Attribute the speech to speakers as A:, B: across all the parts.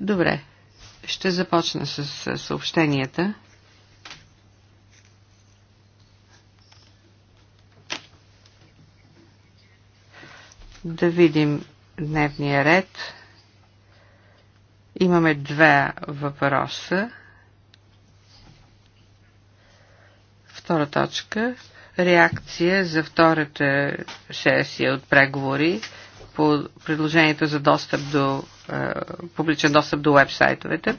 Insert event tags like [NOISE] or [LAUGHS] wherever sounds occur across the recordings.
A: Добре, ще започна с съобщенията. Да видим дневния ред. Имаме два въпроса. Втора точка реакция за втората сесия от преговори по предложението за достъп до, е, публичен достъп до вебсайтовете.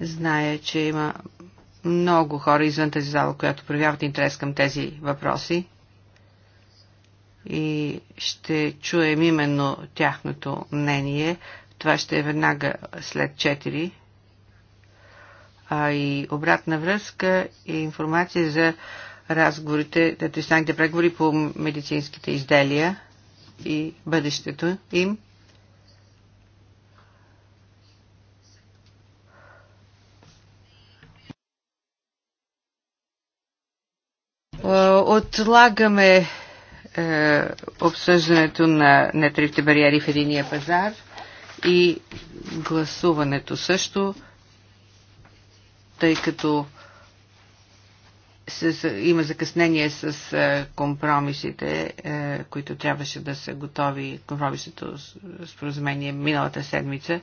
A: Зная, че има много хора извън тази зала, която проявяват интерес към тези въпроси и ще чуем именно тяхното мнение. Това ще е веднага след 4 а и обратна връзка и е информация за разговорите, да тристранните преговори по медицинските изделия и бъдещето им. Отлагаме е, обсъждането на нетривите бариери в единия пазар и гласуването също, тъй като с, има закъснение с а, компромисите, а, които трябваше да са готови, компромисното споразумение миналата седмица.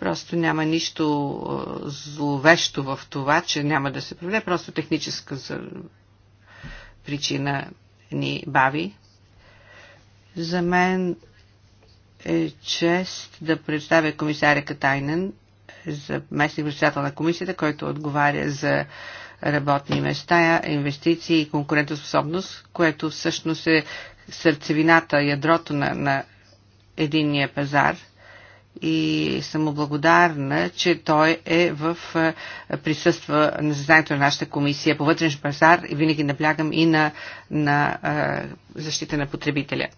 A: Просто няма нищо а, зловещо в това, че няма да се проведе, просто техническа за... причина ни бави. За мен е чест да представя комисаря Катайнен, за заместник председател на комисията, който отговаря за работни места, инвестиции и конкурентоспособност, което всъщност е сърцевината, ядрото на, на единния пазар – и съм благодарна, че той е в присъства на заседанието на нашата комисия по вътрешен пазар и винаги наблягам и на, на защита на потребителя.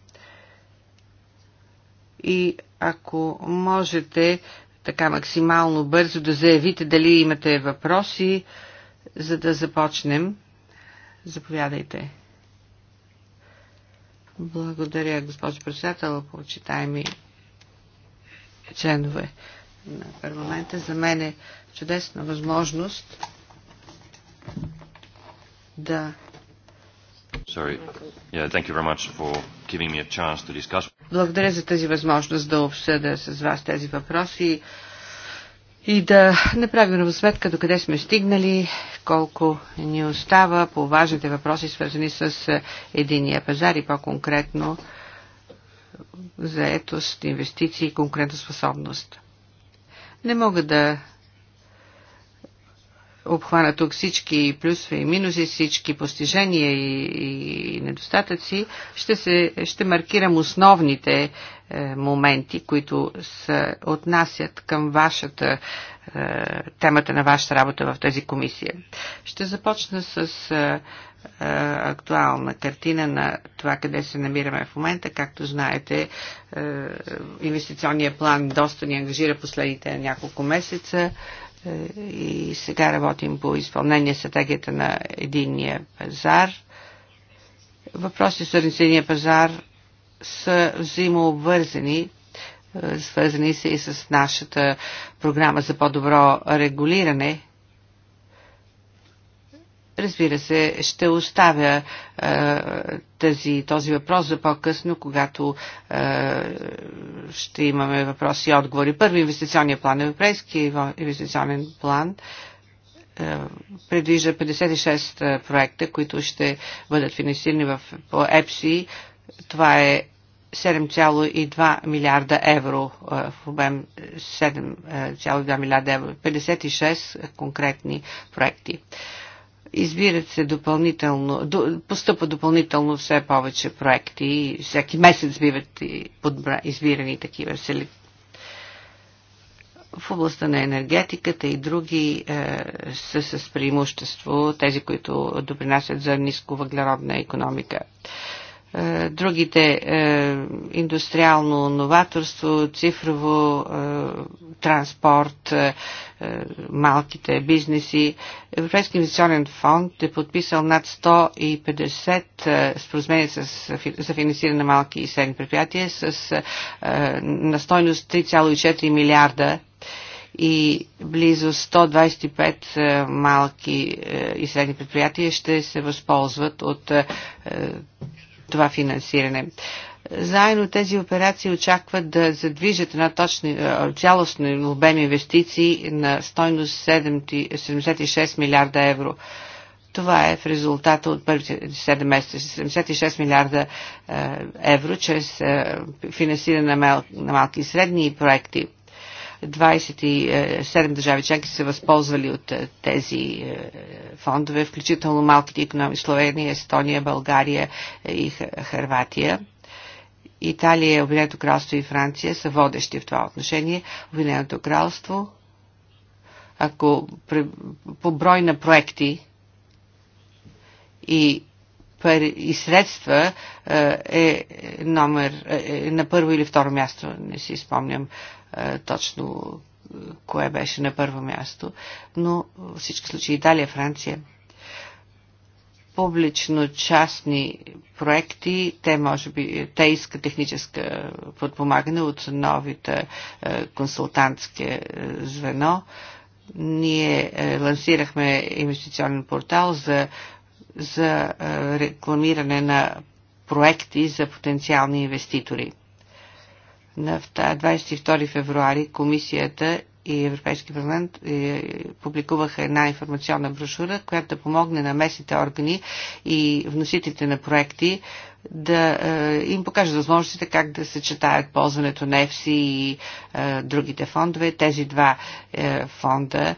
A: И ако можете така максимално бързо да заявите дали имате въпроси, за да започнем. Заповядайте. Благодаря, госпожо председател, почитаеми членове на парламента. За мен е чудесна възможност да.
B: Sorry. Yeah, thank you very much for giving me a chance to discuss.
A: Благодаря за тази възможност да обсъда с вас тези въпроси и да направим равносметка до къде сме стигнали, колко ни остава по важните въпроси, свързани с е, единия пазар и по-конкретно заетост, инвестиции и конкурентоспособност. Не мога да обхвана тук всички плюсове и минуси, всички постижения и, и недостатъци, ще, се, ще маркирам основните е, моменти, които се отнасят към вашата, е, темата на вашата работа в тази комисия. Ще започна с е, е актуална картина на това къде се намираме в момента. Както знаете, е, инвестиционният план доста ни ангажира последните няколко месеца. Е, и сега работим по изпълнение стратегията на единния пазар. Въпроси с единния пазар са взаимообвързани, е, свързани се и с нашата програма за по-добро регулиране Разбира се, ще оставя е, тази, този въпрос за по-късно, когато е, ще имаме въпроси и отговори. Първи инвестиционния план, е Европейския инвестиционен план, е, предвижда 56 е, проекта, които ще бъдат финансирани в, по ЕПСИ. Това е 7,2 милиарда евро е, в обем 7,2 милиарда евро, 56 конкретни проекти. Избират се допълнително, постъпа допълнително все повече проекти. Всеки месец биват избирани такива сели. в областта на енергетиката и други е, са с преимущество тези, които допринасят за ниско въглеродна економика. Е, е, другите е, индустриално новаторство, цифрово е, транспорт, малките бизнеси. Европейски инвестиционен фонд е подписал над 150 споразумения за финансиране на малки и средни предприятия с на стойност 3,4 милиарда и близо 125 малки и средни предприятия ще се възползват от това финансиране. Заедно тези операции очакват да задвижат една точна, е, цялостна обем инвестиции на стойност 76 милиарда евро. Това е в резултата от първите 7 месеца. 76 милиарда е, евро чрез е, финансиране на малки и средни проекти. 27 държави членки са възползвали от е, тези е, фондове, включително малките економи Словения, Естония, България е, и Харватия. Италия, Обединеното кралство и Франция са водещи в това отношение. Обединеното кралство, ако по брой на проекти и и средства е номер е, на първо или второ място, не си спомням е, точно е, кое беше на първо място, но във всички случаи Италия, Франция, публично-частни проекти, те може би, те искат техническа подпомагане от новите е, консултантски звено. Ние лансирахме инвестиционен портал за, за рекламиране на проекти за потенциални инвеститори. На 22 февруари комисията и Европейски парламент е, публикуваха една информационна брошура, която да помогне на местните органи и вносителите на проекти да е, им покажат възможностите как да съчетаят ползването на ЕФСИ и е, другите фондове. Тези два фонда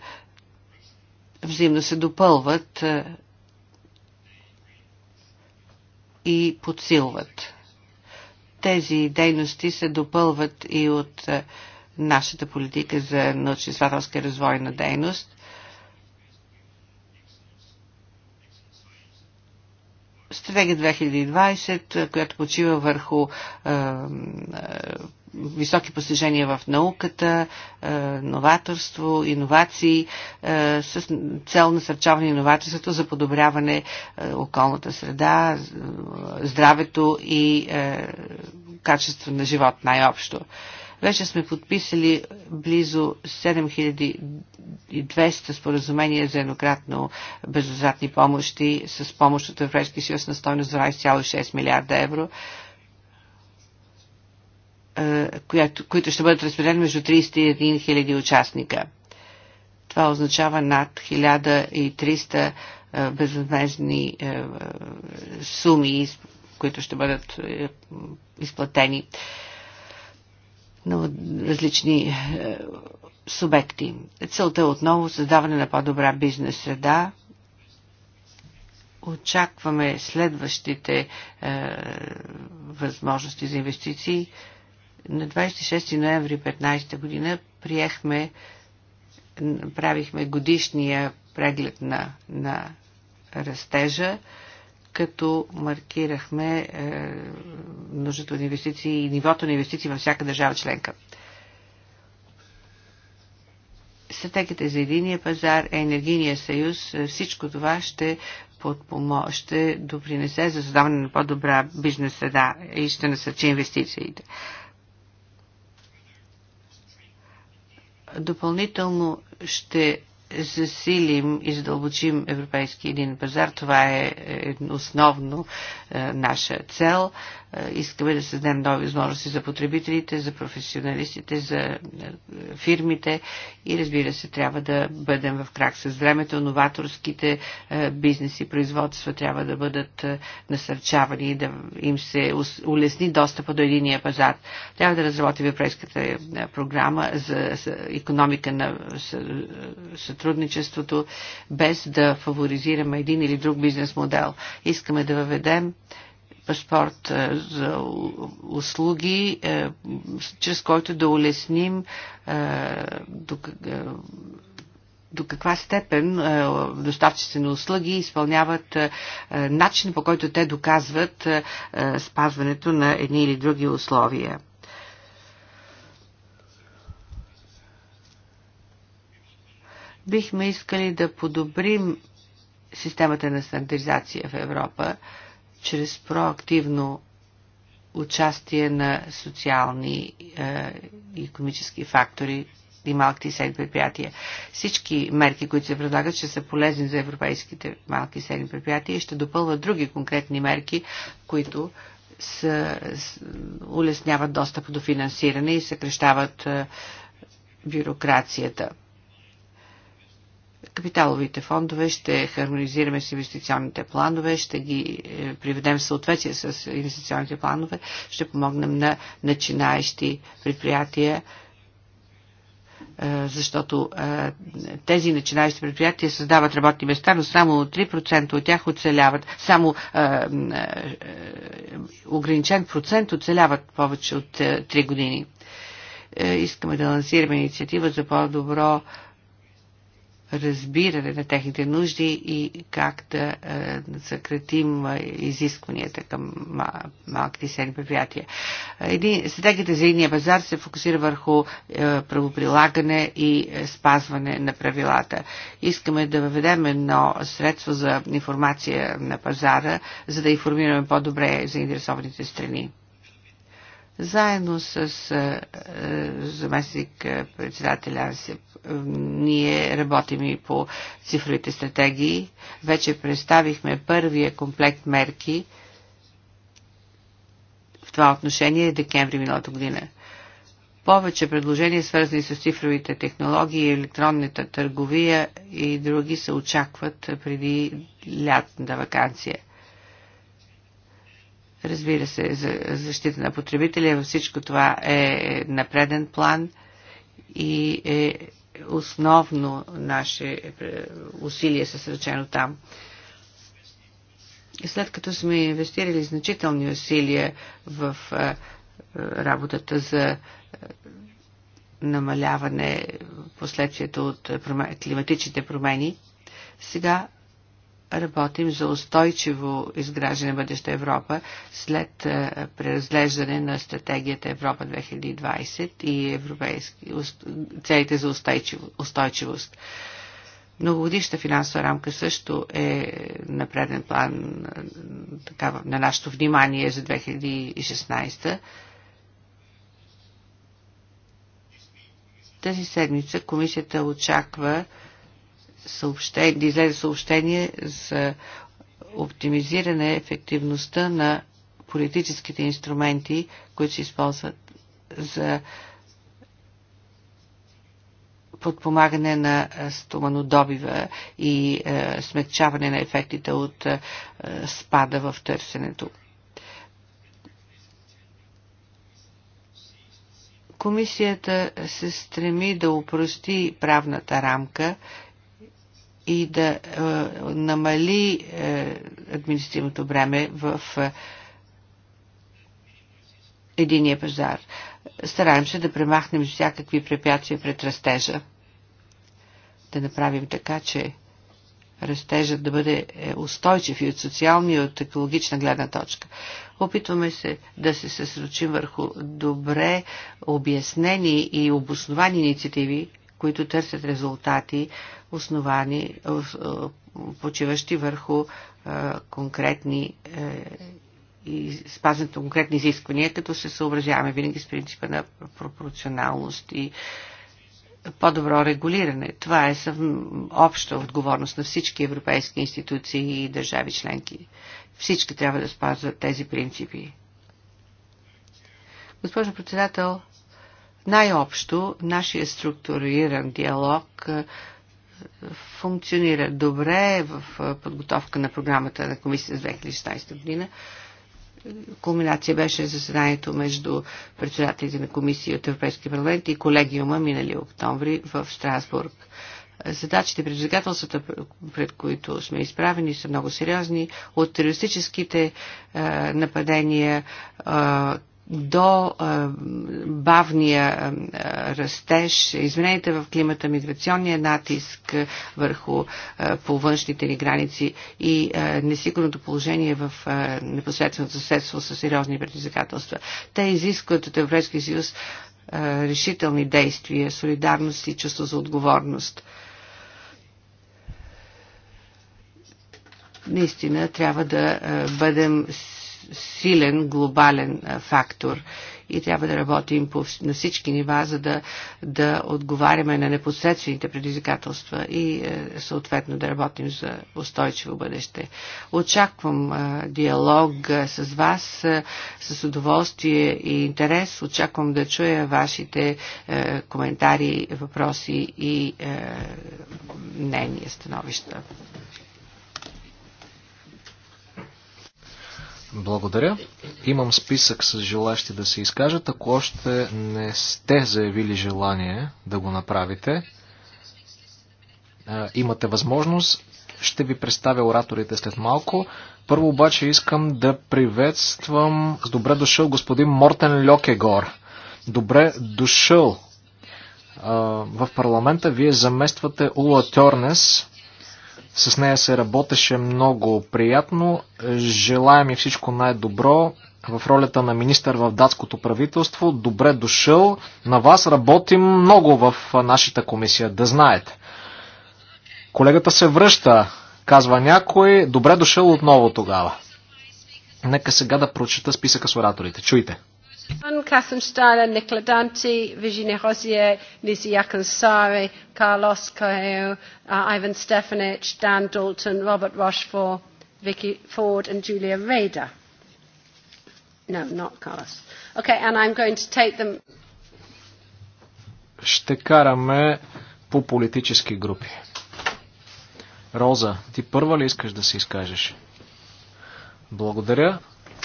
A: взаимно се допълват и подсилват. Тези дейности се допълват и от е, нашата политика за научно-изследователска развойна дейност. Стратегия 2020, която почива върху е, е, високи постижения в науката, е, новаторство, иновации, е, с цел насърчаване иноваторството за подобряване е, околната среда, здравето и качество на живот най-общо. Вече сме подписали близо 7200 споразумения за еднократно безвъзвратни помощи с помощ от Европейския съюз на стойност 20,6 милиарда евро която, които ще бъдат разпределени между 31 000 участника. Това означава над 1300 безвъзмезни суми, които ще бъдат изплатени на различни субекти. Целта е отново създаване на по-добра бизнес среда. Очакваме следващите е, възможности за инвестиции. На 26 ноември 15 година приехме, правихме годишния преглед на, на растежа, като маркирахме е, нуждата от инвестиции и нивото на инвестиции във всяка държава членка. Стратегията за единия пазар, енергийния съюз, е, всичко това ще подпомо... ще допринесе за създаване на по-добра бизнес среда и ще насърчи инвестициите. Допълнително ще засилим и задълбочим европейски един пазар. Това е, е, е основно е, наша цел. Е, искаме да създадем нови възможности за потребителите, за професионалистите, за е, фирмите и разбира се, трябва да бъдем в крак с времето. Новаторските е, бизнеси, производства трябва да бъдат насърчавани и да им се улесни достъпа до единия пазар. Трябва да разработим европейската програма за економика на сътрудничеството, без да фаворизираме един или друг бизнес модел. Искаме да въведем паспорт е, за услуги, е, чрез който да улесним е, до, до каква степен доставчиците на услуги изпълняват начин по който те доказват спазването на едни или други условия. Бихме искали да подобрим системата на стандартизация в Европа, чрез проактивно участие на социални и е, економически фактори и малките и средни предприятия. Всички мерки, които се предлагат, ще са полезни за европейските малки и средни предприятия и ще допълват други конкретни мерки, които са, с, улесняват достъпа до финансиране и съкрещават е, бюрокрацията капиталовите фондове, ще хармонизираме с инвестиционните планове, ще ги е, приведем в съответствие с инвестиционните планове, ще помогнем на начинаещи предприятия, е, защото е, тези начинаещи предприятия създават работни места, но само 3% от тях оцеляват, само ограничен процент оцеляват повече от 3 години искаме да лансираме инициатива за по-добро разбиране на техните нужди и как да е, съкратим е, изискванията към малките и предприятия. стратегията за единия пазар се фокусира върху е, правоприлагане и е, спазване на правилата. Искаме да въведем едно средство за информация на пазара, за да информираме по-добре заинтересованите страни. Заедно с е, е, заместник е, председателя ние работим и по цифровите стратегии. Вече представихме първия комплект мерки в това отношение декември миналата година. Повече предложения, свързани с цифровите технологии, електронната търговия и други се очакват преди лятната вакансия. Разбира се, за защита на потребителя във всичко това е напреден план и е основно наше е, усилие съсредоточено там. И след като сме инвестирали значителни усилия в е, работата за е, намаляване последствието от климатичните промени, сега работим за устойчиво изграждане на бъдеща Европа след е, преразглеждане на стратегията Европа 2020 и европейски, целите за устойчивост. Многогодишната финансова рамка също е на преден план е, така, на нашето внимание за 2016. Тази седмица комисията очаква съобщение, да излезе съобщение за оптимизиране ефективността на политическите инструменти, които се използват за подпомагане на стоманодобива и е, смягчаване на ефектите от е, спада в търсенето. Комисията се стреми да упрости правната рамка и да е, намали е, административното бреме в е, единия пазар. Стараем се да премахнем всякакви препятствия пред растежа. Да направим така, че растежът да бъде е, устойчив и от социална и от екологична гледна точка. Опитваме се да се съсредоточим върху добре обяснени и обосновани инициативи, които търсят резултати, основани, е, е, почиващи върху е, конкретни и спазването конкретни изисквания, като се съобразяваме винаги с принципа на пропорционалност и по-добро регулиране. Това е съв... обща отговорност на всички европейски институции и държави членки. Всички трябва да спазват тези принципи. Госпожо председател, най-общо, нашия структуриран диалог е, функционира добре в е, подготовка на програмата на комисията за 2016 година. Кулминация беше заседанието между председателите на комисия от Европейския парламент и колегиума минали октомври в Страсбург. Задачите и предизвикателствата, пред които сме изправени, са много сериозни. От терористическите е, нападения, е, до бавния растеж, измененията в климата, миграционния натиск върху по външните ни граници и несигурното положение в непосредственото съседство са сериозни предизвикателства. Те изискват от Европейския съюз решителни действия, солидарност и чувство за отговорност. наистина трябва да бъдем силен глобален фактор и трябва да работим по, на всички нива, за да, да отговаряме на непосредствените предизвикателства и е, съответно да работим за устойчиво бъдеще. Очаквам диалог с вас с удоволствие и интерес. Очаквам да чуя вашите е, коментари, въпроси и е, мнения, становища.
C: Благодаря. Имам списък с желащи да се изкажат. Ако още не сте заявили желание да го направите, имате възможност. Ще ви представя ораторите след малко. Първо обаче искам да приветствам с добре дошъл господин Мортен Льокегор. Добре дошъл в парламента. Вие замествате Ула Тьорнес, с нея се работеше много приятно. Желаем и всичко най-добро в ролята на министър в датското правителство. Добре дошъл. На вас работим много в нашата комисия, да знаете. Колегата се връща, казва някой. Добре дошъл отново тогава. Нека сега да прочета списъка с ораторите. Чуйте.
D: Catherine Styler, Nicola Dante, Virginia Rosier, Lizzie Yakansari, Carlos Correo, uh, Ivan Stefanich, Dan Dalton, Robert Rochefort, Vicky Ford and Julia Rader. No, not Carlos. Okay, and I'm going to take them...
C: Ще караме по политически групи. Роза, ти първа ли искаш да се изкажеш? Благодаря.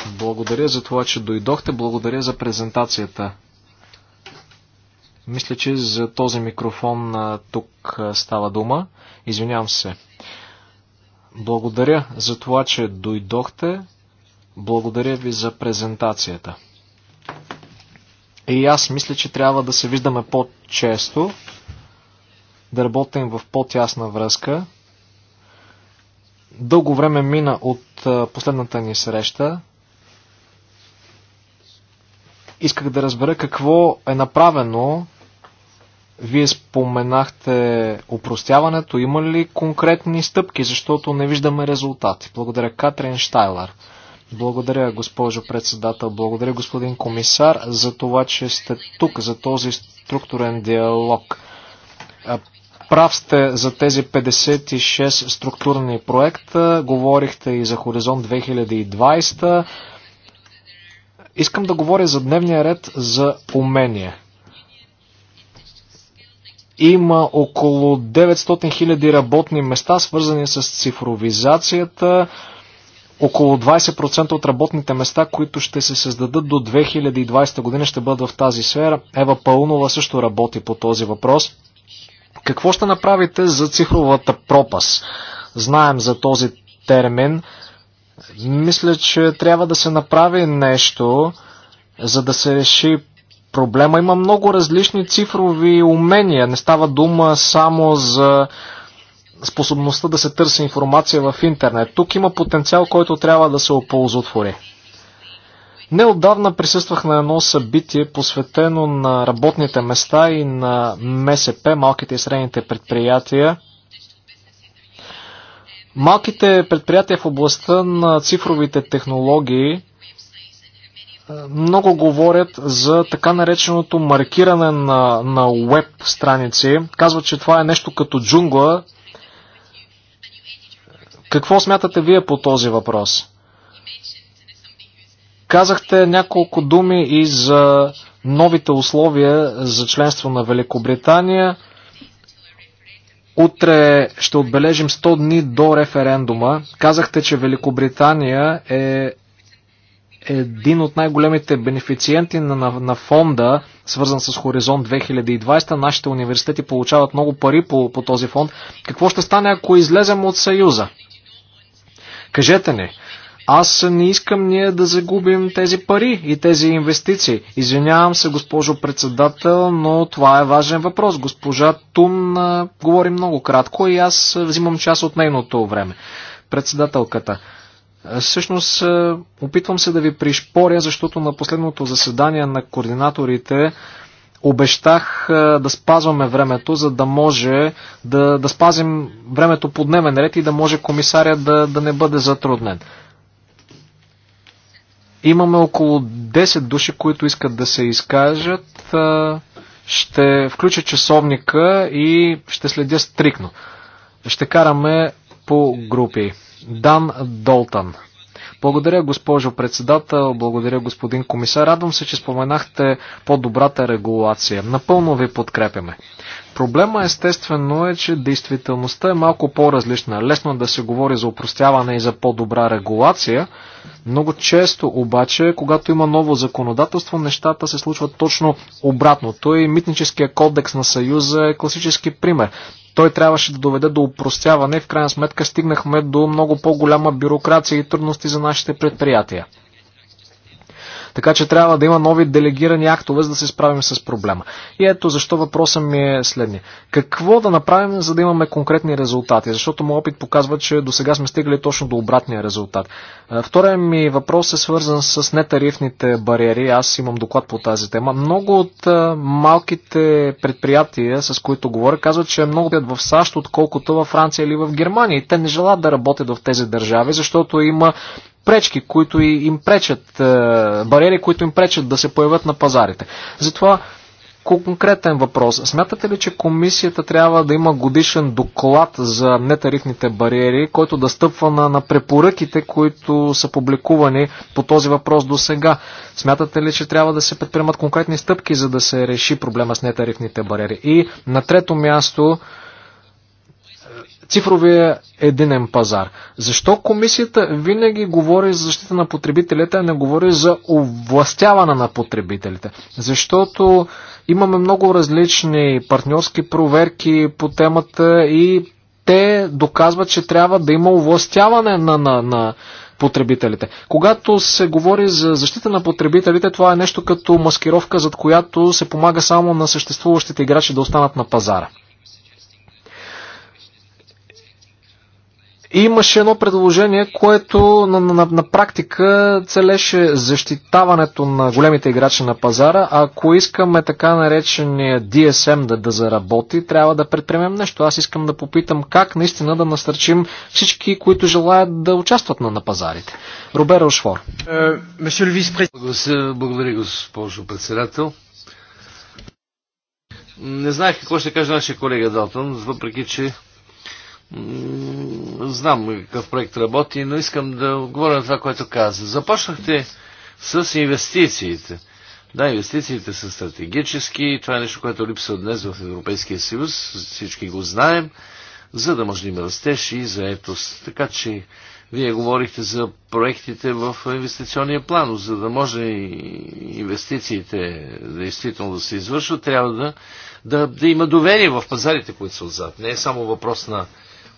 C: Благодаря за това, че дойдохте. Благодаря за презентацията. Мисля, че за този микрофон тук става дума. Извинявам се. Благодаря за това, че дойдохте. Благодаря ви за презентацията. И аз мисля, че трябва да се виждаме по-често, да работим в по-тясна връзка. Дълго време мина от последната ни среща. Исках да разбера какво е направено. Вие споменахте упростяването. Има ли конкретни стъпки, защото не виждаме резултати? Благодаря, Катрин Штайлер. Благодаря, госпожо председател. Благодаря, господин комисар, за това, че сте тук, за този структурен диалог. Прав сте за тези 56 структурни проекта. Говорихте и за Хоризонт 2020. Искам да говоря за дневния ред за умения. Има около 900 000 работни места, свързани с цифровизацията, около 20% от работните места, които ще се създадат до 2020 година, ще бъдат в тази сфера. Ева Паунова също работи по този въпрос. Какво ще направите за цифровата пропас? Знаем за този термин. Мисля, че трябва да се направи нещо, за да се реши проблема. Има много различни цифрови умения. Не става дума само за способността да се търси информация в интернет. Тук има потенциал, който трябва да се оползотвори. Неодавна присъствах на едно събитие, посветено на работните места и на МСП, малките и средните предприятия. Малките предприятия в областта на цифровите технологии е, много говорят за така нареченото маркиране на, на веб страници. Казват, че това е нещо като джунгла. Какво смятате вие по този въпрос? Казахте няколко думи и за новите условия за членство на Великобритания – Утре ще отбележим 100 дни до референдума. Казахте, че Великобритания е един от най-големите бенефициенти на, на, на фонда, свързан с Хоризонт 2020. Нашите университети получават много пари по, по този фонд. Какво ще стане, ако излезем от Съюза? Кажете ни, аз не искам ние да загубим тези пари и тези инвестиции. Извинявам се, госпожо председател, но това е важен въпрос. Госпожа Тун а, говори много кратко и аз взимам част от нейното време. Председателката. Всъщност, опитвам се да ви пришпоря, защото на последното заседание на координаторите обещах да спазваме времето, за да може да, да спазим времето по дневен ред и да може комисаря да, да не бъде затруднен. Имаме около 10 души, които искат да се изкажат. Ще включа часовника и ще следя стрикно. Ще караме по групи. Дан Долтан благодаря, госпожо председател, благодаря, господин комисар. Радвам се, че споменахте по-добрата регулация. Напълно ви подкрепяме. Проблема естествено е, че действителността е малко по-различна. Лесно е да се говори за упростяване и за по-добра регулация. Много често обаче, когато има ново законодателство, нещата се случват точно обратно. и митническия кодекс на Съюза е класически пример. Той трябваше да доведе до упростяване. В крайна сметка стигнахме до много по-голяма бюрокрация и трудности за нашите предприятия. Така че трябва да има нови делегирани актове, за да се справим с проблема. И ето защо въпросът ми е следния. Какво да направим, за да имаме конкретни резултати? Защото моят опит показва, че до сега сме стигали точно до обратния резултат. Втория ми въпрос е свързан с нетарифните бариери. Аз имам доклад по тази тема. Много от малките предприятия, с които говоря, казват, че е много в САЩ, отколкото във Франция или в Германия. И те не желаят да работят в тези държави, защото има пречки, които им пречат, е, бариери, които им пречат да се появят на пазарите. Затова конкретен въпрос. Смятате ли, че комисията трябва да има годишен доклад за нетарифните бариери, който да стъпва на, на препоръките, които са публикувани по този въпрос до сега? Смятате ли, че трябва да се предприемат конкретни стъпки, за да се реши проблема с нетарифните бариери? И на трето място, цифровия единен пазар. Защо комисията винаги говори за защита на потребителите, а не говори за овластяване на потребителите? Защото имаме много различни партньорски проверки по темата и те доказват, че трябва да има овластяване на, на, на потребителите. Когато се говори за защита на потребителите, това е нещо като маскировка, зад която се помага само на съществуващите играчи да останат на пазара. Имаше едно предложение, което на, на, на практика целеше защитаването на големите играчи на пазара. Ако искаме така наречения DSM да, да заработи, трябва да предприемем нещо. Аз искам да попитам как наистина да насърчим всички, които желаят да участват на, на пазарите. Робер Ошфор.
B: Е, благодаря, госпожо председател. Не знаех какво ще каже нашия колега Далтон, въпреки че знам какъв проект работи, но искам да отговоря на това, което каза. Започнахте с инвестициите. Да, инвестициите са стратегически. Това е нещо, което липсва днес в Европейския съюз. Всички го знаем, за да може да има растеж и заетост. Така че вие говорихте за проектите в инвестиционния план, за да може инвестициите действително да се извършват, трябва да, да, да има доверие в пазарите, които са отзад. Не е само въпрос на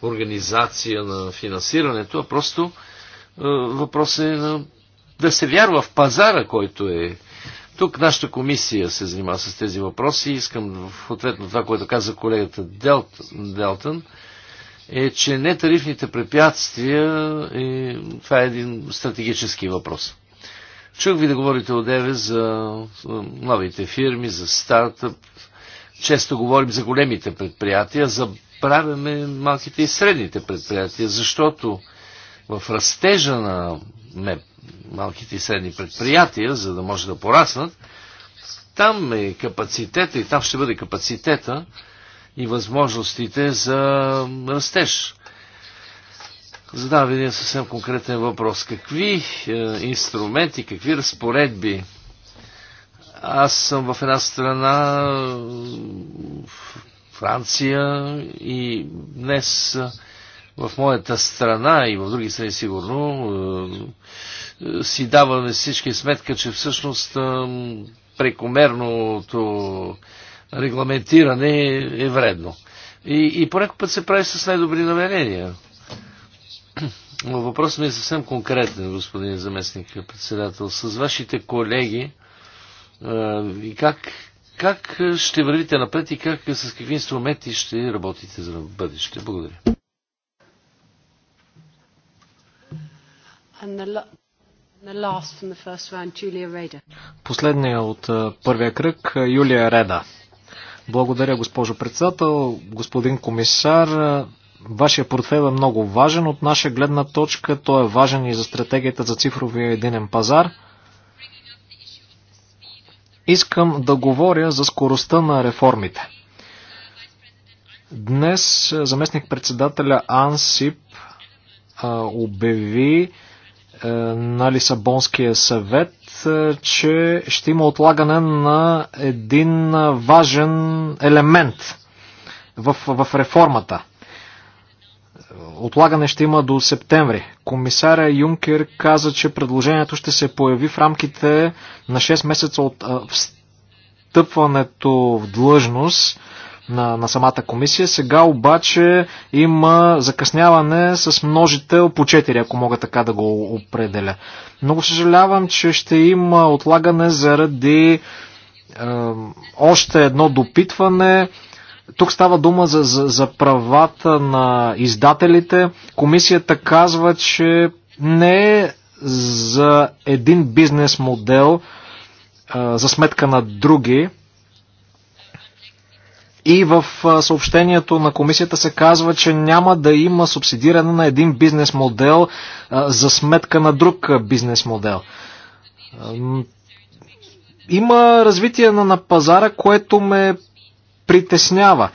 B: организация на финансирането, а просто е, въпрос е на да се вярва в пазара, който е. Тук нашата комисия се занимава с тези въпроси и искам в ответ на това, което каза колегата Делт, Делтън, е, че нетарифните препятствия, е, това е един стратегически въпрос. Чух ви да говорите одеве за новите фирми, за стартъп. Често говорим за големите предприятия, за Правяме малките и средните предприятия, защото в растежа на не, малките и средни предприятия, за да може да пораснат, там е капацитета и там ще бъде капацитета и възможностите за растеж. Задавам един съвсем конкретен въпрос. Какви е, инструменти, какви разпоредби аз съм в една страна, Франция и днес в моята страна и в други страни сигурно си даваме всички сметка, че всъщност прекомерното регламентиране е вредно. И, и понякога път се прави с най-добри намерения. Но въпросът ми е съвсем конкретен, господин заместник председател. С вашите колеги и как как е, ще вървите напред и как, е, с какви инструменти ще работите за бъдеще? Благодаря.
C: Последния от е, първия кръг, Юлия Реда. Благодаря, госпожо председател, господин комисар. Вашия портфел е много важен от наша гледна точка. Той е важен и за стратегията за цифровия единен пазар. Искам да говоря за скоростта на реформите. Днес е, заместник-председателя Ансип е, обяви е, на Лисабонския съвет, че ще има отлагане на един важен елемент в, в реформата отлагане ще има до септември. Комисаря Юнкер каза, че предложението ще се появи в рамките на 6 месеца от встъпването в длъжност на, на самата комисия. Сега обаче има закъсняване с множител по 4, ако мога така да го определя. Много съжалявам, че ще има отлагане заради е, още едно допитване. Е, тук става дума за, за, за правата на издателите. Комисията казва, че не е за един бизнес модел а, за сметка на други. И в съобщението на комисията се казва, че няма да има субсидиране на един бизнес модел а, за сметка на друг бизнес модел. Има развитие на, на пазара, което ме притеснява.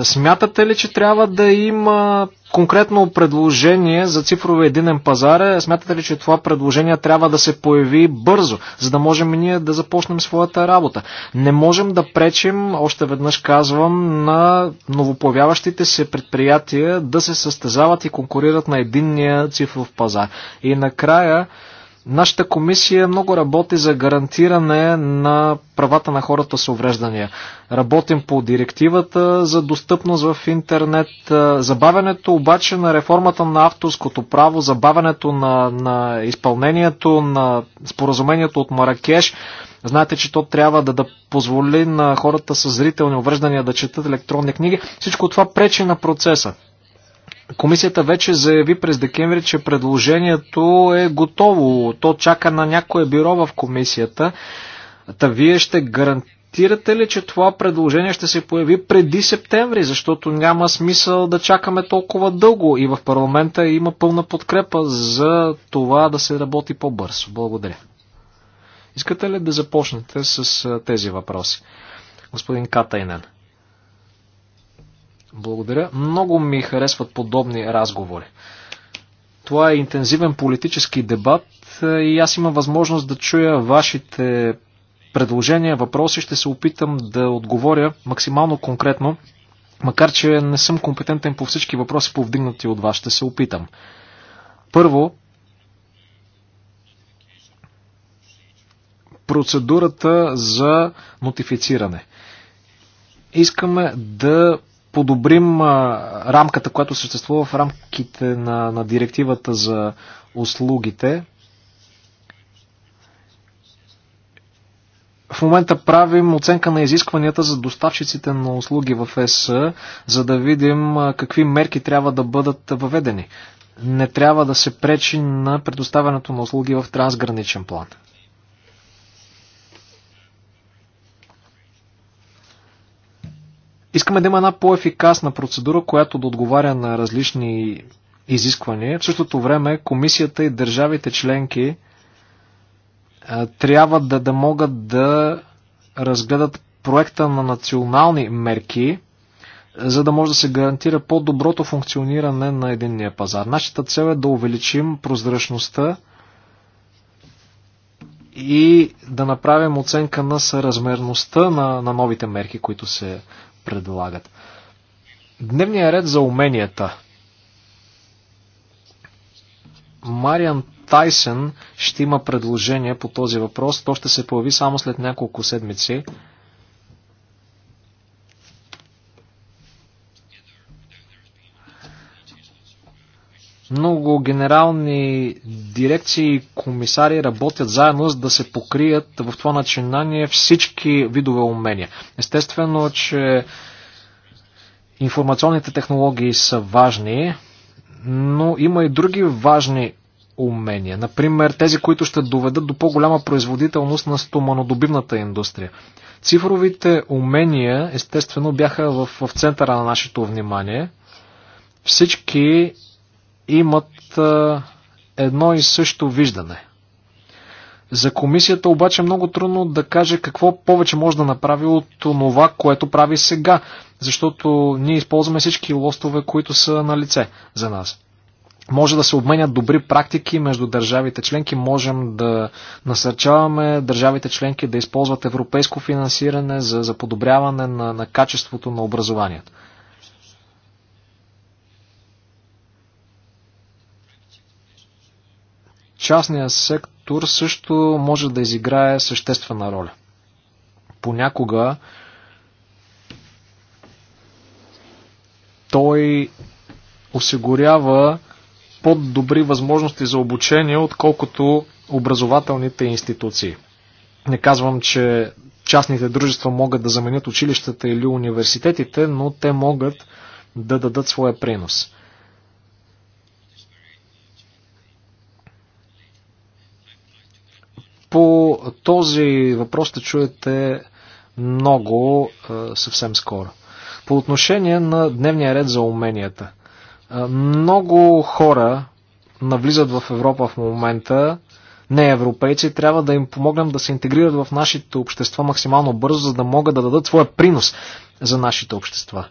C: Е, смятате ли, че трябва да има конкретно предложение за цифрове единен пазар? Е, смятате ли, че това предложение трябва да се появи бързо, за да можем и ние да започнем своята работа? Не можем да пречим, още веднъж казвам, на новоплавяващите се предприятия да се състезават и конкурират на единния цифров пазар. И накрая, Нашата комисия много работи за гарантиране на правата на хората с увреждания. Работим по директивата за достъпност в интернет. Забавянето обаче на реформата на авторското право, забавянето на, на изпълнението на споразумението от Маракеш, Знаете, че то трябва да, да позволи на хората с зрителни увреждания да четат електронни книги. Всичко това пречи на процеса. Комисията вече заяви през декември, че предложението е готово. То чака на някое бюро в комисията. Та вие ще гарантирате гарантирате ли, че това предложение ще се появи преди септември, защото няма смисъл да чакаме толкова дълго и в парламента има пълна подкрепа за това да се работи по-бързо? Благодаря. Искате ли да започнете с тези въпроси? Господин Катайнен. Благодаря. Много ми харесват подобни разговори. Това е интензивен политически дебат и аз имам възможност да чуя вашите предложения, въпроси. Ще се опитам да отговоря максимално конкретно, макар че не съм компетентен по всички въпроси, повдигнати от вас. Ще се опитам. Първо, процедурата за нотифициране. Искаме да подобрим а, рамката, която съществува в рамките на, на директивата за услугите. в момента правим оценка на изискванията за доставчиците на услуги в ЕС, за да видим какви мерки трябва да бъдат въведени. Не трябва да се пречи на предоставянето на услуги в трансграничен план. Искаме да има една по-ефикасна процедура, която да отговаря на различни изисквания. В същото време комисията и държавите членки трябва да, да могат да разгледат проекта на национални мерки, за да може да се гарантира по-доброто функциониране на единния пазар. Нашата цел е да увеличим прозрачността и да направим оценка на съразмерността на, на новите мерки, които се предлагат. Дневният ред за уменията – Мариан Тайсен ще има предложение по този въпрос. То ще се появи само след няколко седмици. много генерални дирекции и комисари работят заедно, за да се покрият в това начинание всички видове умения. Естествено, че информационните технологии са важни но има и други важни умения. Например, тези, които ще доведат до по-голяма производителност на стоманодобивната индустрия. Цифровите умения, естествено, бяха в, в центъра на нашето внимание. Всички имат а, едно и също виждане. За комисията обаче е много трудно да каже какво повече може да направи от това, което прави сега защото ние използваме всички лостове, които са на лице за нас. Може да се обменят добри практики между държавите членки, можем да насърчаваме държавите членки да използват европейско финансиране за, за подобряване на, на качеството на образованието. Частният сектор също може да изиграе съществена роля. Понякога Той осигурява по-добри възможности за обучение, отколкото образователните институции. Не казвам, че частните дружества могат да заменят училищата или университетите, но те могат да дадат своя принос. По този въпрос ще чуете много съвсем скоро. По отношение на дневния ред за уменията. Много хора навлизат в Европа в момента, не европейци, трябва да им помогнем да се интегрират в нашите общества максимално бързо, за да могат да дадат своя принос за нашите общества.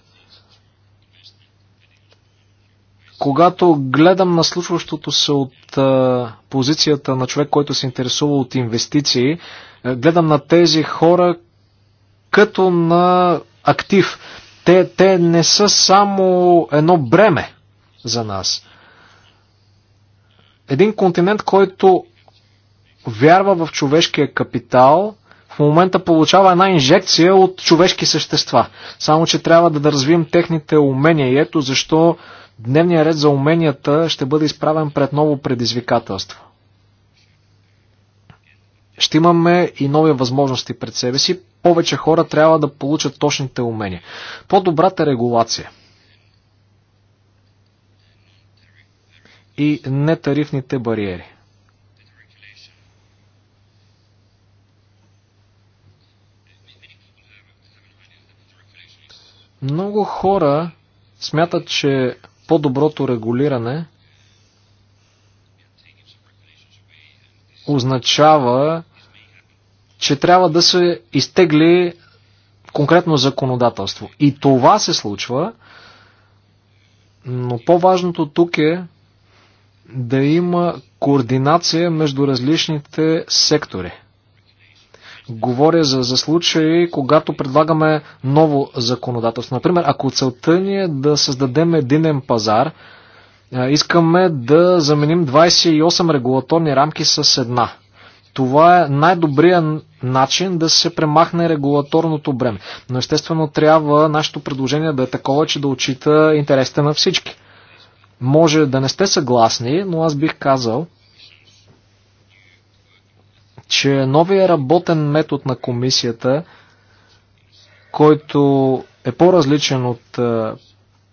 C: Когато гледам на случващото се от а, позицията на човек, който се интересува от инвестиции, гледам на тези хора като на актив. Те, те не са само едно бреме за нас. Един континент, който вярва в човешкия капитал, в момента получава една инжекция от човешки същества. Само, че трябва да, да развием техните умения и ето защо дневният ред за уменията ще бъде изправен пред ново предизвикателство. Ще имаме и нови възможности пред себе си повече хора трябва да получат точните умения. По-добрата регулация и нетарифните бариери. Много хора смятат, че по-доброто регулиране означава че трябва да се изтегли конкретно законодателство. И това се случва, но по-важното тук е да има координация между различните сектори. Говоря за, за случаи, когато предлагаме ново законодателство. Например, ако целта ни е да създадем единен пазар, искаме да заменим 28 регулаторни рамки с една – това е най-добрият начин да се премахне регулаторното бреме. Но естествено трябва нашето предложение да е такова, че да отчита интересите на всички. Може да не сте съгласни, но аз бих казал, че новия работен метод на комисията, който е по-различен от е,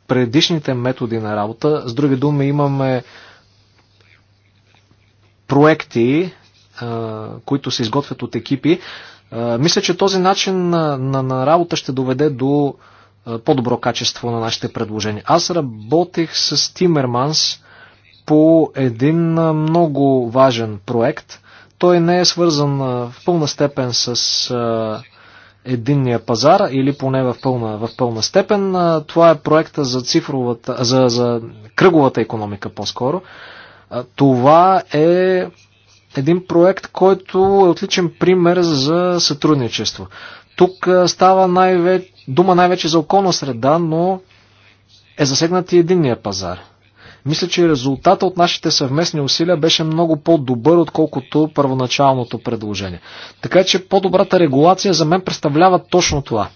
C: предишните методи на работа, с други думи имаме проекти, които се изготвят от екипи. Мисля, че този начин на, на, на работа ще доведе до по-добро качество на нашите предложения. Аз работих с Тимерманс по един много важен проект. Той не е свързан в пълна степен с единния пазар или поне в пълна, в пълна степен. Това е проекта за, цифровата, за, за кръговата економика по-скоро. Това е един проект, който е отличен пример за сътрудничество. Тук става най дума най-вече за околна среда, но е засегнат и единния пазар. Мисля, че резултата от нашите съвместни усилия беше много по-добър, отколкото първоначалното предложение. Така че по-добрата регулация за мен представлява точно това.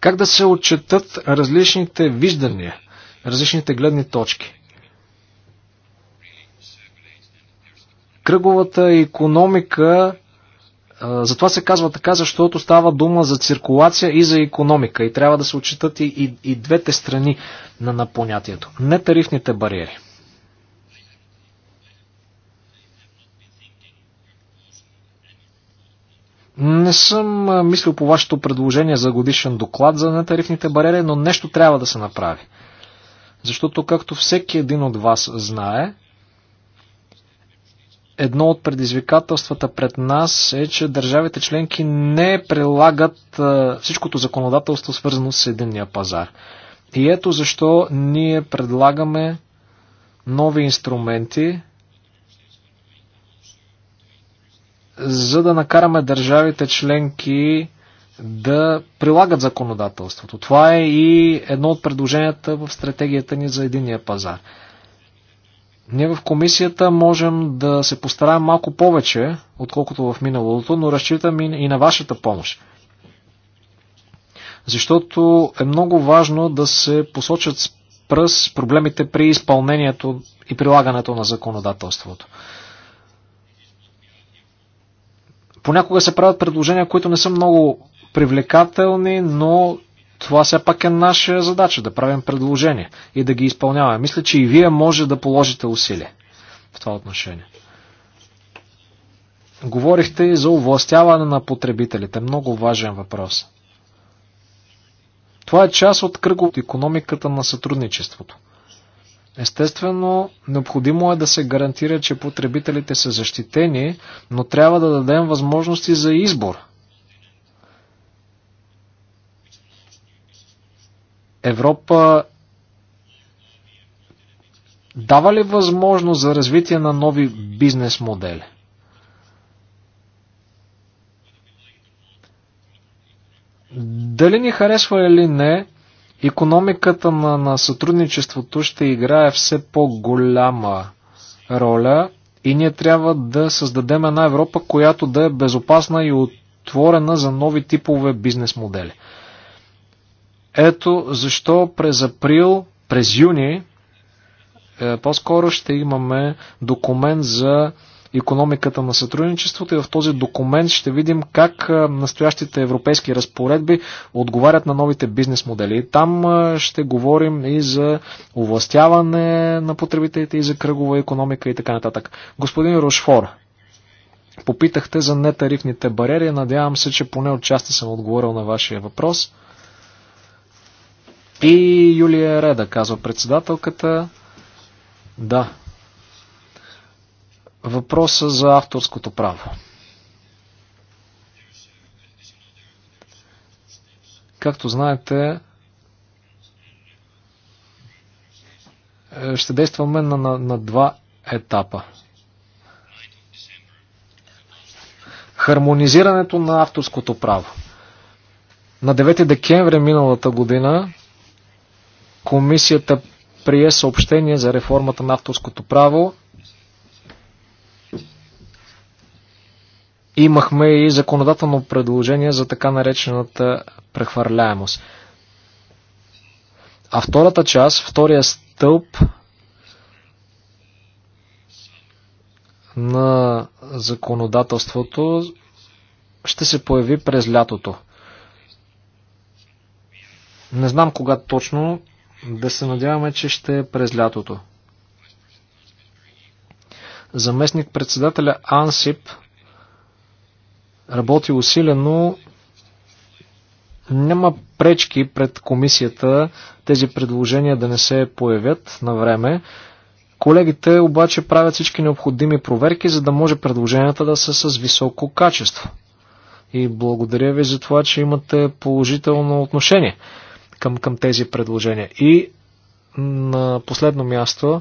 C: Как да се отчетат различните виждания, различните гледни точки. кръговата економика, затова се казва така, защото става дума за циркулация и за економика и трябва да се отчитат и, и, и двете страни на, на понятието. Нетарифните бариери. Не съм мислил по вашето предложение за годишен доклад за нетарифните бариери, но нещо трябва да се направи. Защото, както всеки един от вас знае, едно от предизвикателствата пред нас е, че държавите членки не прилагат всичкото законодателство, свързано с единния пазар. И ето защо ние предлагаме нови инструменти, за да накараме държавите членки да прилагат законодателството. Това е и едно от предложенията в стратегията ни за единия пазар. Ние в комисията можем да се постараем малко повече, отколкото в миналото, но разчитам и на вашата помощ. Защото е много важно да се посочат с пръс проблемите при изпълнението и прилагането на законодателството. Понякога се правят предложения, които не са много привлекателни, но това все пак е наша задача, да правим предложения и да ги изпълняваме. Мисля, че и вие може да положите усилия в това отношение. Говорихте и за овластяване на потребителите. Много важен въпрос. Това е част от кръг от економиката на сътрудничеството. Естествено, необходимо е да се гарантира, че потребителите са защитени, но трябва да дадем възможности за избор – Европа дава ли възможност за развитие на нови бизнес модели? Дали ни харесва или не, економиката на, на сътрудничеството ще играе все по-голяма роля и ние трябва да създадем една Европа, която да е безопасна и отворена за нови типове бизнес модели. Ето защо през април, през юни, е, по-скоро ще имаме документ за економиката на сътрудничеството и в този документ ще видим как е, настоящите европейски разпоредби отговарят на новите бизнес модели. Там е, ще говорим и за овластяване на потребителите и за кръгова економика и така нататък. Господин Рошфор, попитахте за нетарифните бариери. Надявам се, че поне отчасти съм отговорил на вашия въпрос. И Юлия Реда, казва председателката. Да. Въпроса за авторското право. Както знаете, е, ще действаме на, на, на два етапа. Хармонизирането на авторското право. На 9 декември миналата година Комисията прие съобщение за реформата на авторското право. Имахме и законодателно предложение за така наречената прехвърляемост. А втората част, втория стълб на законодателството ще се появи през лятото. Не знам кога точно, да се надяваме, че ще е през лятото. Заместник председателя Ансип работи усилено. Няма пречки пред комисията тези предложения да не се появят на време. Колегите обаче правят всички необходими проверки, за да може предложенията да са с високо качество. И благодаря ви за това, че имате положително отношение към, към тези предложения. И на последно място,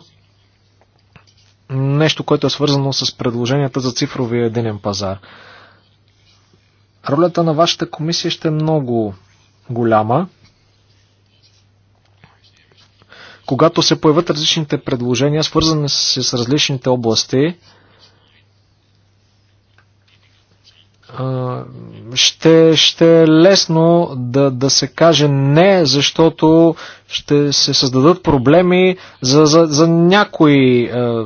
C: нещо, което е свързано с предложенията за цифровия единен пазар. Ролята на вашата комисия ще е много голяма. Когато се появят различните предложения, свързани с различните области, ще, ще е лесно да, да се каже не, защото ще се създадат проблеми за, за, за някои е,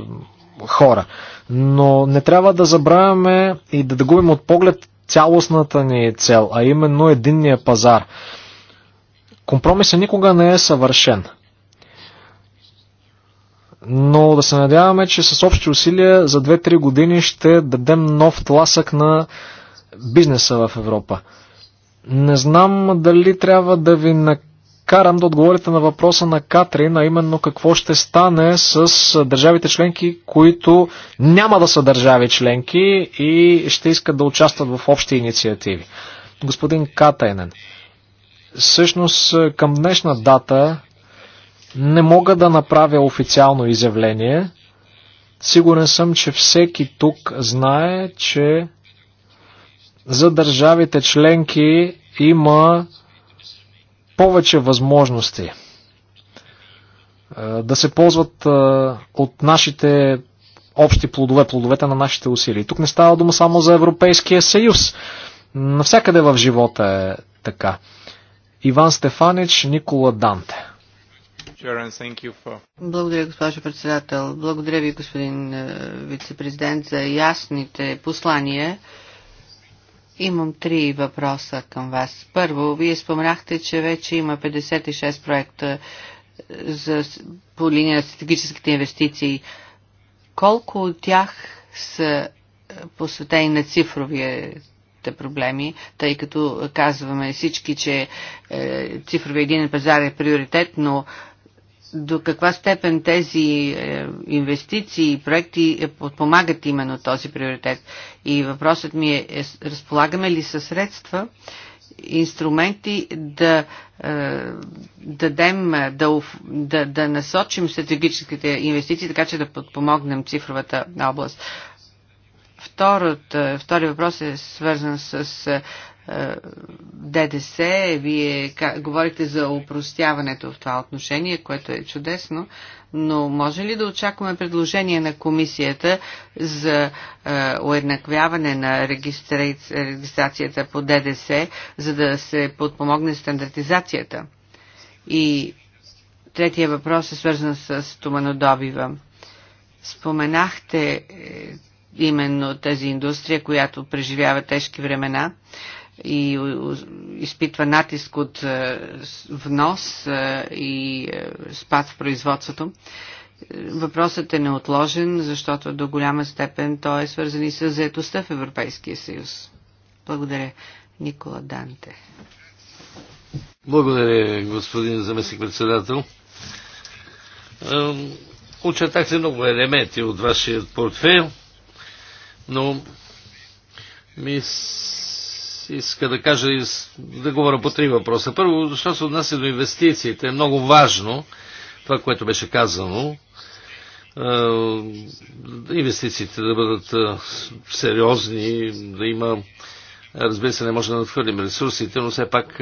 C: хора. Но не трябва да забравяме и да, да губим от поглед цялостната ни цел, а именно единния пазар. Компромисът никога не е съвършен. Но да се надяваме, че с общи усилия за 2-3 години ще дадем нов тласък на бизнеса в Европа. Не знам дали трябва да ви накарам да отговорите на въпроса на Катрин, а именно какво ще стане с държавите членки, които няма да са държави членки и ще искат да участват в общи инициативи. Господин Катайнен, всъщност към днешна дата не мога да направя официално изявление. Сигурен съм, че всеки тук знае, че за държавите членки има повече възможности да се ползват от нашите общи плодове, плодовете на нашите усилия. тук не става дума само за Европейския съюз. Навсякъде в живота е така. Иван Стефанич, Никола Данте.
A: Благодаря, госпожо председател. Благодаря ви, господин е, вице-президент, за ясните послания Имам три въпроса към вас. Първо, вие споменахте, че вече има 56 проекта е, за, по линия на стратегическите инвестиции. Колко от тях са е, посветени на цифровия проблеми, тъй като казваме всички, че е, цифровия един пазар е приоритет, но до каква степен тези е, инвестиции и проекти е, подпомагат именно този приоритет. И въпросът ми е, е разполагаме ли със средства, инструменти да е, дадем, да, е, да, да насочим стратегическите инвестиции, така че да подпомогнем цифровата област. Вторият, втори въпрос е свързан с е, ДДС. Вие говорите за упростяването в това отношение, което е чудесно, но може ли да очакваме предложение на комисията за е, уеднаквяване на регистрацията по ДДС, за да се подпомогне стандартизацията? И третия въпрос е свързан с туманодобива. Споменахте е, именно тази индустрия, която преживява тежки времена и изпитва натиск от е, внос е, и е, спад в производството. Въпросът е неотложен, защото до голяма степен той е свързан и с заетостта в Европейския съюз. Благодаря. Никола Данте.
B: Благодаря, господин заместник-председател. Очертахте много елементи от вашия портфел, но ми иска да кажа и да говоря по три въпроса. Първо, що се отнася до инвестициите, е много важно това, което беше казано, инвестициите да бъдат сериозни, да има, разбира се, не може да надхвърлим ресурсите, но все пак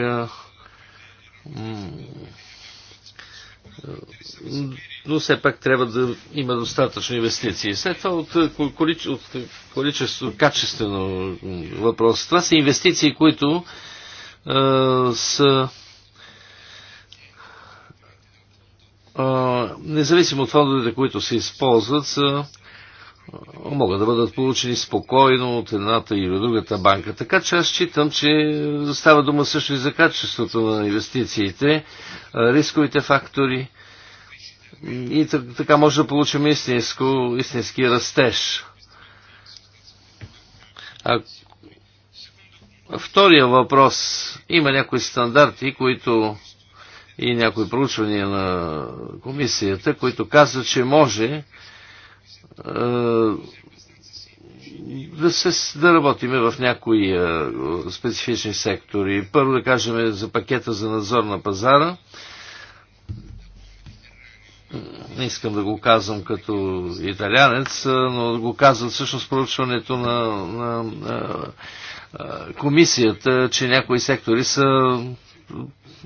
B: но все пак трябва да има достатъчно инвестиции. След това от, е, от количество, качествено въпрос. Това са инвестиции, които а, е, са а, е, независимо от фондовете, които се използват, са могат да бъдат получени спокойно от едната или от другата банка. Така че аз считам, че става дума също и за качеството на инвестициите, рисковите фактори и така може да получим истинско, истински растеж. А втория въпрос. Има някои стандарти, които и някои проучвания на комисията, които казват, че може е, да, се, да работиме в някои а, е, специфични сектори. Първо да кажем за пакета за надзор на пазара. Не искам да го казвам като италянец, е, но го казвам всъщност проучването на, на, на а, комисията, че някои сектори са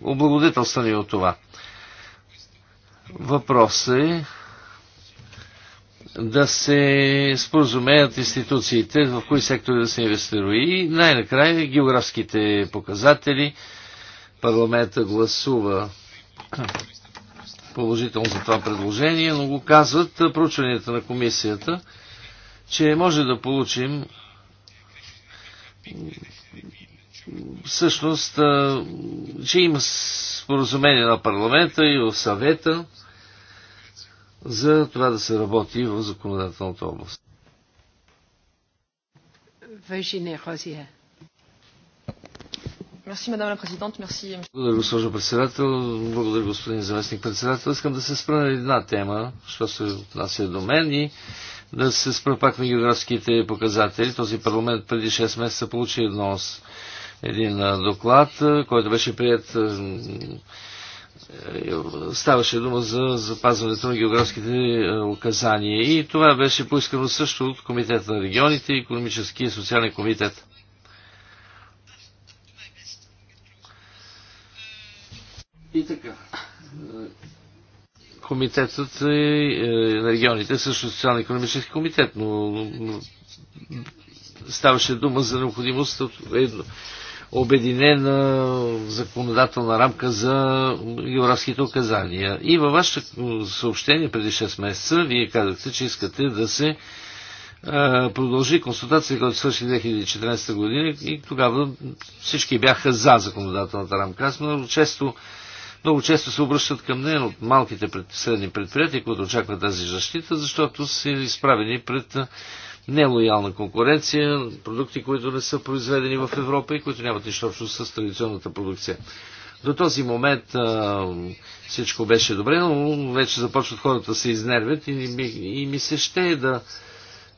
B: облагодетелствани от това. Въпрос е да се споразумеят институциите в кои сектори да се инвестира. И най-накрая географските показатели. Парламента гласува положително за това предложение, но го казват проучванията на комисията, че може да получим всъщност, че има споразумение на парламента и в съвета, за това да се работи в законодателната област. Благодаря, госпожо председател. Благодаря, господин заместник председател. Искам да се спра на една тема, що се отнася до мен и да се спра пак на географските показатели. Този парламент преди 6 месеца получи едно, един доклад, който беше прият е, ставаше дума за запазването на географските е, указания. И това беше поискано също от Комитета на регионите, Економически и социален комитет. И така. Е, комитетът на регионите също социално-економически комитет, но ставаше дума за необходимост от едно обединена законодателна рамка за географските указания. И във вашето съобщение преди 6 месеца вие казахте, че искате да се продължи консултация, която свърши 2014 година и тогава всички бяха за законодателната рамка. Аз много често, много често се обръщат към нея от малките пред, средни предприятия, които очакват тази защита, защото са изправени пред нелоялна конкуренция, продукти, които не са произведени в Европа и които нямат нищо общо с традиционната продукция. До този момент а, всичко беше добре, но вече започват хората да се изнервят и, и, и ми се ще да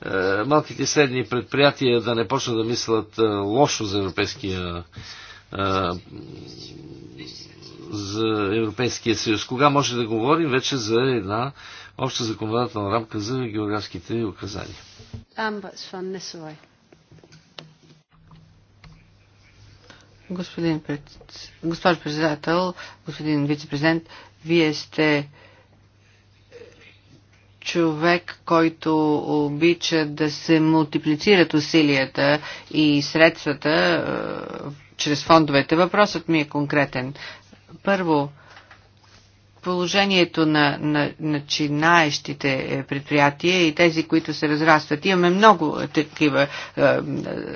B: а, малките и средни предприятия да не почнат да мислят а, лошо за европейския а, за Европейския съюз. Кога може да говорим вече за една обща законодателна рамка за географските указания.
A: Господин пред... председател, господин вице-президент, вие сте човек, който обича да се мултиплицират усилията и средствата е, чрез фондовете. Въпросът ми е конкретен. Първо, положението на, на начинаещите е, предприятия и тези, които се разрастват. Имаме много такива е,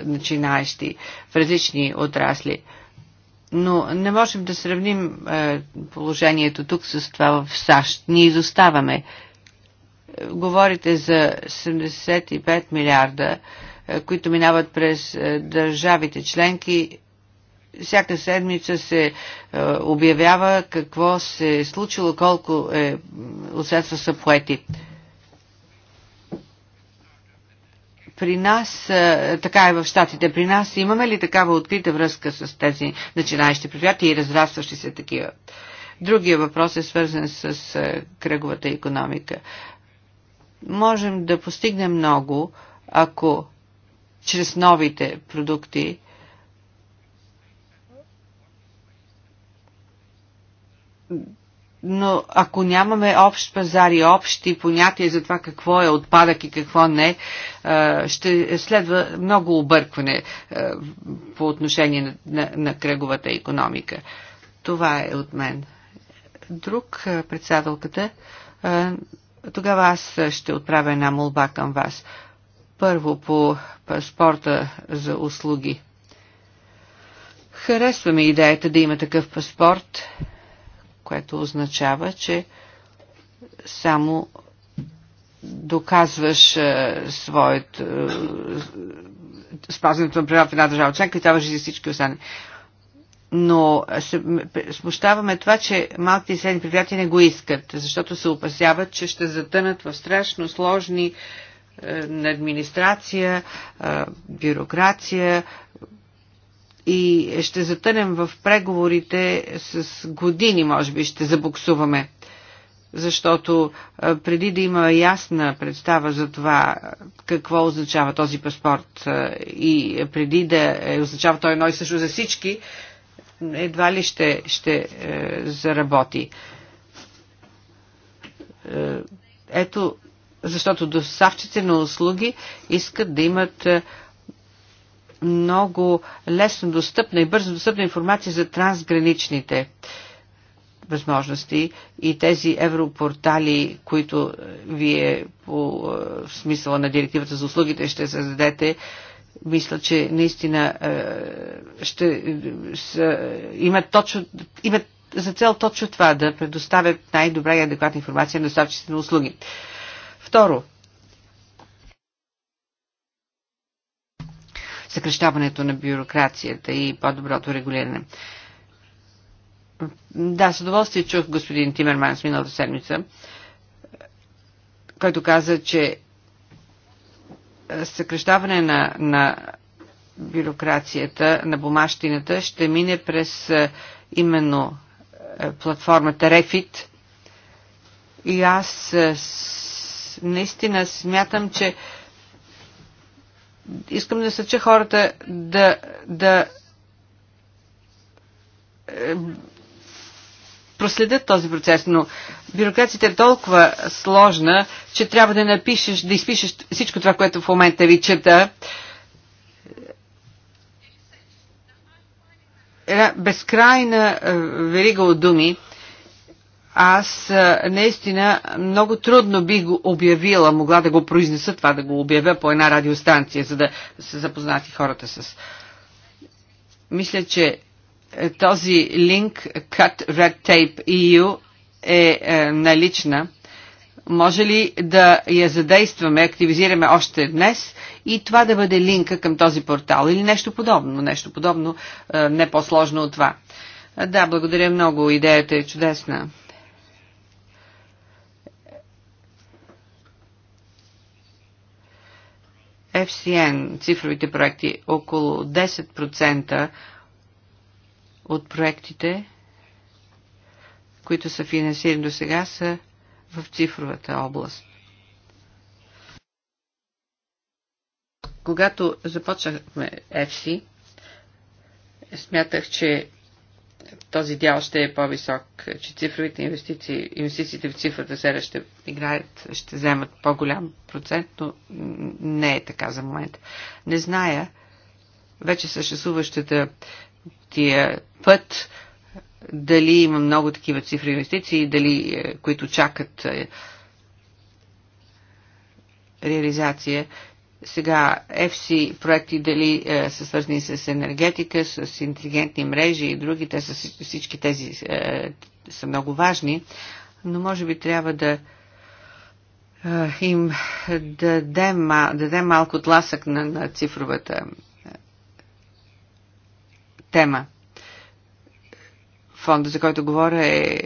A: начинаещи в различни отрасли. Но не можем да сравним е, положението тук с това в САЩ. Ние изоставаме. Е, говорите за 75 милиарда, е, които минават през държавите членки всяка седмица се е, обявява какво се е случило, колко е, средства са поети. При нас, е, така е в Штатите, при нас имаме ли такава открита връзка с тези начинаещи предприятия и разрастващи се такива? Другия въпрос е свързан с е, кръговата економика. Можем да постигнем много, ако чрез новите продукти, но ако нямаме общ пазар и общи понятия за това какво е отпадък и какво не, е, ще следва много объркване е, по отношение на, на, на кръговата економика. Това е от мен. Друг е, председателката, тогава аз ще отправя една молба към вас. Първо по паспорта за услуги. Харесваме идеята да има такъв паспорт което означава, че само доказваш а, е, своят е, спазването на правилата в една държава членка и това въжи за всички останали. Но се, смущаваме това, че малките и средни предприятия не го искат, защото се опасяват, че ще затънат в страшно сложни е, на администрация, бюрокрация, и ще затънем в преговорите с години, може би ще забуксуваме. Защото преди да има ясна представа за това какво означава този паспорт и преди да е, означава той едно и също за всички, едва ли ще, ще заработи. Ето, защото доставчици на услуги искат да имат много лесно достъпна и бързо достъпна информация за трансграничните възможности и тези европортали, които е, вие по е, смисъла на директивата за услугите ще създадете, мисля, че наистина е, ще имат, точно, имат за цел точно това да предоставят най-добра и адекватна информация на доставчиците на услуги. Второ, съкрещаването на бюрокрацията и по-доброто регулиране. Да, с удоволствие чух господин Тимерман с миналата седмица, който каза, че съкрещаване на, на бюрокрацията, на бумащината ще мине през е, именно е, платформата Refit. И аз е, наистина смятам, че искам да се че хората да, да е, проследят този процес, но бюрокрацията е толкова сложна, че трябва да напишеш, да изпишеш всичко това, което в момента ви чета. безкрайна е, верига от думи, аз наистина много трудно бих го обявила, могла да го произнеса това, да го обявя по една радиостанция, за да се запознати хората с. Мисля, че е, този линк Cut Red Tape EU е, е, налична. Може ли да я задействаме, активизираме още днес и това да бъде линка към този портал или нещо подобно, нещо подобно, е, не по-сложно от това. Да, благодаря много, идеята е чудесна. FCN, цифровите проекти, около 10% от проектите, които са финансирани до сега, са в цифровата област. Когато започнахме FC, смятах, че този дял ще е по-висок, че цифровите инвестиции, инвестициите в цифрата сера ще играят, ще вземат по-голям процент, но не е така за момента. Не зная, вече съществуващата тия път, дали има много такива цифри инвестиции, дали, е, които чакат е, реализация сега FC проекти дали е, са свързани с енергетика, с интелигентни мрежи и други, те са, всички тези е, са много важни, но може би трябва да е, им дадем, дадем малко тласък на, на цифровата е, тема. Фонда, за който говоря, е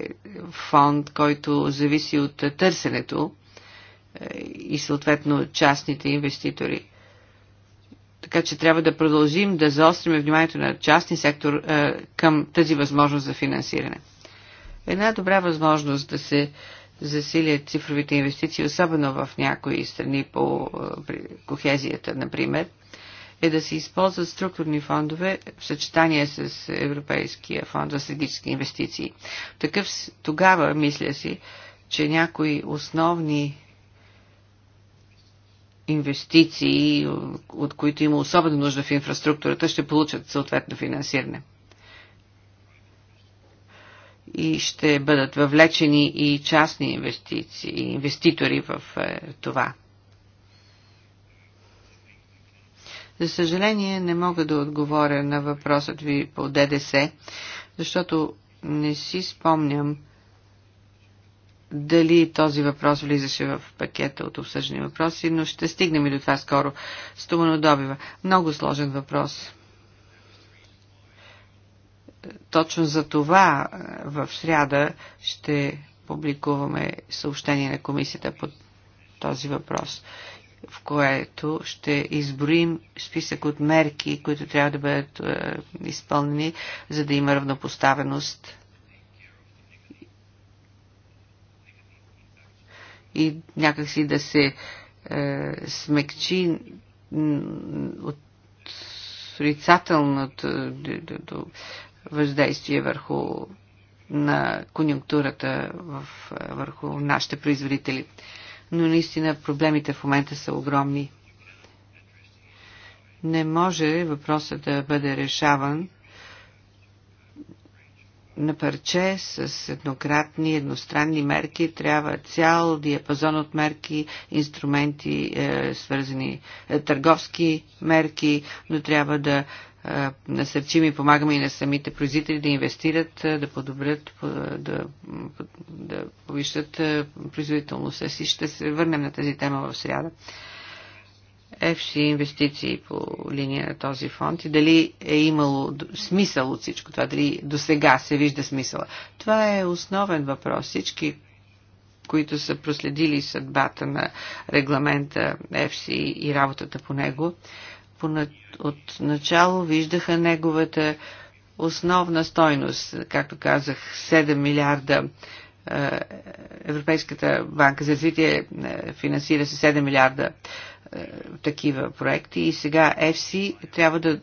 A: фонд, който зависи от търсенето и съответно частните инвеститори. Така че трябва да продължим да заостриме вниманието на частния сектор е, към тази възможност за финансиране. Една добра възможност да се засилят цифровите инвестиции, особено в някои страни по е, кохезията, например, е да се използват структурни фондове в съчетание с Европейския фонд за стратегически инвестиции. Такъв, тогава мисля си, че някои основни инвестиции, от които има особена нужда в инфраструктурата, ще получат съответно финансиране. И ще бъдат въвлечени и частни инвестиции, инвеститори в е, това. За съжаление не мога да отговоря на въпросът ви по ДДС, защото не си спомням дали този въпрос влизаше в пакета от обсъждани въпроси, но ще стигнем и до това скоро. Стоманодобива. Много сложен въпрос. Точно за това в сряда ще публикуваме съобщение на комисията по този въпрос, в което ще изброим списък от мерки, които трябва да бъдат е, изпълнени, за да има равнопоставеност и някакси да се е, смекчи от отрицателното е, въздействие върху на конюнктурата в, е, върху нашите производители. Но наистина проблемите в момента са огромни. Не може въпросът да бъде решаван на парче с еднократни, едностранни мерки. Трябва цял диапазон от мерки, инструменти, е, свързани е, търговски мерки, но трябва да е, насърчим и помагаме и на самите производители да инвестират, е, да подобрят, да, да повишат е, производителността си. Ще се върнем на тази тема в сряда. ЕФСИ инвестиции по линия на този фонд и дали е имало смисъл от всичко това, дали до сега се вижда смисъла. Това е основен въпрос. Всички, които са проследили съдбата на регламента ЕФСИ и работата по него, от начало виждаха неговата основна стойност, както казах, 7 милиарда е, Европейската банка за развитие е, финансира с 7 милиарда е, такива проекти и сега ЕФСИ трябва да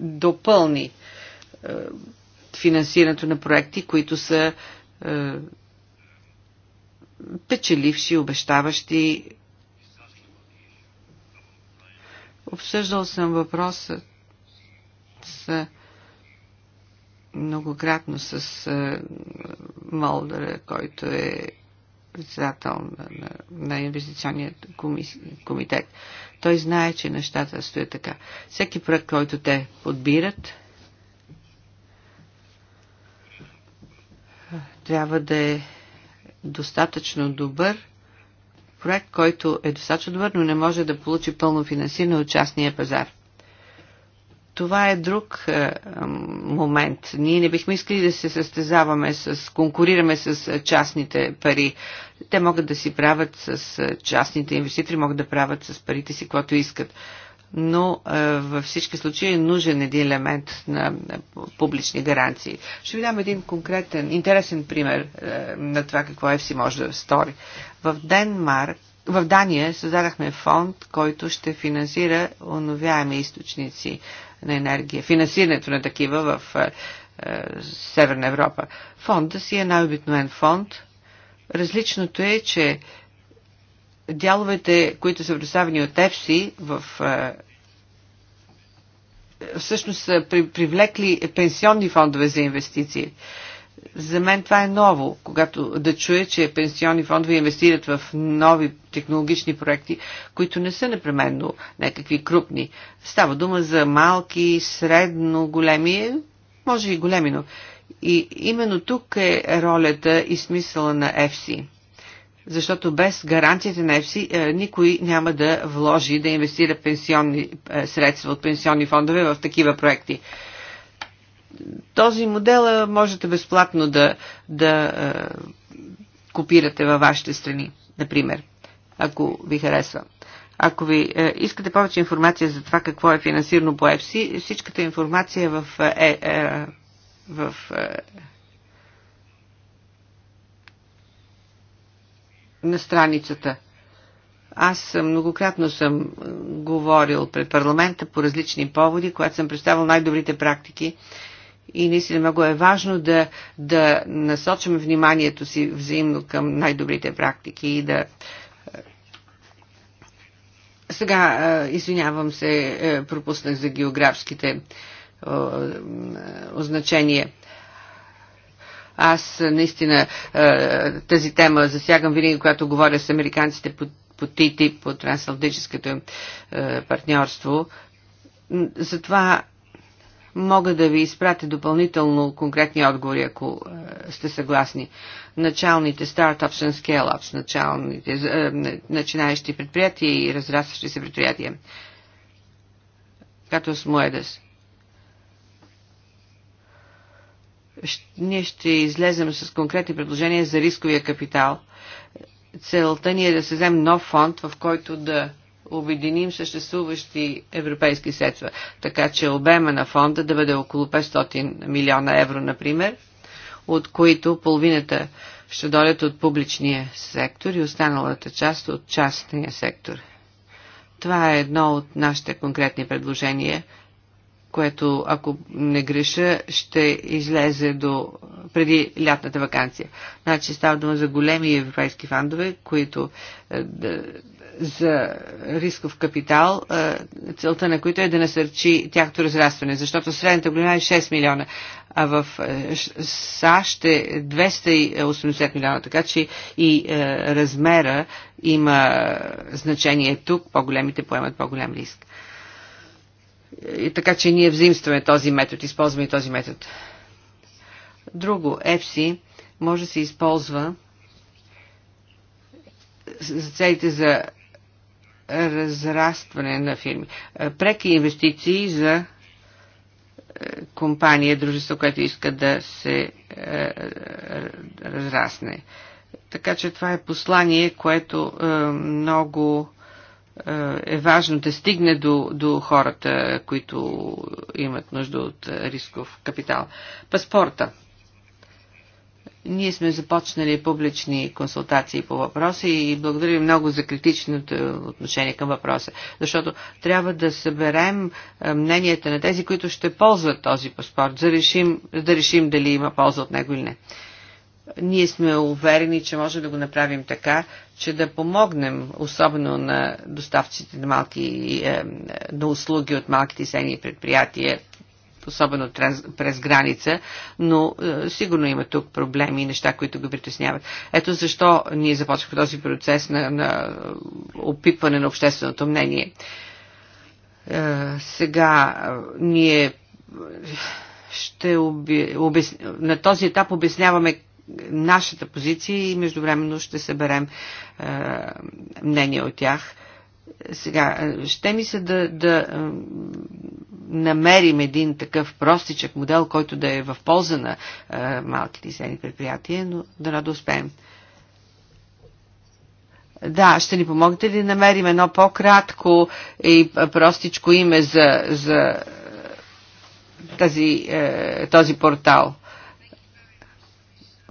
A: допълни финансирането на проекти, които са печеливши, обещаващи. Обсъждал съм въпроса с многократно с Молдър, който е председател на, на, на инвестиционния комитет. Той знае, че нещата стоят така. Всеки проект, който те подбират, трябва да е достатъчно добър проект, който е достатъчно добър, но не може да получи пълно финансиране от частния пазар. Това е друг е, момент. Ние не бихме искали да се състезаваме с, конкурираме с е, частните пари. Те могат да си правят с е, частните инвеститори, могат да правят с парите си, което искат. Но е, във всички случаи е нужен един елемент на, на публични гаранции. Ще ви дам един конкретен, интересен пример е, на това какво е си може да стори. В Денмарк в Дания създадахме фонд, който ще финансира оновяеми източници на енергия, финансирането на такива в е, е, Северна Европа. Фонда си е най-обикновен фонд. Различното е, че дяловете, които са предоставени от ЕФСИ в е, всъщност са при, привлекли пенсионни фондове за инвестиции за мен това е ново, когато да чуя, че пенсионни фондове инвестират в нови технологични проекти, които не са непременно някакви крупни. Става дума за малки, средно големи, е, може и големи, но и именно тук е ролята и смисъла на FC. Защото без гаранцията на FC е, никой няма да вложи, да инвестира пенсионни е, средства от пенсионни фондове в такива проекти този модел е, можете безплатно да, да е, копирате във вашите страни, например, ако ви харесва. Ако ви е, искате повече информация за това какво е финансирано по EFSI, всичката информация в, е, е, е, в е, на страницата. Аз многократно съм говорил пред парламента по различни поводи, когато съм представил най-добрите практики и наистина много е важно да, да насочим вниманието си взаимно към най-добрите практики и да сега, извинявам се, пропуснах за географските означения. Аз наистина тази тема засягам винаги, когато говоря с американците по, по ТИТИ, по трансатлантическото партньорство. Затова Мога да ви изпратя допълнително конкретни отговори, ако е, сте съгласни. Началните startups и scale началните е, начинаещи предприятия и разрастващи се предприятия. Като с Моедес. Ние ще излезем с конкретни предложения за рисковия капитал. Целта ни е да се вземе нов фонд, в който да обединим съществуващи европейски средства, така че обема на фонда да бъде около 500 милиона евро, например, от които половината ще дойдат от публичния сектор и останалата част от частния сектор. Това е едно от нашите конкретни предложения, което, ако не греша, ще излезе до преди лятната вакансия. Значи става дума за големи европейски фандове, които е, за рисков капитал, целта на които е да насърчи тяхто разрастване, защото средната година е 6 милиона, а в САЩ е 280 милиона, така че и размера има значение тук, по-големите поемат по-голям риск. И така че ние взимстваме този метод, използваме и този метод. Друго, EFSI може да се използва за целите за разрастване на фирми. Е, преки инвестиции за е, компания, дружество, което иска да се е, разрасне. Така че това е послание, което много е важно да стигне до, до хората, които имат нужда от рисков капитал. Паспорта. Ние сме започнали публични консултации по въпроса и благодаря ви много за критичното отношение към въпроса, защото трябва да съберем е, мненията на тези, които ще ползват този паспорт, за решим, да решим дали има полза от него или не. Ние сме уверени, че може да го направим така, че да помогнем особено на доставчите на, малки, е, е, на услуги от малките и средни предприятия особено транс, през граница, но е, сигурно има тук проблеми и неща, които го притесняват. Ето защо ние започнахме този процес на, на опитване на общественото мнение. Е, сега е, ние е, ще оби, обяс, на този етап обясняваме нашата позиция и междувременно ще съберем е, мнение от тях – сега, е, ще ми се да, да е, намерим един такъв простичък модел, който да е в полза на а, е, малките и средни предприятия, но да да успеем. Да, ще ни помогнете ли да намерим едно по-кратко и простичко име за, за тази, този портал?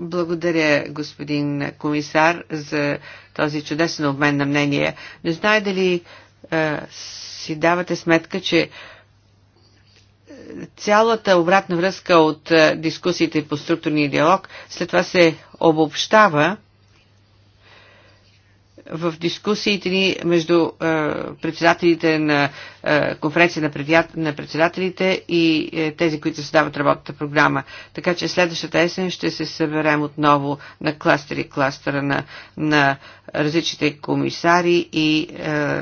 A: Благодаря, господин комисар, за този чудесен обмен на мнение. Не знае дали е, си давате сметка, че е, цялата обратна връзка от е, дискусиите по структурния диалог след това се обобщава в дискусиите ни между е, председателите на е, конференция на, предият... на председателите и е, тези, които създават работната програма. Така че следващата есен ще се съберем отново на кластери кластера на, на различните комисари и е,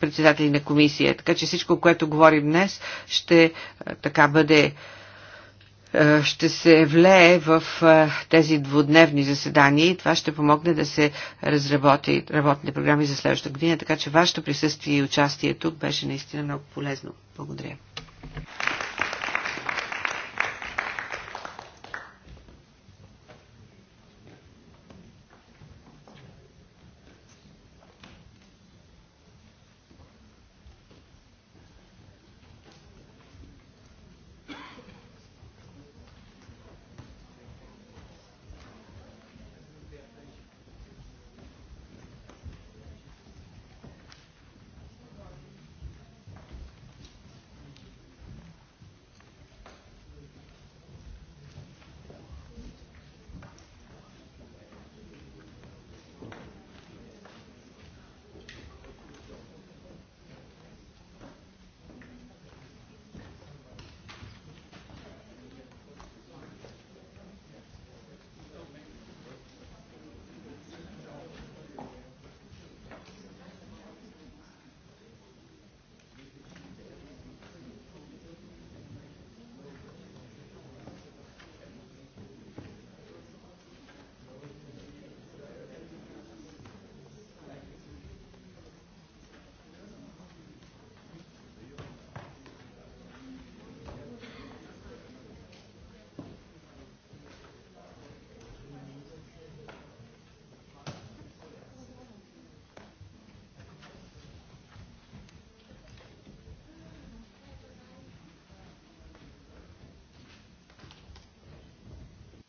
A: председатели на комисия. Така че всичко, което говорим днес, ще така бъде е, ще се влее в е, тези двудневни заседания и това ще помогне да се разработи работните програми за следващата година, така че вашето присъствие и участие тук беше наистина много полезно. Благодаря.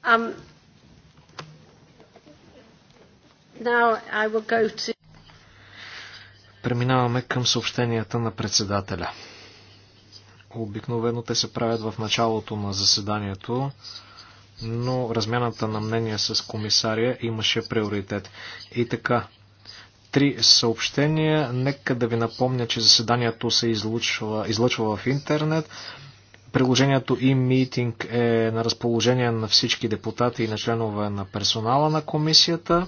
D: Um, now I will go to...
C: Преминаваме към съобщенията на председателя. Обикновено те се правят в началото на заседанието, но размяната на мнение с комисария имаше приоритет. И така, три съобщения. Нека да ви напомня, че заседанието се излъчва, излъчва в интернет. Приложението e-meeting е на разположение на всички депутати и на членове на персонала на комисията.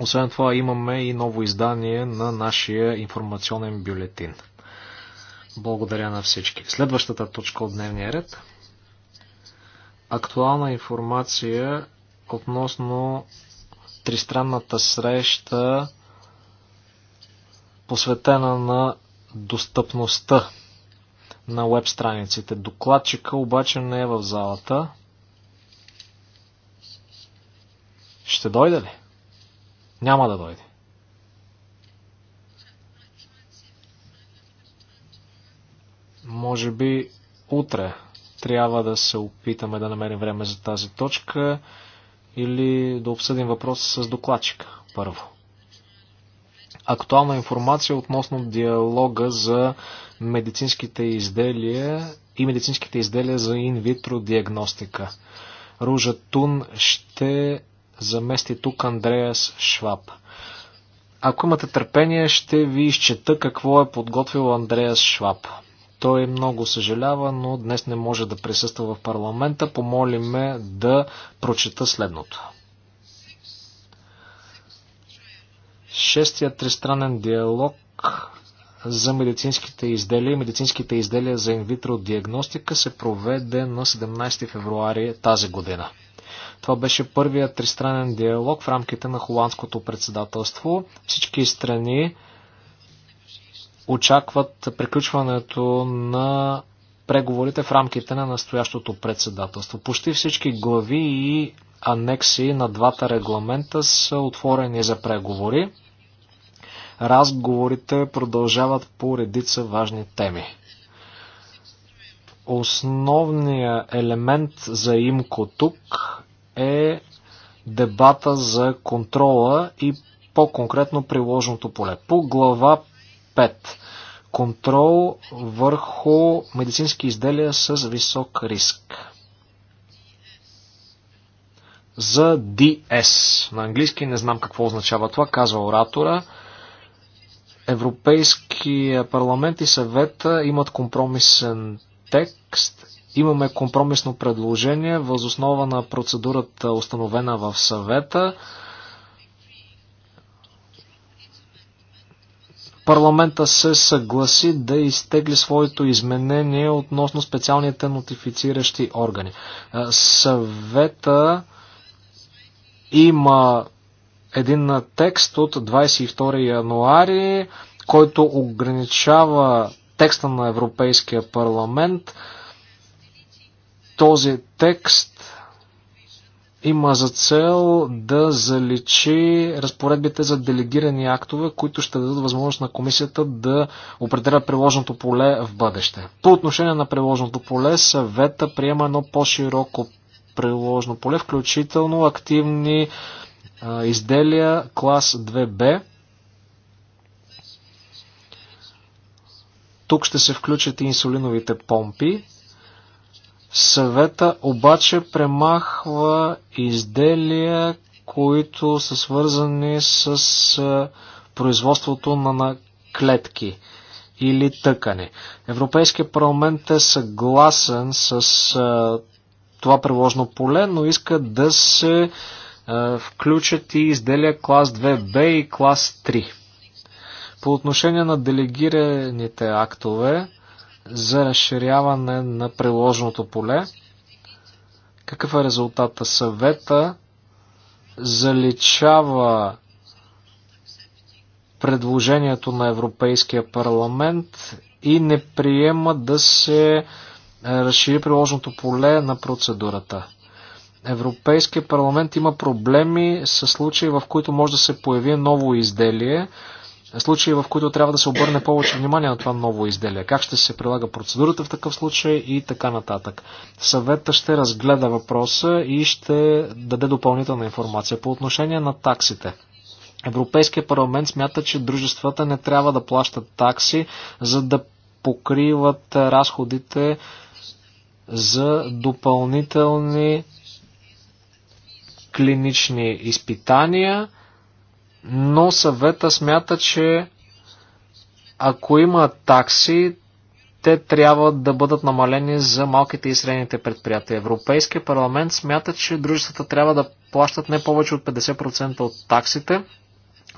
C: Освен това имаме и ново издание на нашия информационен бюлетин. Благодаря на всички. Следващата точка от дневния ред. Актуална информация относно тристранната среща посветена на достъпността на веб страниците. Докладчика обаче не е в залата. Ще дойде ли? Няма да дойде. Може би утре трябва да се опитаме да намерим време за тази точка или да обсъдим въпроса с докладчика първо актуална информация относно диалога за медицинските изделия и медицинските изделия за инвитро диагностика. Ружа Тун ще замести тук Андреас Шваб. Ако имате търпение, ще ви изчета какво е подготвил Андреас Шваб. Той е много съжалява, но днес не може да присъства в парламента. Помоли ме да прочета следното. Шестия тристранен диалог за медицинските изделия и медицинските изделия за инвитро диагностика се проведе на 17 февруари тази година. Това беше първият тристранен диалог в рамките на холандското председателство. Всички страни очакват приключването на преговорите в рамките на настоящото председателство. Почти всички глави и анекси на двата регламента са отворени за преговори. Разговорите продължават по редица важни теми. Основният елемент за имко тук е дебата за контрола и по-конкретно приложното поле. По глава 5 контрол върху медицински изделия с висок риск. За DS. На английски не знам какво означава това, казва оратора. Европейския парламент и съвета имат компромисен текст. Имаме компромисно предложение възоснова на процедурата установена в съвета. Парламента се съгласи да изтегли своето изменение относно специалните нотифициращи органи. Е, съвета има един текст от 22 януари, който ограничава текста на Европейския парламент. Този текст има за цел да заличи разпоредбите за делегирани актове, които ще дадат възможност на комисията да определя приложното поле в бъдеще. По отношение на приложното поле, съвета приема едно по-широко приложно поле, включително активни а, изделия клас 2B. Тук ще се включат и инсулиновите помпи. Съвета обаче премахва изделия, които са свързани с производството на клетки или тъкани. Европейския парламент е съгласен с това приложено поле, но иска да се включат и изделия клас 2Б и клас 3. По отношение на делегираните актове, за разширяване на приложното поле. Какъв е резултата? Съвета заличава предложението на Европейския парламент и не приема да се разшири приложното поле на процедурата. Европейския парламент има проблеми с случаи, в които може да се появи ново изделие, случаи, в които трябва да се обърне повече внимание на това ново изделие. Как ще се прилага процедурата в такъв случай и така нататък. Съвета ще разгледа въпроса и ще даде допълнителна информация по отношение на таксите. Европейския парламент смята, че дружествата не трябва да плащат такси, за да покриват разходите за допълнителни клинични изпитания – но съвета смята, че ако има такси, те трябва да бъдат намалени за малките и средните предприятия. Европейския парламент смята, че дружествата трябва да плащат не повече от 50% от таксите.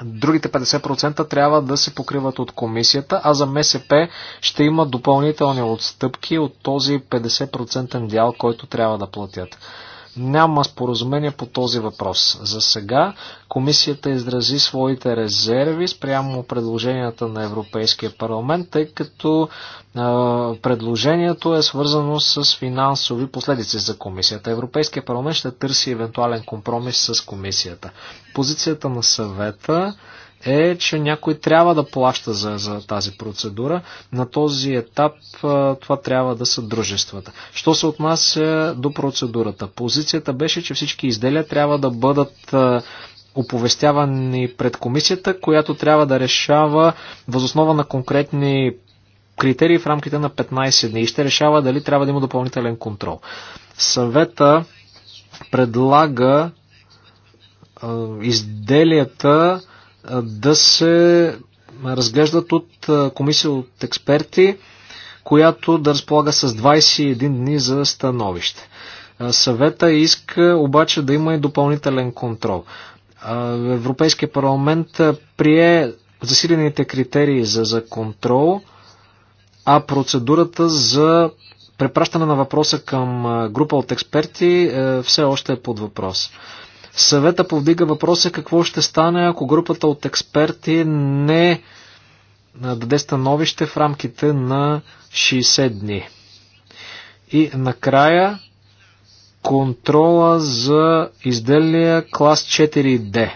C: Другите 50% трябва да се покриват от комисията, а за МСП ще има допълнителни отстъпки от този 50% дял, който трябва да платят. Няма споразумение по този въпрос. За сега комисията изрази своите резерви спрямо предложенията на Европейския парламент, тъй като е, предложението е свързано с финансови последици за комисията. Европейския парламент ще търси евентуален компромис с комисията. Позицията на съвета е, че някой трябва да плаща за, за тази процедура. На този етап това трябва да са дружествата. Що се отнася до процедурата? Позицията беше, че всички изделия трябва да бъдат оповестявани пред комисията, която трябва да решава възоснова на конкретни критерии в рамките на 15 дни и ще решава дали трябва да има допълнителен контрол. Съвета предлага изделията да се разглеждат от комисия от експерти, която да разполага с 21 дни за становище. Съвета иска обаче да има и допълнителен контрол. Европейския парламент прие засилените критерии за, за контрол, а процедурата за препращане на въпроса към група от експерти е, все още е под въпрос. Съвета повдига въпроса какво ще стане, ако групата от експерти не даде становище в рамките на 60 дни. И накрая контрола за изделия клас 4D.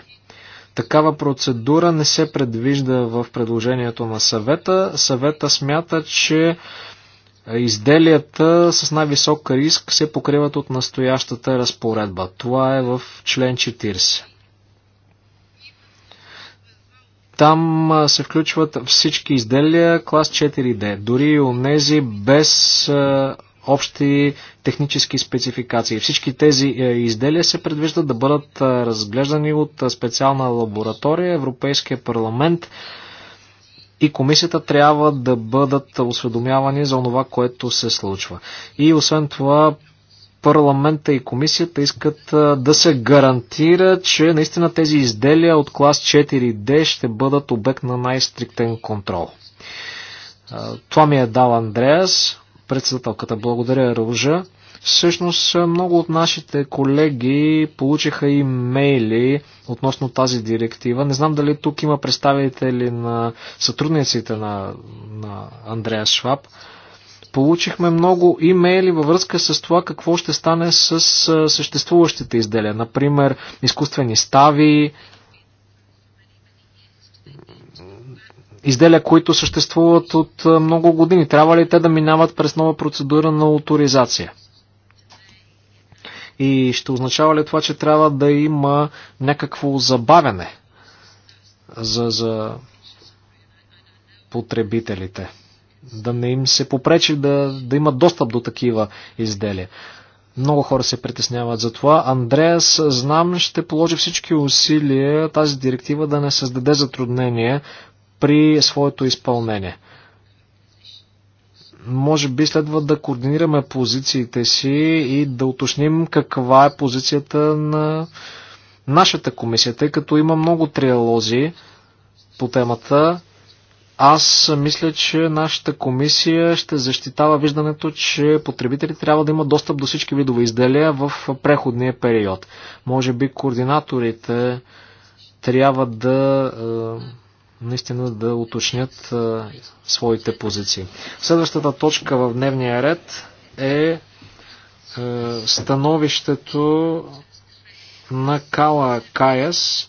C: Такава процедура не се предвижда в предложението на съвета. Съвета смята, че Изделията с най-висок риск се покриват от настоящата разпоредба. Това е в член 40. Там се включват всички изделия клас 4D, дори и онези без общи технически спецификации. Всички тези изделия се предвиждат да бъдат разглеждани от специална лаборатория. Европейския парламент и комисията трябва да бъдат осведомявани за това, което се случва. И освен това, парламента и комисията искат да се гарантира, че наистина тези изделия от клас 4D ще бъдат обект на най-стриктен контрол. Това ми е дал Андреас, председателката. Благодаря, Ружа. Всъщност много от нашите колеги получиха имейли относно тази директива. Не знам дали тук има представители на сътрудниците на, на Андрея Шваб. Получихме много имейли във връзка с това какво ще стане с съществуващите изделия. Например, изкуствени стави, изделия, които съществуват от много години. Трябва ли те да минават през нова процедура на авторизация? И ще означава ли това, че трябва да има някакво забавяне за, за потребителите? Да не им се попречи да, да имат достъп до такива изделия. Много хора се притесняват за това. Андреас, знам, ще положи всички усилия тази директива да не създаде затруднения при своето изпълнение може би следва да координираме позициите си и да уточним каква е позицията на нашата комисия, тъй като има много триалози по темата. Аз мисля, че нашата комисия ще защитава виждането, че потребителите трябва да имат достъп до всички видове изделия в преходния период. Може би координаторите трябва да е, наистина да уточнят а, своите позиции. Следващата точка в дневния ред е а, е, становището на Кала Каяс.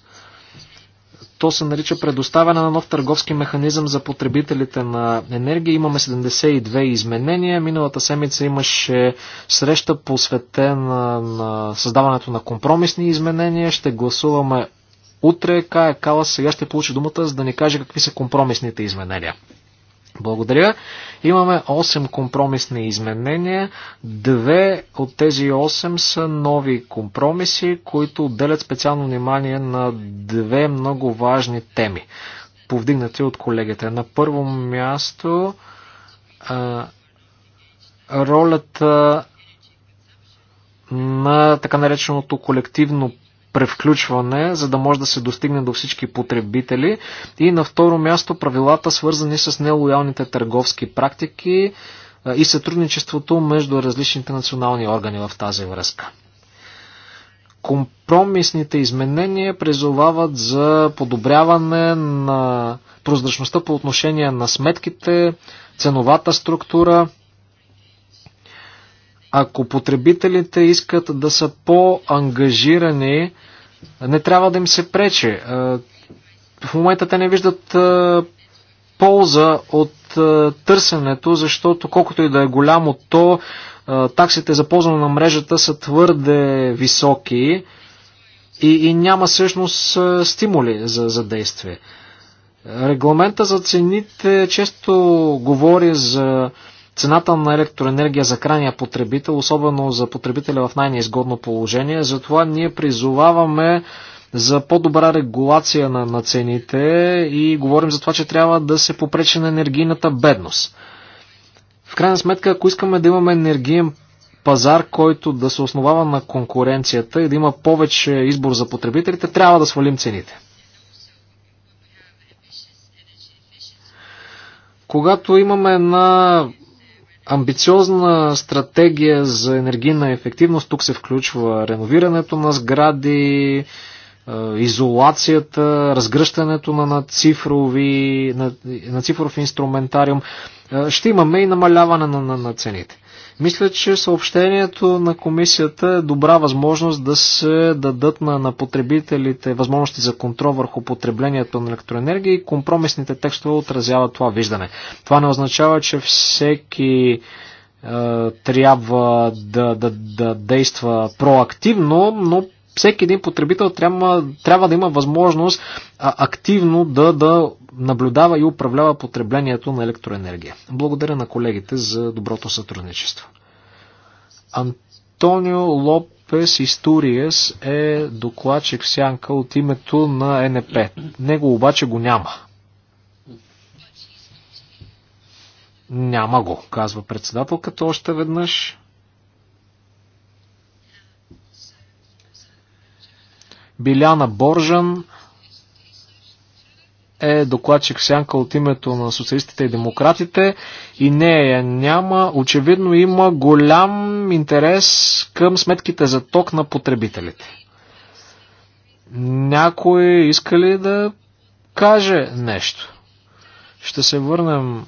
C: То се нарича предоставяне на нов търговски механизъм за потребителите на енергия. Имаме 72 изменения. Миналата седмица имаше среща посветена на създаването на компромисни изменения. Ще гласуваме Утре Кая Кала сега ще получи думата, за да ни каже какви са компромисните изменения. Благодаря. Имаме 8 компромисни изменения. Две от тези 8 са нови компромиси, които отделят специално внимание на две много важни теми, повдигнати от колегите. На първо място а, ролята на така нареченото колективно превключване, за да може да се достигне до всички потребители. И на второ място правилата, свързани с нелоялните търговски практики и сътрудничеството между различните национални органи в тази връзка. Компромисните изменения призовават за подобряване на прозрачността по отношение на сметките, ценовата структура, ако потребителите искат да са по-ангажирани, не трябва да им се пречи. Е, в момента те не виждат е, полза от е, търсенето, защото колкото и да е голямо то, таксите за ползване на мрежата са твърде високи и, и няма всъщност стимули за, за действие. Регламента за цените често говори за цената на електроенергия за крайния потребител, особено за потребителя в най-неизгодно положение. Затова ние призоваваме за по-добра регулация на, на цените и говорим за това, че трябва да се попречи на енергийната бедност. В крайна сметка, ако искаме да имаме енергиен пазар, който да се основава на конкуренцията и да има повече избор за потребителите, трябва да свалим цените. Когато имаме една амбициозна стратегия за енергийна ефективност. Тук се включва реновирането на сгради, е, изолацията, разгръщането на, на, цифрови, на, на цифров инструментариум. Е, ще имаме и намаляване на, на, на цените. Мисля, че съобщението на комисията е добра възможност да се дадат на, на потребителите възможности за контрол върху потреблението на електроенергия и компромисните текстове отразяват това виждане. Това не означава, че всеки е, трябва да, да, да действа проактивно, но всеки един потребител трябва, трябва да има възможност а, активно да, да наблюдава и управлява потреблението на електроенергия. Благодаря на колегите за доброто сътрудничество. Антонио Лопес Историес е докладчик сянка от името на НП. Него обаче го няма. Няма го, казва председателката още веднъж. Биляна Боржан е докладчик сянка от името на социалистите и демократите и не я няма. Очевидно има голям интерес към сметките за ток на потребителите. Някой иска ли да каже нещо? Ще се върнем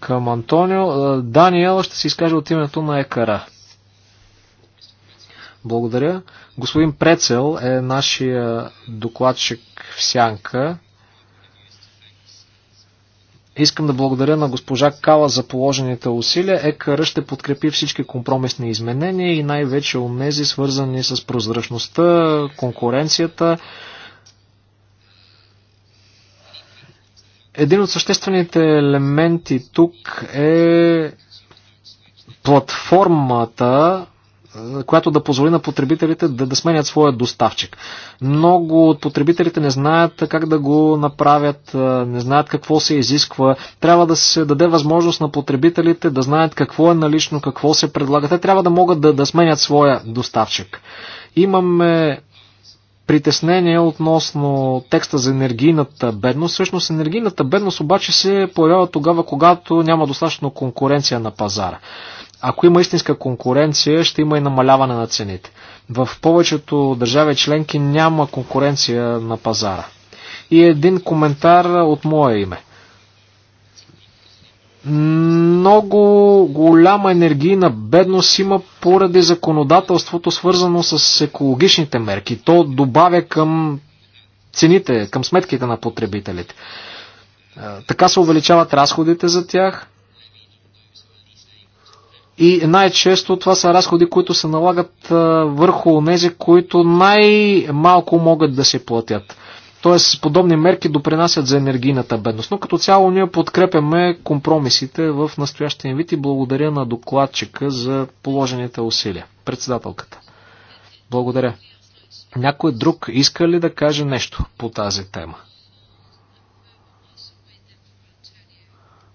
C: към Антонио. Даниел ще се изкаже от името на Екара. Благодаря. Господин Прецел е нашия докладчик в Сянка. Искам да благодаря на госпожа Кала за положените усилия. ЕКР ще подкрепи всички компромисни изменения и най-вече онези свързани с прозрачността, конкуренцията. Един от съществените елементи тук е платформата, която да позволи на потребителите да, да сменят своя доставчик. Много от потребителите не знаят как да го направят, не знаят какво се изисква. Трябва да се даде възможност на потребителите да знаят какво е налично, какво се предлага. Те трябва да могат да, да сменят своя доставчик. Имаме притеснение относно текста за енергийната бедност. Всъщност енергийната бедност обаче се появява тогава, когато няма достатъчно конкуренция на пазара. Ако има истинска конкуренция, ще има и намаляване на цените. В повечето държави членки няма конкуренция на пазара. И един коментар от мое име. Много голяма енергийна бедност има поради законодателството, свързано с екологичните мерки. То добавя към цените, към сметките на потребителите. Е, така се увеличават разходите за тях, и най-често това са разходи, които се налагат върху тези, които най-малко могат да се платят. Тоест, подобни мерки допринасят за енергийната бедност. Но като цяло ние подкрепяме компромисите в настоящия вид и благодаря на докладчика за положените усилия. Председателката. Благодаря. Някой друг иска ли да каже нещо по тази тема?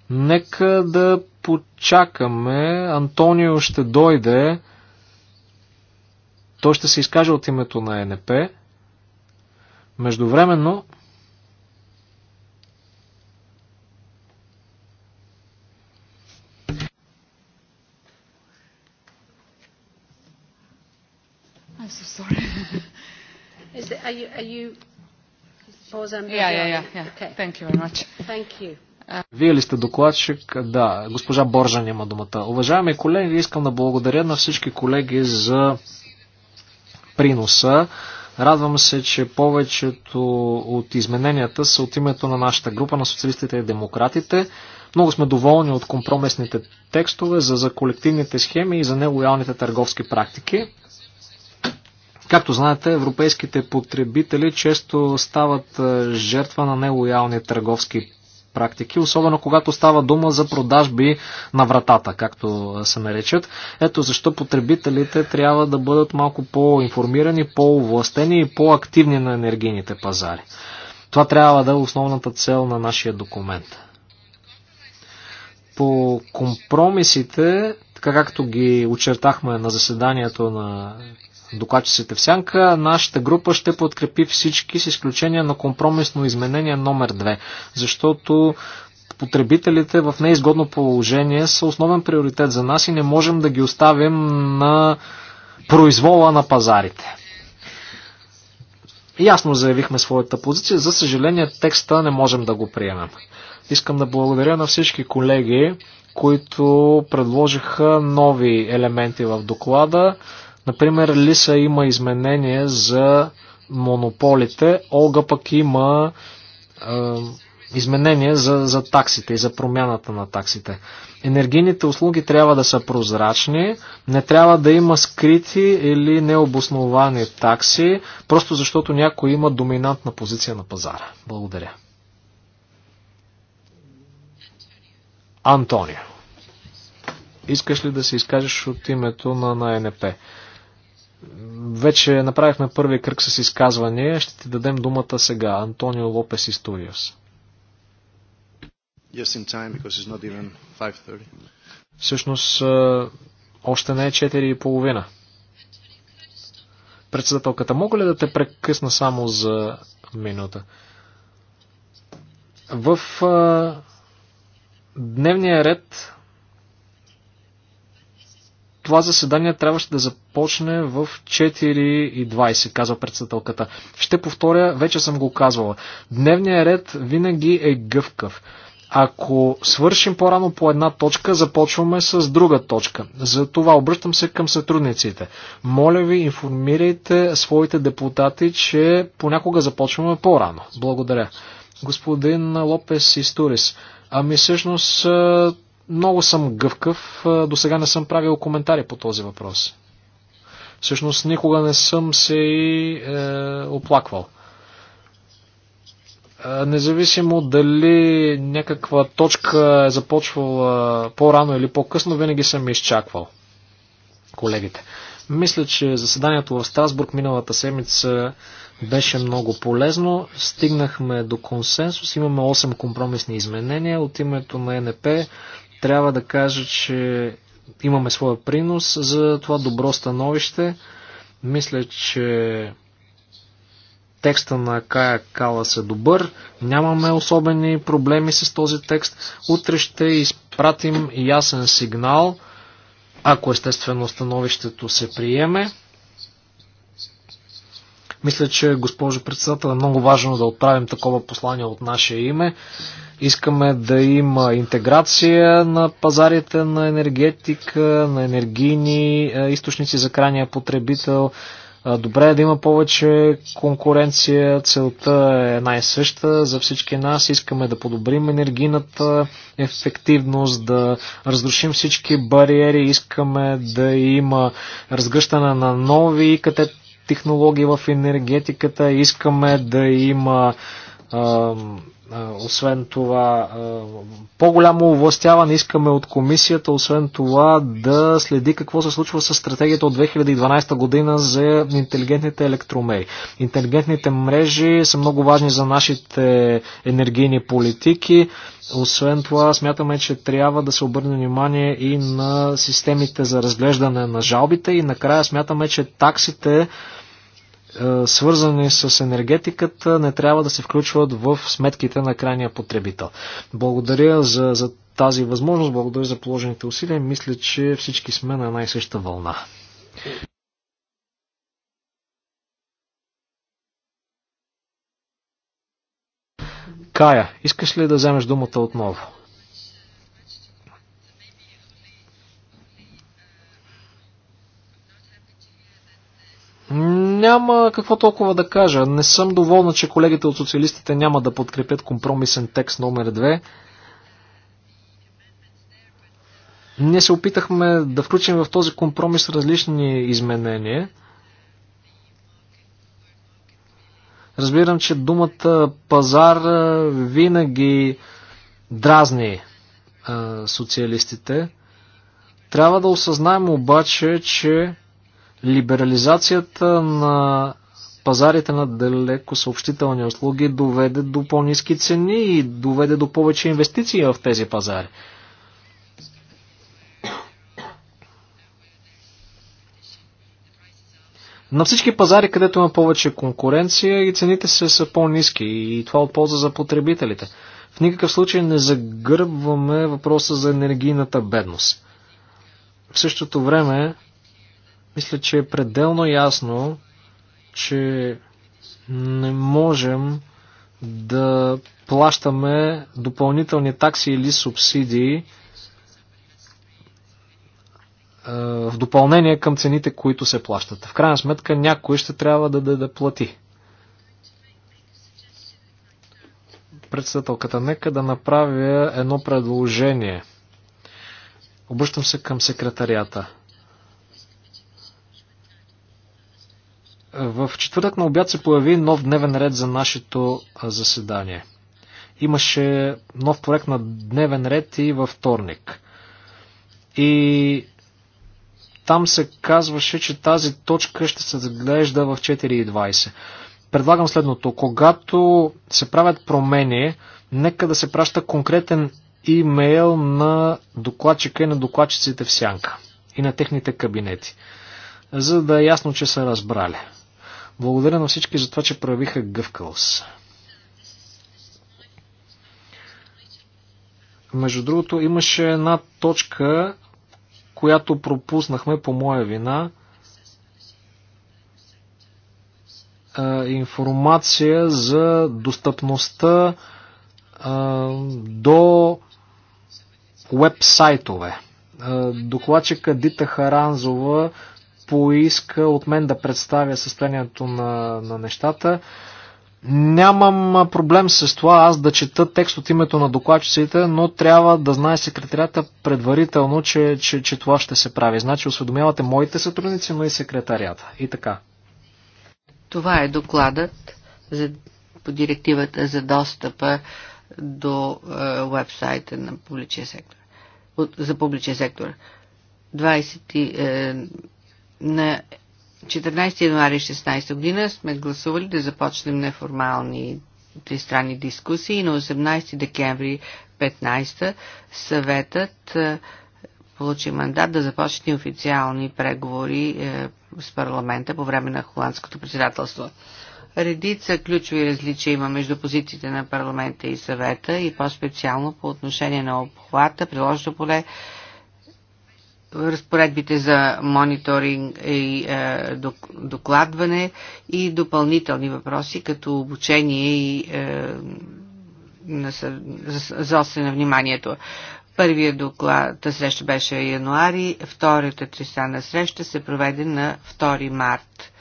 C: Нека да почакаме. Антонио ще дойде. Той ще се изкаже от името на е НП. Междувременно,
D: [LAUGHS] Are you, are you... Yeah, yeah, yeah. yeah. Okay. Thank you very much. Thank you.
C: Вие ли сте докладчик? Да, госпожа Боржан има думата. Уважаеми колеги, искам да благодаря на всички колеги за приноса. Радвам се, че повечето от измененията са от името на нашата група на социалистите и демократите. Много сме доволни от компромисните текстове за, за колективните схеми и за нелоялните търговски практики. Както знаете, европейските потребители често стават е, жертва на нелоялни търговски практики, особено когато става дума за продажби на вратата, както се наречат. Ето защо потребителите трябва да бъдат малко по-информирани, по-овластени и по-активни на енергийните пазари. Това трябва да е основната цел на нашия документ. По компромисите, така както ги очертахме на заседанието на докладчиците в сянка, нашата група ще подкрепи всички с изключение на компромисно изменение номер 2, защото потребителите в неизгодно положение са основен приоритет за нас и не можем да ги оставим на произвола на пазарите. Ясно заявихме своята позиция, за съжаление текста не можем да го приемем. Искам да благодаря на всички колеги, които предложиха нови елементи в доклада. Например, Лиса има изменение за монополите, Олга пък има е, изменение за, за таксите и за промяната на таксите. Енергийните услуги трябва да са прозрачни, не трябва да има скрити или необосновани такси, просто защото някой има доминантна позиция на пазара. Благодаря. Антонио. Искаш ли да се изкажеш от името на, на НП? Вече направихме първи кръг с изказвания. Ще ти дадем думата сега. Антонио Лопес Историос.
B: Yes,
C: Всъщност, още не е 4.30. Председателката, мога ли да те прекъсна само за минута? В дневния ред това заседание трябваше да започне в 4.20, казва председателката. Ще повторя, вече съм го казвала. Дневният ред винаги е гъвкав. Ако свършим по-рано по една точка, започваме с друга точка. За това обръщам се към сътрудниците. Моля ви, информирайте своите депутати, че понякога започваме по-рано. Благодаря. Господин Лопес Историс, ами всъщност много съм гъвкав, до сега не съм правил коментари по този въпрос. Всъщност никога не съм се и е, оплаквал. Е, независимо дали някаква точка е започвала по-рано или по-късно, винаги съм изчаквал колегите. Мисля, че заседанието в Страсбург миналата седмица беше много полезно. Стигнахме до консенсус. Имаме 8 компромисни изменения. От името на НП трябва да кажа, че имаме своя принос за това добро становище. Мисля, че текста на Кая Калас е добър. Нямаме особени проблеми с този текст. Утре ще изпратим ясен сигнал, ако естествено становището се приеме. Мисля, че госпожо председател е много важно да отправим такова послание от наше име. Искаме да има интеграция на пазарите на енергетика, на енергийни е, източници за крайния потребител. Е, добре е да има повече конкуренция. Целта е най съща за всички нас. Искаме да подобрим енергийната ефективност, да разрушим всички бариери. Искаме да има разгръщане на нови КТ технологии в енергетиката, искаме да има освен това, по-голямо овластяване искаме от комисията, освен това да следи какво се случва с стратегията от 2012 година за интелигентните електромери. Интелигентните мрежи са много важни за нашите енергийни политики. Освен това, смятаме, че трябва да се обърне внимание и на системите за разглеждане на жалбите и накрая смятаме, че таксите е, свързани с енергетиката, не трябва да се включват в сметките на крайния потребител. Благодаря за, за тази възможност, благодаря за положените усилия. Мисля, че всички сме на една и съща вълна. Кая, искаш ли да вземеш думата отново? няма какво толкова да кажа. Не съм доволна, че колегите от социалистите няма да подкрепят компромисен текст номер 2. Ние се опитахме да включим в този компромис различни изменения. Разбирам, че думата пазар винаги дразни социалистите. Трябва да осъзнаем обаче, че Либерализацията на пазарите на далеко съобщителни услуги доведе до по-низки цени и доведе до повече инвестиции в тези пазари. На всички пазари, където има повече конкуренция и цените се са по-низки и това от полза за потребителите. В никакъв случай не загърбваме въпроса за енергийната бедност. В същото време мисля, че е пределно ясно, че не можем да плащаме допълнителни такси или субсидии е, в допълнение към цените, които се плащат. В крайна сметка някой ще трябва да, да, да плати. Председателката, нека да направя едно предложение. Обръщам се към секретарията. В четвъртък на обяд се появи нов дневен ред за нашето заседание. Имаше нов проект на дневен ред и във вторник. И там се казваше, че тази точка ще се заглежда в 4.20. Предлагам следното. Когато се правят промени, нека да се праща конкретен имейл на докладчика и на докладчиците в сянка и на техните кабинети, за да е ясно, че са разбрали благодаря на всички за това, че правиха гъвкавост. Между другото, имаше една точка, която пропуснахме по моя вина. информация за достъпността до веб-сайтове. Докладчика Дита Харанзова поиска от мен да представя състоянието на, на нещата. Нямам проблем с това аз да чета текст от името на докладчиците, но трябва да знае секретарята предварително, че, че, че това ще се прави. Значи осведомявате моите сътрудници, но и секретарията. И така.
A: Това е докладът за, по директивата за достъпа до е, вебсайта на публичния сектор. От, за публичния сектор. 20, е, на 14 януари 16 година сме гласували да започнем неформални тристранни дискусии на 18 декември 15 съветът е, получи мандат да започне официални преговори е, с парламента по време на холандското председателство. Редица ключови различия има между позициите на парламента и съвета и по-специално по отношение на обхвата, приложено поле, разпоредбите за мониторинг и е, докладване и допълнителни въпроси, като обучение и е, за на вниманието. Първият доклад, среща беше януари, втората тристана среща се проведе на 2 март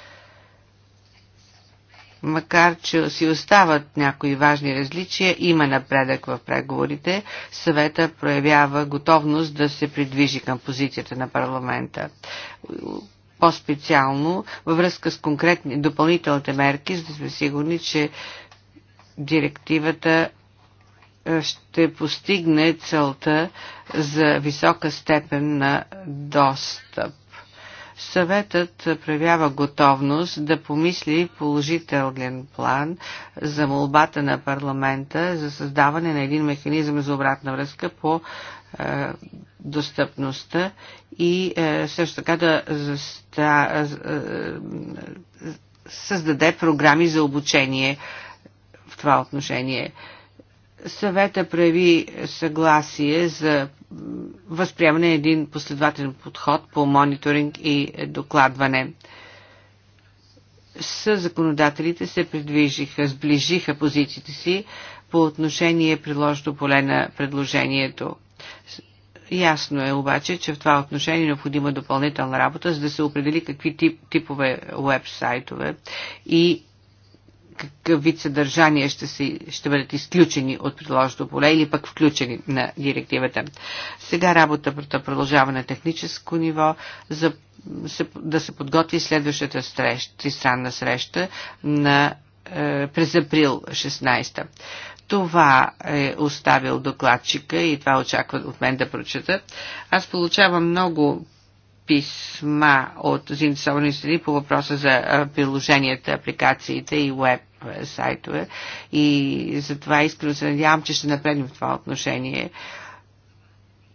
A: макар че си остават някои важни различия, има напредък в преговорите. Съвета проявява готовност да се придвижи към позицията на парламента. По-специално във връзка с конкретни допълнителните мерки, за да сме сигурни, че директивата ще постигне целта за висока степен на достъп Съветът проявява готовност да помисли положителен план за молбата на парламента за създаване на един механизъм за обратна връзка по е, достъпността и е, също така да заста, е, е създаде програми за обучение в това отношение. Е, Съвета прави съгласие за възприемане на един последователен подход по мониторинг и докладване. С законодателите се придвижиха, сближиха позициите си по отношение приложено поле на предложението. Ясно е обаче, че в това отношение е необходима допълнителна работа, за да се определи какви тип, типове уебсайтове и какъв вид съдържание ще, си, ще бъдат изключени от приложното поле или пък включени на директивата. Сега работата продължава на техническо ниво за се, да се подготви следващата среща, странна среща на, е, през април 16-та. Това е оставил докладчика и това очаква от мен да прочета. Аз получавам много писма от заинтересовани страни по въпроса за приложенията, апликациите и веб сайтове. И затова искрено се надявам, че ще напреднем в това отношение.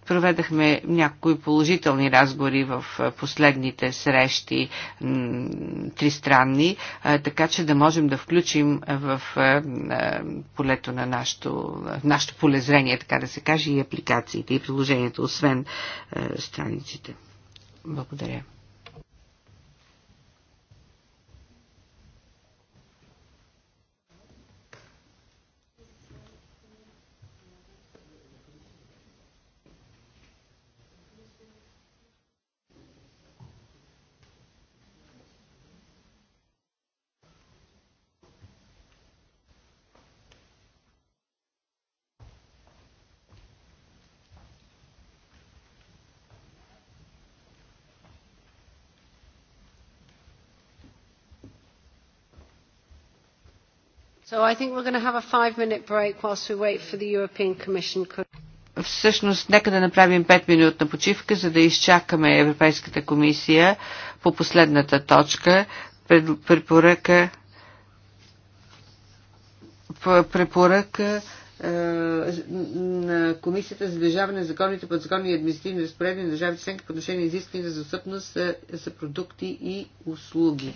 A: Проведахме някои положителни разговори в последните срещи тристранни, така че да можем да включим в полето на нашото, нашото полезрение, така да се каже, и апликациите и приложението, освен страниците. Благодаря.
D: I think we're going to have a five-minute break whilst we wait for the European Commission.
A: Всъщност, нека да направим 5 минутна почивка, за да изчакаме Европейската комисия по последната точка, препоръка, препоръка е, на Комисията за държаване на законните, подзаконни и административни разпоредби на държавите членки по отношение на изискване за достъпност е, за продукти и услуги.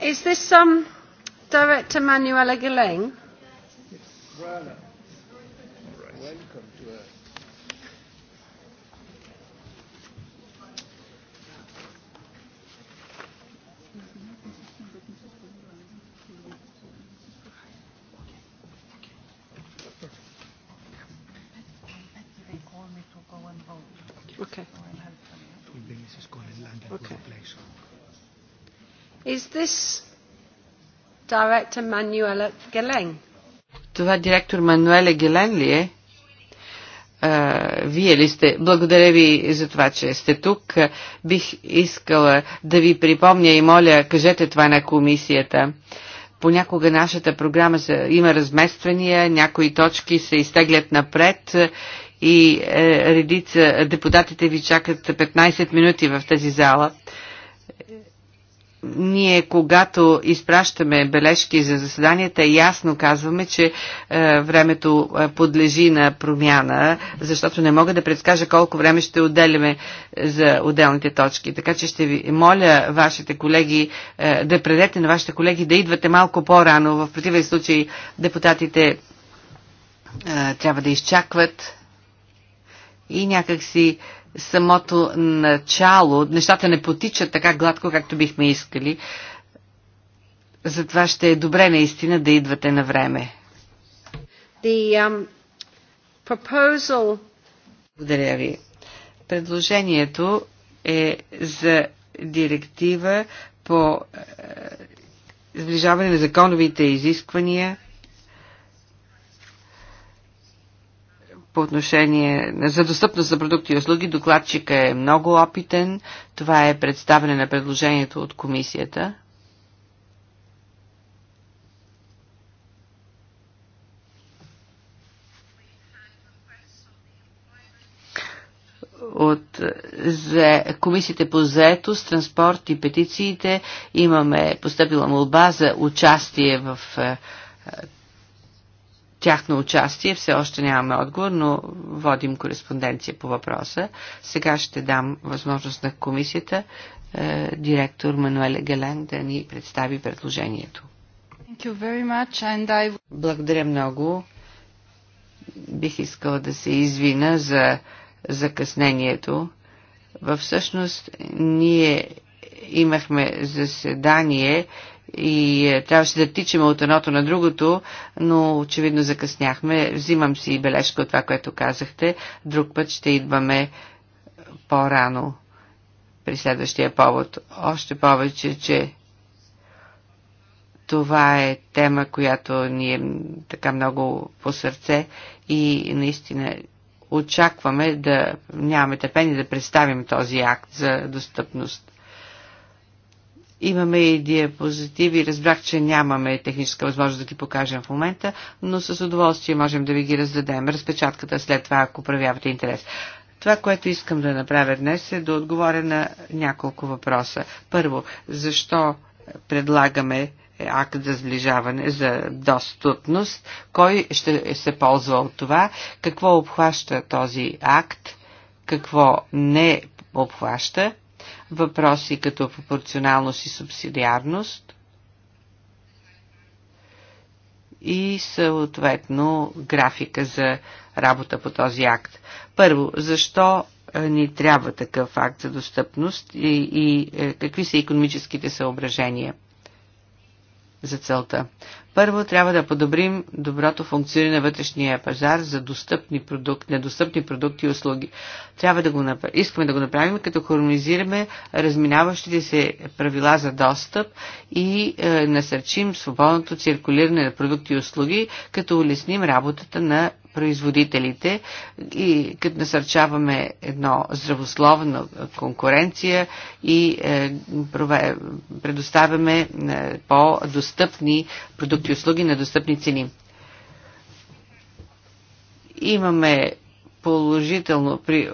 D: Is this um, Director Manuela Gilleng?
E: Yes. Welcome to us.
A: Това е директор Мануеле Гелен ли е? а, вие ли сте? Благодаря ви за това, че сте тук. Бих искала да ви припомня и моля, кажете това на комисията. Понякога нашата програма има размествания, някои точки се изтеглят напред и е, редица депутатите ви чакат 15 минути в тази зала ние, когато изпращаме бележки за заседанията, ясно казваме, че е, времето е, подлежи на промяна, защото не мога да предскажа колко време ще отделяме е, за отделните точки. Така че ще ви моля вашите колеги е, да предете на вашите колеги да идвате малко по-рано. В противен случай депутатите е, трябва да изчакват и някакси самото начало, нещата не потичат така гладко, както бихме искали. Затова ще е добре наистина да идвате на време.
D: Um, proposal...
A: Благодаря ви. Предложението е за директива по е, сближаване на законовите изисквания по отношение за достъпност на продукти и услуги. Докладчика е много опитен. Това е представене на предложението от комисията. от за комисиите по заетост, транспорт и петициите имаме поступила молба за участие в е, тяхно участие. Все още нямаме отговор, но водим кореспонденция по въпроса. Сега ще дам възможност на комисията е, директор Мануеле Гелен да ни представи предложението. I... Благодаря много. Бих искала да се извина за закъснението. Във всъщност ние имахме заседание и е, трябваше да тичаме от едното на другото, но очевидно закъсняхме. Взимам си бележка от това, което казахте. Друг път ще идваме по-рано при следващия повод. Още повече, че това е тема, която ни е така много по сърце и наистина очакваме да нямаме търпение да представим този акт за достъпност. Имаме и диапозитиви. Разбрах, че нямаме техническа възможност да ги покажем в момента, но с удоволствие можем да ви ги раздадем. Разпечатката е след това, ако проявявате интерес. Това, което искам да направя днес е да отговоря на няколко въпроса. Първо, защо предлагаме акт за сближаване, за достъпност? Кой ще се ползва от това? Какво обхваща този акт? Какво не обхваща? въпроси като пропорционалност и субсидиарност и съответно графика за работа по този акт. Първо, защо ни трябва такъв акт за достъпност и, и е, какви са економическите съображения? за целта. Първо трябва да подобрим доброто функциониране на вътрешния пазар за достъпни продукти, недостъпни продукти и услуги. Трябва да го направим. Искаме да го направим, като хармонизираме разминаващите се правила за достъп и е, насърчим свободното циркулиране на продукти и услуги, като улесним работата на производителите и като насърчаваме едно здравословно е, конкуренция и е, предоставяме е, по-достъпни продукти и услуги на достъпни цени. Имаме положително при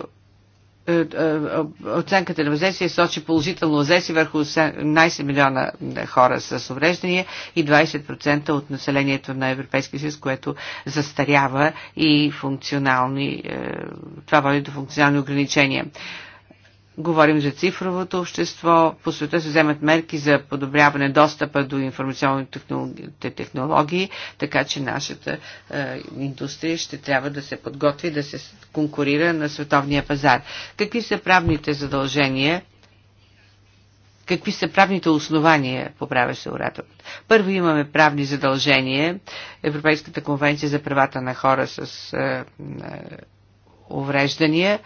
A: е, е, оценката на въздействие сочи положително въздействие върху 18 милиона е, хора с увреждания и 20% от населението на Европейския съюз, което застарява и функционални, това води до функционални ограничения. Говорим за цифровото общество. По света се вземат мерки за подобряване достъпа до информационните технологии, така че нашата е, индустрия ще трябва да се подготви да се конкурира на световния пазар. Какви са правните задължения? Какви са правните основания, поправя се оратор? Първо имаме правни задължения. Европейската конвенция за правата на хора с е, е, увреждания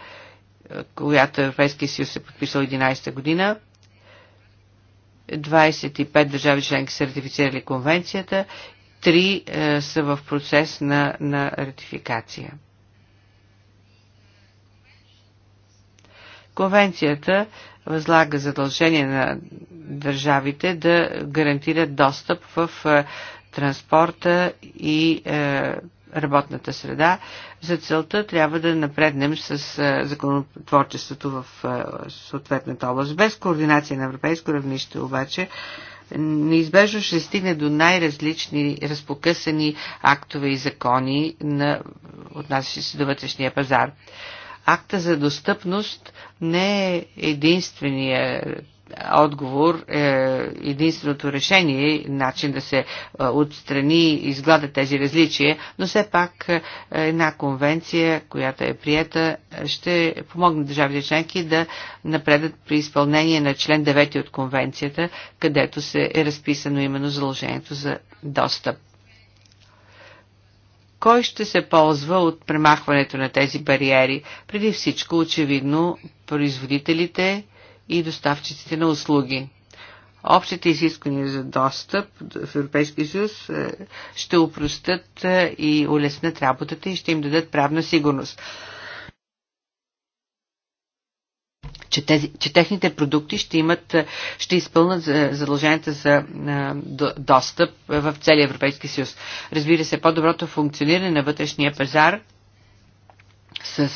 A: която Европейския съюз е подписал 11 година. 25 държави членки са ратифицирали конвенцията, 3 е, са в процес на, на ратификация. Конвенцията възлага задължение на държавите да гарантират достъп в е, транспорта и е, работната среда. За целта трябва да напреднем с законотворчеството в съответната област. Без координация на европейско равнище обаче неизбежно ще стигне до най-различни разпокъсани актове и закони, на, отнасящи се до вътрешния пазар. Акта за достъпност не е единствения отговор, е, единственото решение, начин да се е, отстрани, и изглада тези различия, но все пак е, една конвенция, която е прията, ще помогне държавите членки да напредат при изпълнение на член 9 от конвенцията, където се е разписано именно заложението за достъп кой ще се ползва от премахването на тези бариери? Преди всичко, очевидно, производителите, и доставчиците на услуги. Общите изисквания за достъп в Европейския съюз е, ще упростят е, и улеснат работата и ще им дадат правна сигурност. Че, тези, че техните продукти ще, имат, е, ще изпълнат задълженията за достъп в целия Европейски съюз. Разбира се, по-доброто функциониране на вътрешния пазар с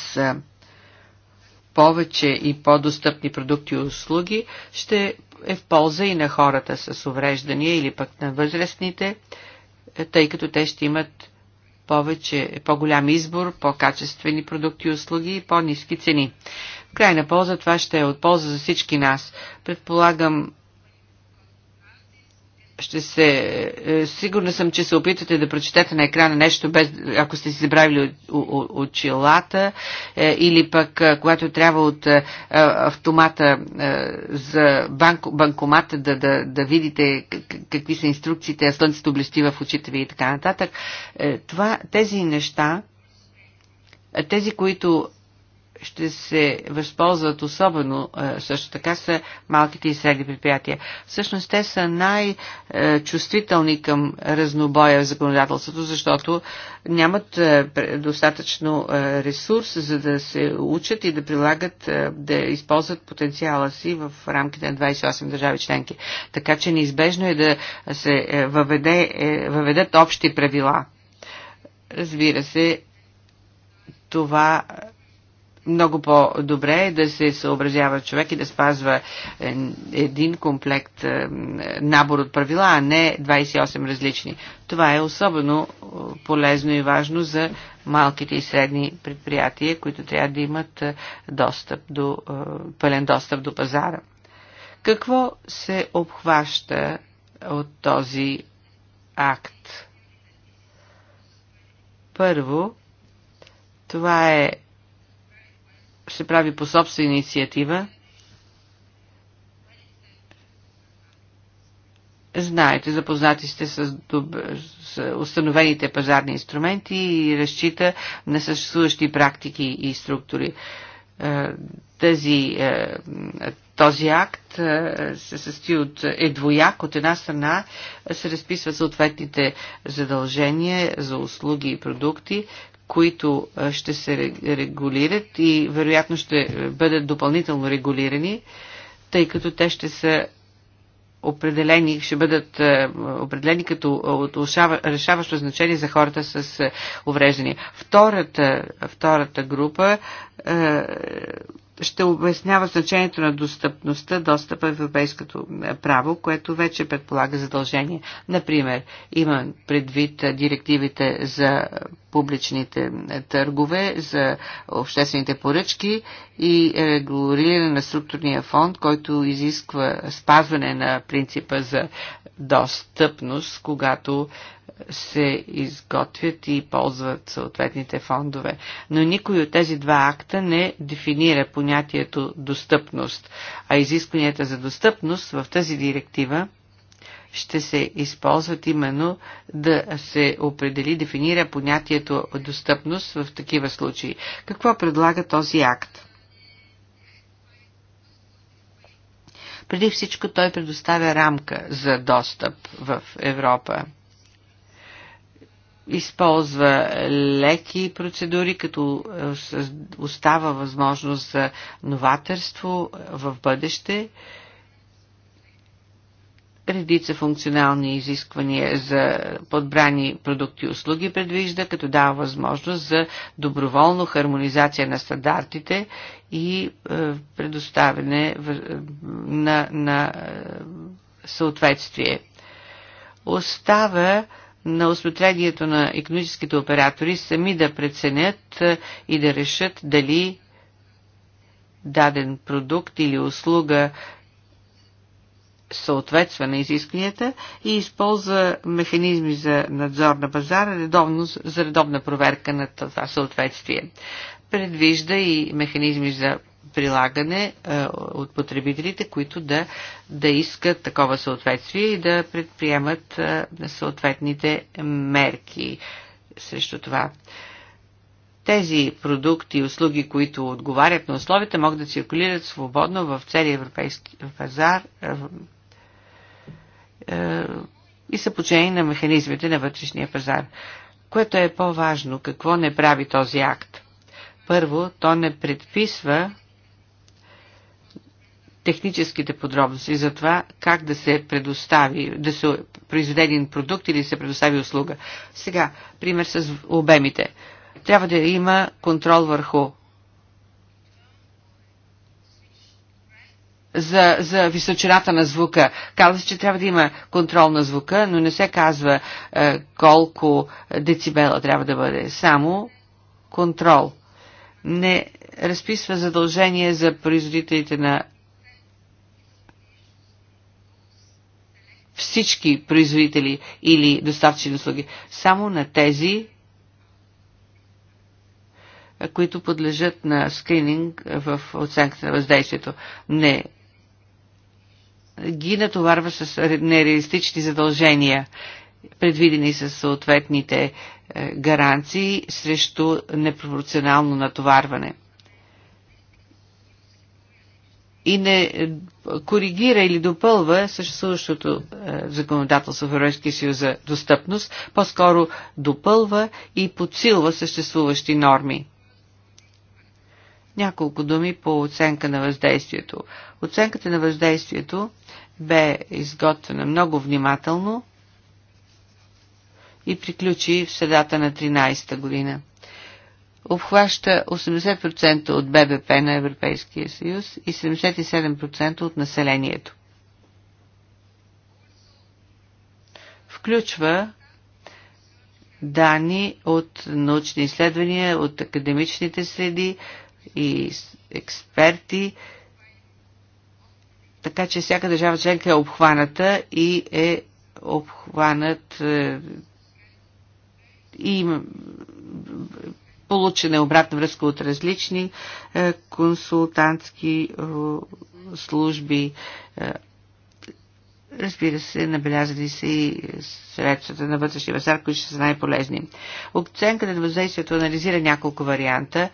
A: повече и по-достъпни продукти и услуги ще е в полза и на хората с увреждания или пък на възрастните, тъй като те ще имат повече, по-голям избор, по-качествени продукти и услуги и по-низки цени. В крайна полза това ще е от полза за всички нас. Предполагам, ще се... Е, сигурна съм, че се опитвате да прочетете на екрана нещо, без, ако сте си забравили очилата е, или пък е, когато трябва от автомата за банк, банкомата да, да, да видите какви са инструкциите, слънцето блести в очите ви и така нататък. Това, тези неща, тези, които ще се възползват особено е, също така са малките и средни предприятия. Всъщност те са най-чувствителни към разнобоя в законодателството, защото нямат е, достатъчно е, ресурс, за да се учат и да прилагат, да използват потенциала си в рамките на 28 държави членки. Така че неизбежно е да се въведе, въведат общи правила. Разбира се, това много по-добре е да се съобразява човек и да спазва е, един комплект е, набор от правила, а не 28 различни. Това е особено е, полезно и важно за малките и средни предприятия, които трябва да имат достъп до, пълен достъп до пазара. Какво се обхваща от този акт? Първо, това е се прави по собствена инициатива. Знаете, запознати сте с, доб... с установените пазарни инструменти и разчита на съществуващи практики и структури. Е, тази, е, този акт е, се състои от е двояк. От една страна се разписват съответните задължения за услуги и продукти, които ще се регулират и вероятно ще бъдат допълнително регулирани, тъй като те ще са определени, ще бъдат определени като решаващо значение за хората с увреждания. Втората, втората група ще обяснява значението на достъпността, достъпа в европейското право, което вече предполага задължение. Например, има предвид директивите за публичните е, търгове, за обществените поръчки и е, регулиране на структурния фонд, който изисква спазване на принципа за достъпност, когато се изготвят и ползват съответните фондове. Но никой от тези два акта не дефинира понятието достъпност, а изискванията за достъпност в тази директива ще се използват именно да се определи, дефинира понятието достъпност в такива случаи. Какво предлага този акт? Преди всичко той предоставя рамка за достъп в Европа използва леки процедури, като е, остава възможност за новаторство в бъдеще, редица функционални изисквания за подбрани продукти и услуги предвижда, като дава възможност за доброволно хармонизация на стандартите и е, предоставяне е, на, на е, съответствие. Остава на осмотрението на економическите оператори сами да преценят и да решат дали даден продукт или услуга съответства на изискванията и използва механизми за надзор на пазара редовно, за редовна проверка на това съответствие. Предвижда и механизми за прилагане е, от потребителите, които да, да искат такова съответствие и да предприемат е, съответните мерки срещу това. Тези продукти и услуги, които отговарят на условията, могат да циркулират свободно в целия европейски пазар, е, е, и са подчинени на механизмите на вътрешния пазар. Което е по-важно, какво не прави този акт? Първо, то не предписва техническите подробности за това как да се предостави, да се произведе един продукт или да се предостави услуга. Сега, пример с обемите. Трябва да има контрол върху за, за височината на звука. Казва се, че трябва да има контрол на звука, но не се казва е, колко децибела трябва да бъде. Само контрол. Не разписва задължение за производителите на всички производители или доставчици на услуги. Само на тези, е, които подлежат на скрининг в оценката на въздействието. Не ги натоварва с нереалистични задължения, предвидени с съответните е, гаранции срещу непропорционално натоварване. И не е, коригира или допълва съществуващото е, законодателство в Европейския съюз за достъпност, по-скоро допълва и подсилва съществуващи норми. Няколко думи по оценка на въздействието. Оценката на въздействието бе изготвена много внимателно и приключи в средата на 13-та година. Обхваща 80% от ББП на Европейския съюз и 77% от населението. Включва данни от научни изследвания, от академичните среди, и експерти, така че всяка държава членка е обхваната и е обхванат е, и получена обратна връзка от различни е, консултантски е, служби. Разбира се, набелязани са и средствата на вътрешния пазар, които ще са най-полезни. Оценката на въздействието анализира няколко варианта.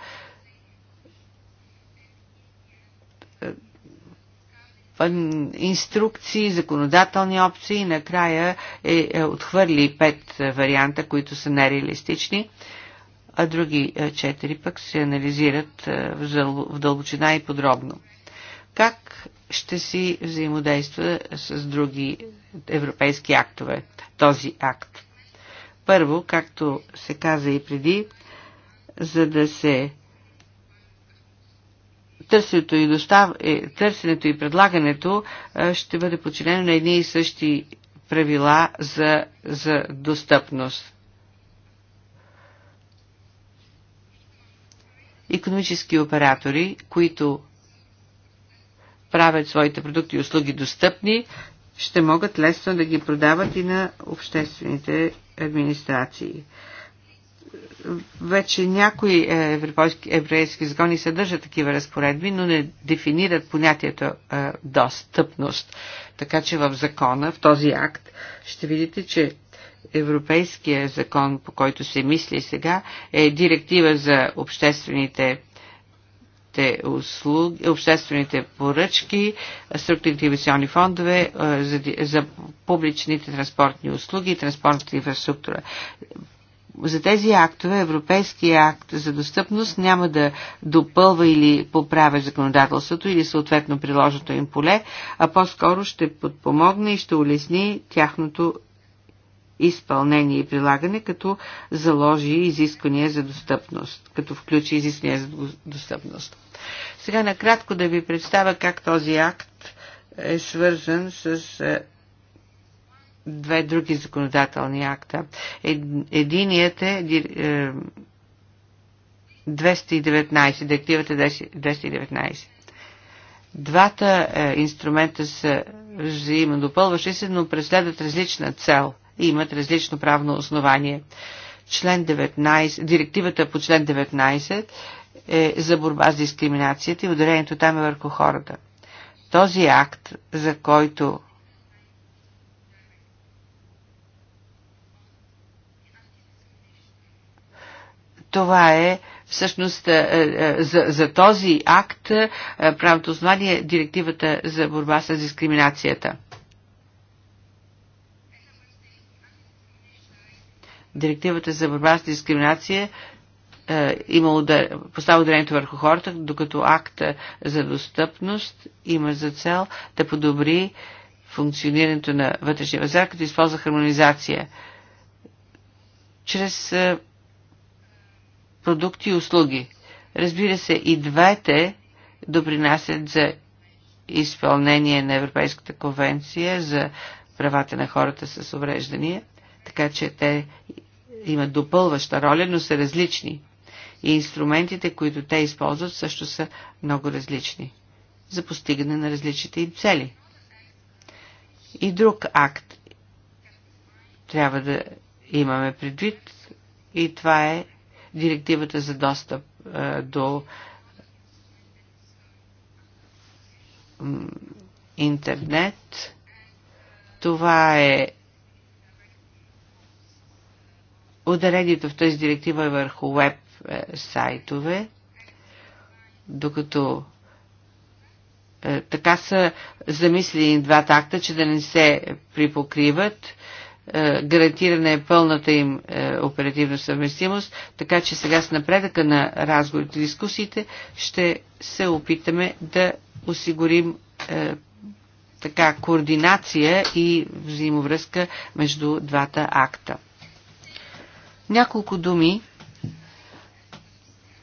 A: инструкции, законодателни опции и накрая е, е отхвърли пет е, варианта, които са нереалистични, а други е, четири пък се анализират е, в дълбочина и подробно. Как ще си взаимодейства с други европейски актове този акт? Първо, както се каза и преди, за да се търсенето и, достав... Е, търсенето и предлагането ще бъде подчинено на едни и същи правила за, за достъпност. Економически оператори, които правят своите продукти и услуги достъпни, ще могат лесно да ги продават и на обществените администрации. Вече някои е, еврейски закони съдържат такива разпоредби, но не дефинират понятието е, достъпност. Така че в закона, в този акт, ще видите, че европейския закон, по който се мисли сега, е директива за обществените услуги, обществените поръчки, структурните инвестиционни фондове е, за, за публичните транспортни услуги и транспортната инфраструктура за тези актове Европейския акт за достъпност няма да допълва или поправя законодателството или съответно приложното им поле, а по-скоро ще подпомогне и ще улесни тяхното изпълнение и прилагане, като заложи изисквания за достъпност, като включи изисквания за достъпност. Сега накратко да ви представя как този акт е свързан с е, две други законодателни акта. Единият е 219, е, директивата 219. Двата е, инструмента са взаимно допълващи се, но преследват различна цел и имат различно правно основание. Член 19, директивата по член 19 е за борба с дискриминацията и ударението там е върху хората. Този акт, за който Това е всъщност е, е, е, за, за този акт правото основание директивата за борба с дискриминацията. Директивата за борба с дискриминация има удар, поставя ударението върху хората, докато акта за достъпност има за цел да подобри функционирането на вътрешния пазар, като използва хармонизация чрез продукти и услуги. Разбира се, и двете допринасят за изпълнение на Европейската конвенция за правата на хората с увреждания, така че те имат допълваща роля, но са различни. И инструментите, които те използват, също са много различни за постигане на различните им цели. И друг акт трябва да имаме предвид и това е директивата за достъп е, до интернет. Това е ударението в тази директива е върху веб е, сайтове, докато е, така са замислени двата акта, че да не се припокриват. Е, гарантиране пълната им е, оперативна съвместимост, така че сега с напредъка на разговорите и дискусиите ще се опитаме да осигурим е, така координация и взаимовръзка между двата акта. Няколко думи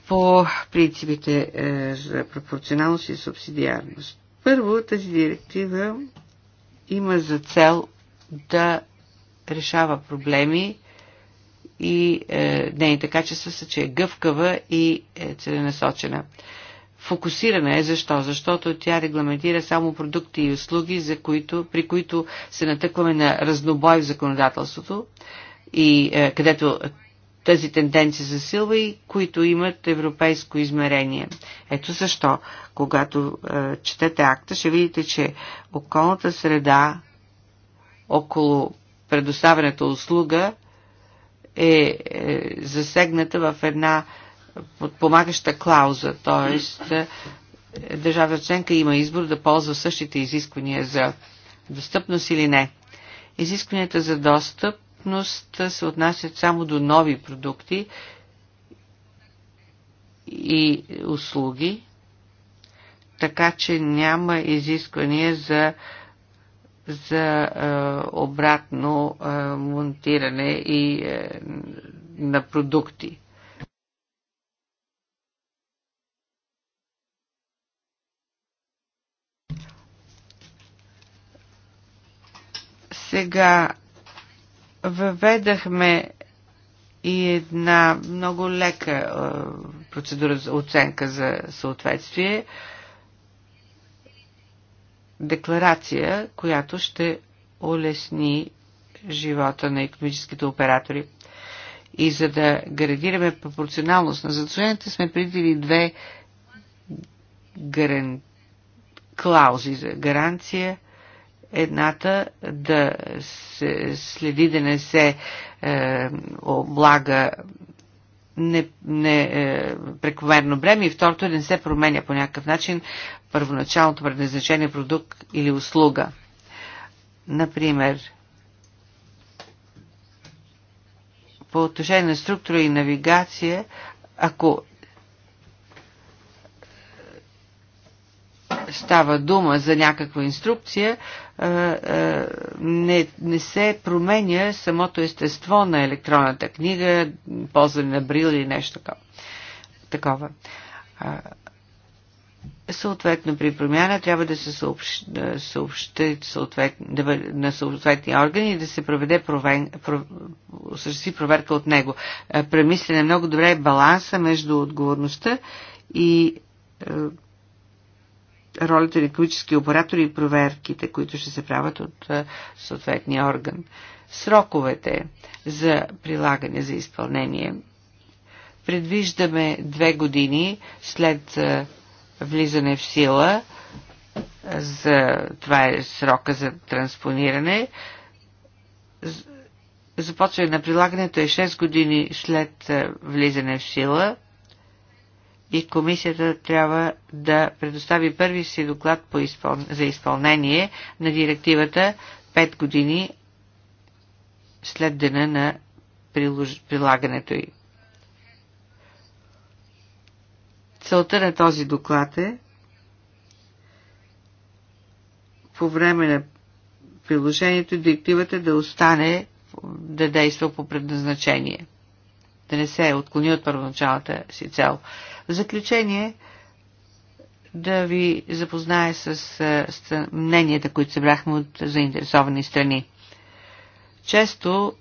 A: по принципите за пропорционалност и субсидиарност. Първо, тази директива има за цел да решава проблеми и е, нейните качества са, че е гъвкава и е целенасочена. Фокусирана е защо? Защото тя регламентира само продукти и услуги, за които, при които се натъкваме на разнобой в законодателството и е, където тази тенденция засилва и които имат европейско измерение. Ето защо, когато е, четете акта, ще видите, че околната среда около предоставената услуга е, е засегната в една подпомагаща клауза, т.е. държавата членка има избор да ползва същите изисквания за достъпност или не. Изискванията за достъпност се отнасят само до нови продукти и услуги, така че няма изисквания за за е, обратно е, монтиране и е, на продукти. Сега въведахме и една много лека процедура за оценка за съответствие декларация, която ще улесни живота на економическите оператори. И за да гарантираме пропорционалност на задълженията, сме предвидили две гаран... клаузи за гаранция. Едната да се следи да не се е, облага не, не е, прекомерно бреме и второто е, не се променя по някакъв начин първоначалното предназначение продукт или услуга. Например, по отношение на структура и навигация, ако става дума за някаква инструкция, не, не се променя самото естество на електронната книга, ползване на брил или нещо такова. Съответно, при промяна трябва да се съобщи, съобщи да, на съответни органи и да се проведе провен, про, осъществи проверка от него. Премислене много добре е баланса между отговорността и ролята на економически оператори и проверките, които ще се правят от е, съответния орган. Сроковете за прилагане, за изпълнение. Предвиждаме две години след е, влизане в сила, е, за, това е срока за транспониране, започване на прилагането е 6 години след влизане в сила, и комисията трябва да предостави първи си доклад по изпъл... за изпълнение на директивата 5 години след дена на прилож... прилагането й. Целта на този доклад е по време на приложението директивата да остане да действа по предназначение да не се отклони от първоначалната си цел. В заключение, да ви запознае с, с мненията, които събрахме от заинтересовани страни. Често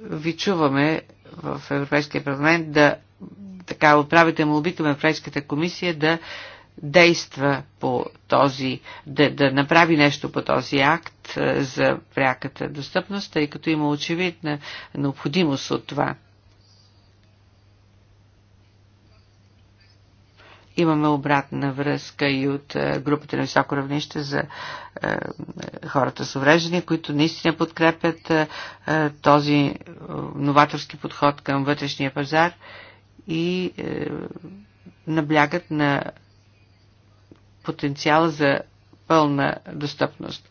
A: ви чуваме в Европейския парламент да така отправите молби към Европейската комисия да действа по този, да, да направи нещо по този акт за пряката достъпност, тъй като има очевидна необходимост от това. Имаме обратна връзка и от е, групата на високо равнище за е, е, хората с увреждания, които наистина подкрепят този новаторски подход към вътрешния пазар и наблягат на потенциала за пълна достъпност.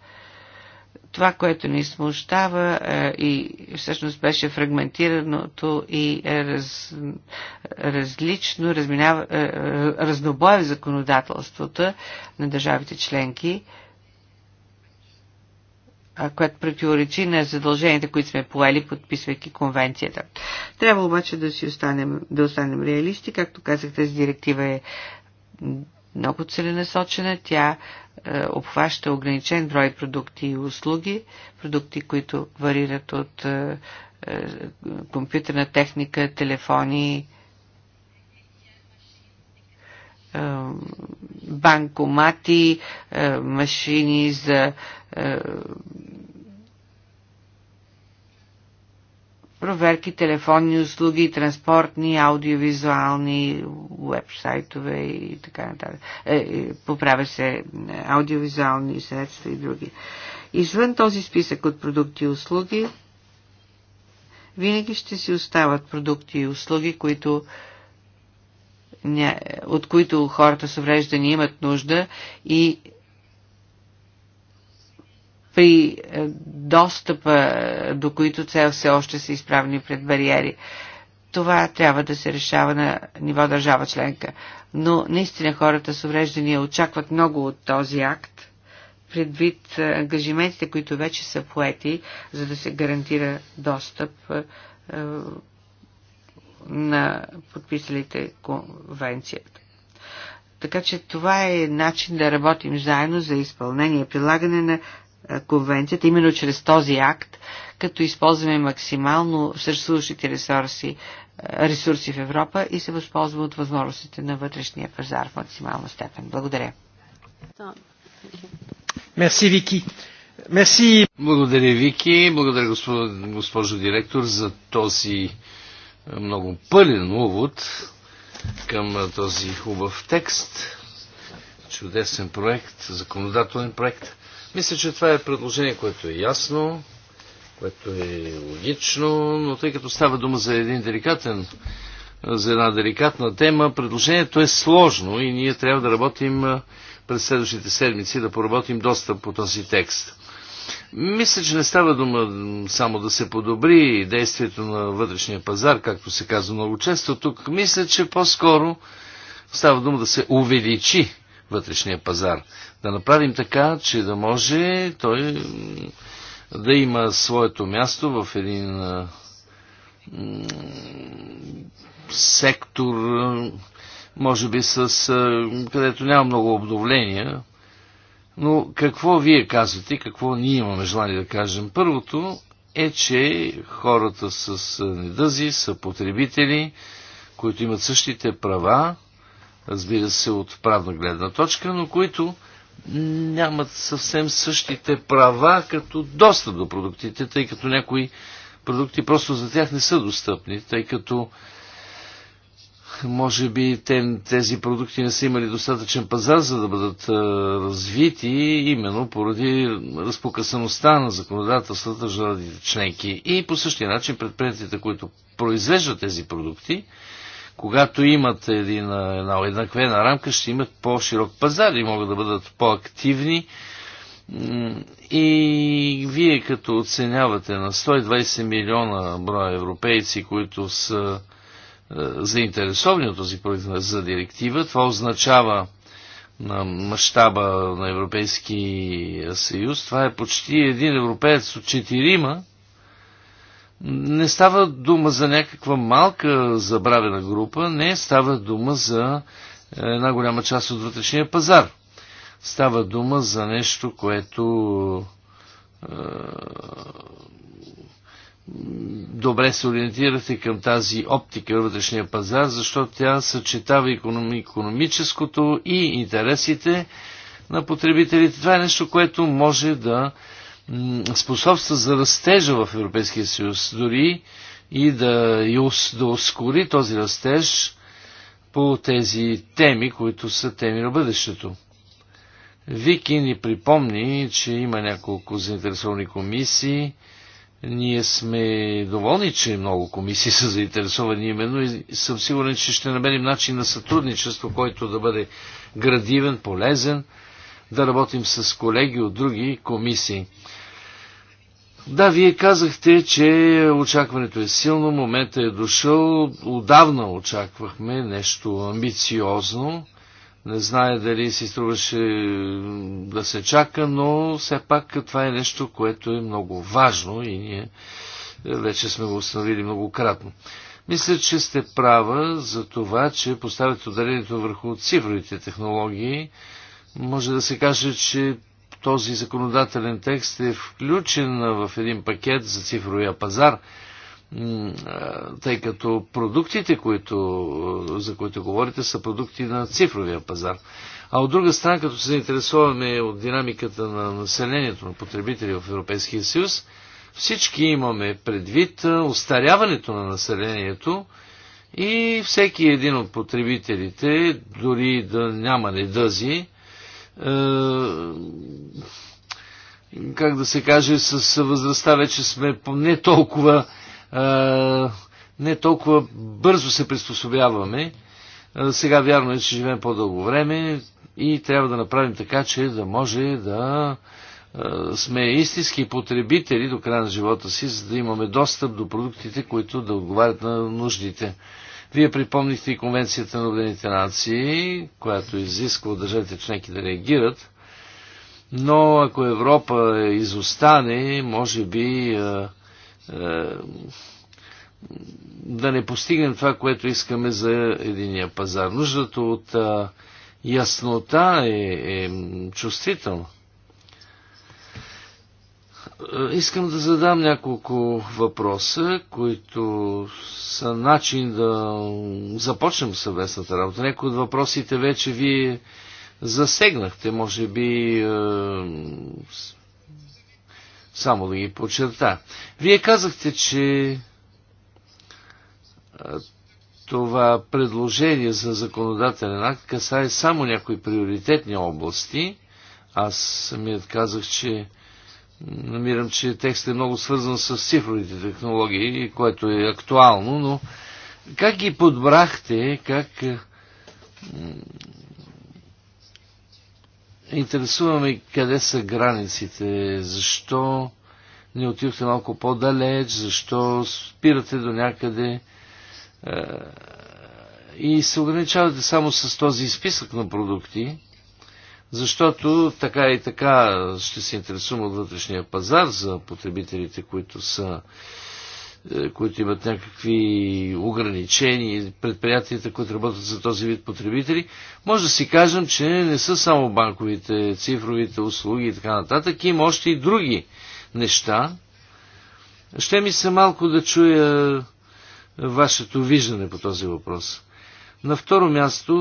A: Това, което ни смущава е, и всъщност беше фрагментираното и раз, различно разминава, е, е, разнобоя в законодателствата на държавите членки, което противоречи на задълженията, които сме поели, подписвайки конвенцията. Трябва обаче да си останем, да останем реалисти. Както казах, тази директива е много целенасочена. Тя е, обхваща ограничен брой продукти и услуги, продукти, които варират от е, е, компютърна техника, телефони, е, банкомати, е, машини за е, проверки, телефонни услуги, транспортни, аудиовизуални, вебсайтове и така нататък. Е, е, поправя се е, аудиовизуални средства и други. Извън този списък от продукти и услуги, винаги ще си остават продукти и услуги, които от които хората с увреждания имат нужда и при е, достъпа, е, до които цел все още са изправени пред бариери. Това трябва да се решава на ниво държава членка. Но наистина хората с увреждания очакват много от този акт, предвид е, ангажиментите, които вече са поети, за да се гарантира достъп на подписалите конвенцията. Така че това е начин да работим заедно за изпълнение и прилагане на конвенцията, именно чрез този акт, като използваме максимално съществуващите ресурси, ресурси в Европа и се възползваме от възможностите на вътрешния пазар в максимална степен. Благодаря.
B: Мерси, Вики. Мерси. Благодаря, Вики. Благодаря, госпожо, госпожо директор, за този е, много пълен увод към е, този хубав текст. Чудесен проект, законодателен проект. Мисля, че това е предложение, което е ясно, което е логично, но тъй като става дума за един деликатен за една деликатна тема. Предложението е сложно и ние трябва да работим през следващите седмици, да поработим доста по този текст. Мисля, че не става дума само да се подобри действието на вътрешния пазар, както се казва много често тук. Мисля, че по-скоро става дума да се увеличи вътрешния пазар. Да направим така, че да може той да има своето място в един сектор, може би с, където няма много обновления, но какво вие казвате, какво ние имаме желание да кажем? Първото е, че хората с недъзи са потребители, които имат същите права разбира се, от правна гледна точка, но които нямат съвсем същите права като достъп до продуктите, тъй като някои продукти просто за тях не са достъпни, тъй като може би тези продукти не са имали достатъчен пазар, за да бъдат развити, именно поради разпокъсаността на законодателствата държавите членки. И по същия начин предприятията, които произвеждат тези продукти, когато имат един, една еднаквена рамка, ще имат по-широк пазар и могат да бъдат по-активни. И вие като оценявате на 120 милиона броя европейци, които са е, заинтересовани от този проект за директива, това означава на мащаба на Европейски съюз, това е почти един европеец от четирима, не става дума за някаква малка забравена група, не става дума за една голяма част от вътрешния пазар. Става дума за нещо, което е, добре се ориентирате към тази оптика вътрешния пазар, защото тя съчетава економи, економическото и интересите на потребителите. Това е нещо, което може да е, способства за растежа в Европейския съюз, дори и да, да ускори този растеж по тези теми, които са теми на бъдещето. Вики ни припомни, че има няколко заинтересовани комисии. Ние сме доволни, че много комисии [LAUGHS] са заинтересовани именно и съм сигурен, че ще намерим начин на сътрудничество, който да бъде градивен, полезен, да работим с колеги от други комисии. Да, вие казахте, че очакването е силно, момента е дошъл. Отдавна очаквахме нещо амбициозно. Не знае дали си струваше да се чака, но все пак това е нещо, което е много важно и ние е, вече сме го установили многократно. Мисля, че сте права за това, че поставят ударението върху цифровите технологии. Може да се каже, че този законодателен текст е включен в един пакет за цифровия пазар, тъй като продуктите, които, за които говорите, са продукти на цифровия пазар. А от друга страна, като се заинтересуваме от динамиката на населението на потребители в Европейския съюз, всички имаме предвид устаряването на населението и всеки един от потребителите, дори да няма недъзи, е, как да се каже, с възрастта вече сме не толкова, е, не толкова бързо се приспособяваме. Е, сега вярно е, че живеем по-дълго време и трябва да направим така, че да може да сме истински потребители до края на живота си, за да имаме достъп до продуктите, които да отговарят на нуждите. Вие припомнихте и Конвенцията на Обединените нации, която изисква от държавите членки да реагират. Но ако Европа е изостане, може би а, е, а, е, да не постигнем това, което искаме за единия пазар. Нуждата от а, яснота е, е чувствителна. Е, искам да задам няколко въпроса, които са начин да започнем съвместната работа. Някои от въпросите вече вие засегнахте, може би е, само да ги подчерта. Вие казахте, че е, това предложение за законодателен акт касае само някои приоритетни области. Аз самият казах, че намирам, че текстът е много свързан с цифровите технологии, което е актуално, но как ги подбрахте, как е, интересуваме къде са границите, защо не отивате малко по-далеч, защо спирате до някъде е, и се ограничавате само с този списък на продукти, защото така и така ще се интересувам от вътрешния пазар за потребителите, които са е, които имат някакви ограничения, предприятията, които работят за този вид потребители, може да си кажем, че не са само банковите, цифровите услуги и така нататък, има още и други неща. Ще ми се малко да чуя вашето виждане по този въпрос. На второ място,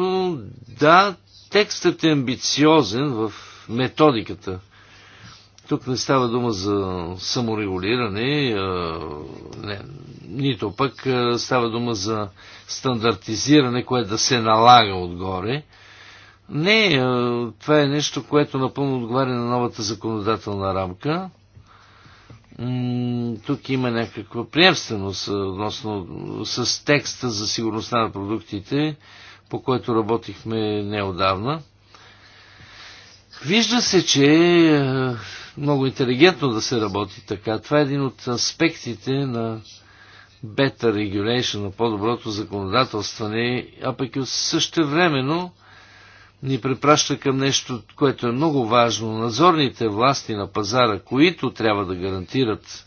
B: да, Текстът е амбициозен в методиката. Тук не става дума за саморегулиране, не, нито пък става дума за стандартизиране, което да се налага отгоре. Не, това е нещо, което напълно отговаря на новата законодателна рамка. Тук има някаква приемственост относно с текста за сигурността на продуктите по което работихме неодавна. Вижда се, че е много интелигентно да се работи така. Това е един от аспектите на бета regulation, на по-доброто законодателстване, а пък и същевременно ни препраща към нещо, което е много важно. Надзорните власти на пазара, които трябва да гарантират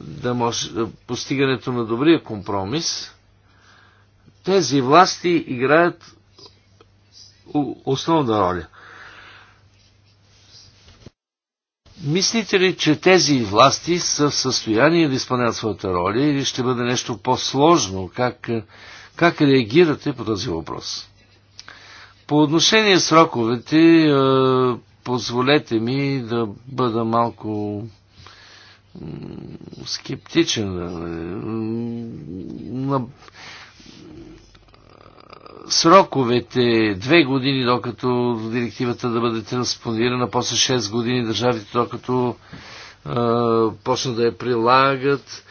B: да може, постигането на добрия компромис, тези власти играят основна роля. Мислите ли, че тези власти са в състояние да изпълняват своята роля или ще бъде нещо по-сложно? Как, как реагирате по този въпрос? По отношение сроковете, позволете ми да бъда малко скептичен сроковете, две години, докато директивата да бъде транспонирана, после 6 години държавите, докато а, почна да я прилагат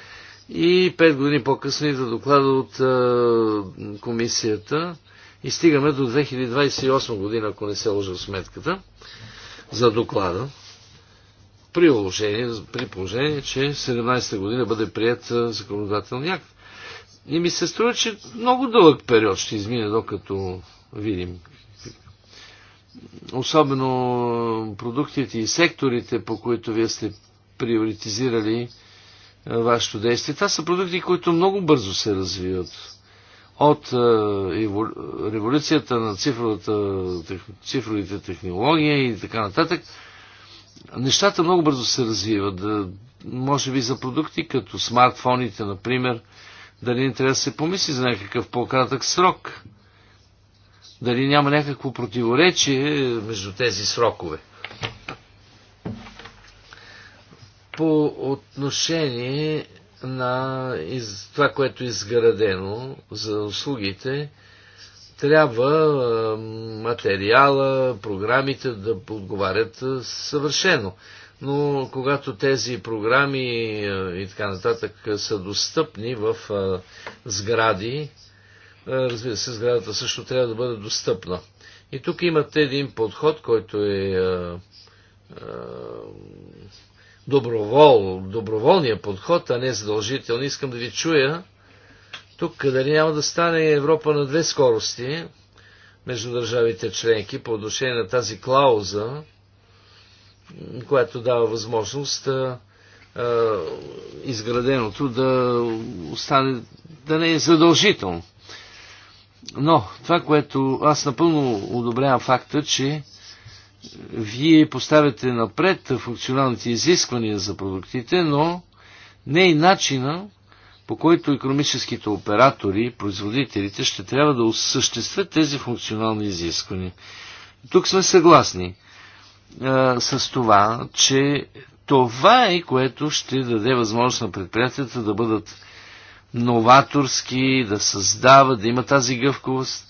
B: и 5 години по-късно и да доклада от а, комисията и стигаме до 2028 година, ако не се лъжа в сметката, за доклада. При положение, при положение че 17-та година бъде прият законодателния акт. И ми се струва, че много дълъг период ще измине, докато видим. Особено продуктите и секторите, по които вие сте приоритизирали е, вашето действие. Това са продукти, които много бързо се развиват. От е, революцията на цифровата, цифровите технологии и така нататък, нещата много бързо се развиват. Е, може би за продукти като смартфоните, например, дали не трябва да се помисли за някакъв по-кратък срок? Дали няма някакво противоречие между тези срокове? По отношение на това, което е изградено за услугите, трябва материала, програмите да отговарят съвършено но когато тези програми и така нататък са достъпни в сгради, разбира се, сградата също трябва да бъде достъпна. И тук имате един подход, който е добровол, доброволния подход, а не задължителен. Искам да ви чуя тук дали няма да стане Европа на две скорости между държавите членки по отношение на тази клауза, която дава възможност изграденото да остане, да не е задължително. Но това, което аз напълно одобрявам факта, че вие поставяте напред функционалните изисквания за продуктите, но не и начина, по който економическите оператори, производителите ще трябва да осъществят тези функционални изисквания. Тук сме съгласни с това, че това е което ще даде възможност на предприятията да бъдат новаторски, да създават, да има тази гъвковост.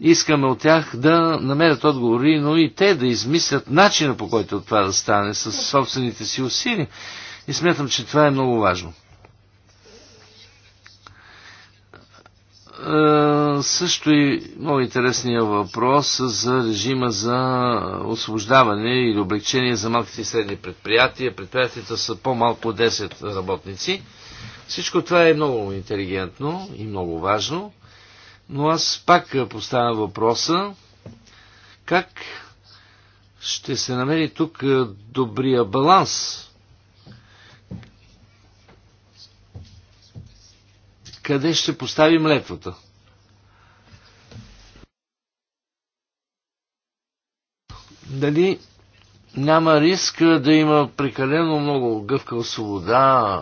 B: Искаме от тях да намерят отговори, но и те да измислят начина по който това да стане с собствените си усилия. И смятам, че това е много важно. Е, също и много интересния въпрос за режима за освобождаване или облегчение за малките и средни предприятия. Предприятията са по-малко 10 работници. Всичко това е много интелигентно и много важно, но аз пак поставям въпроса как ще се намери тук добрия баланс къде ще поставим летвата. Дали няма риск да има прекалено много гъвка свобода,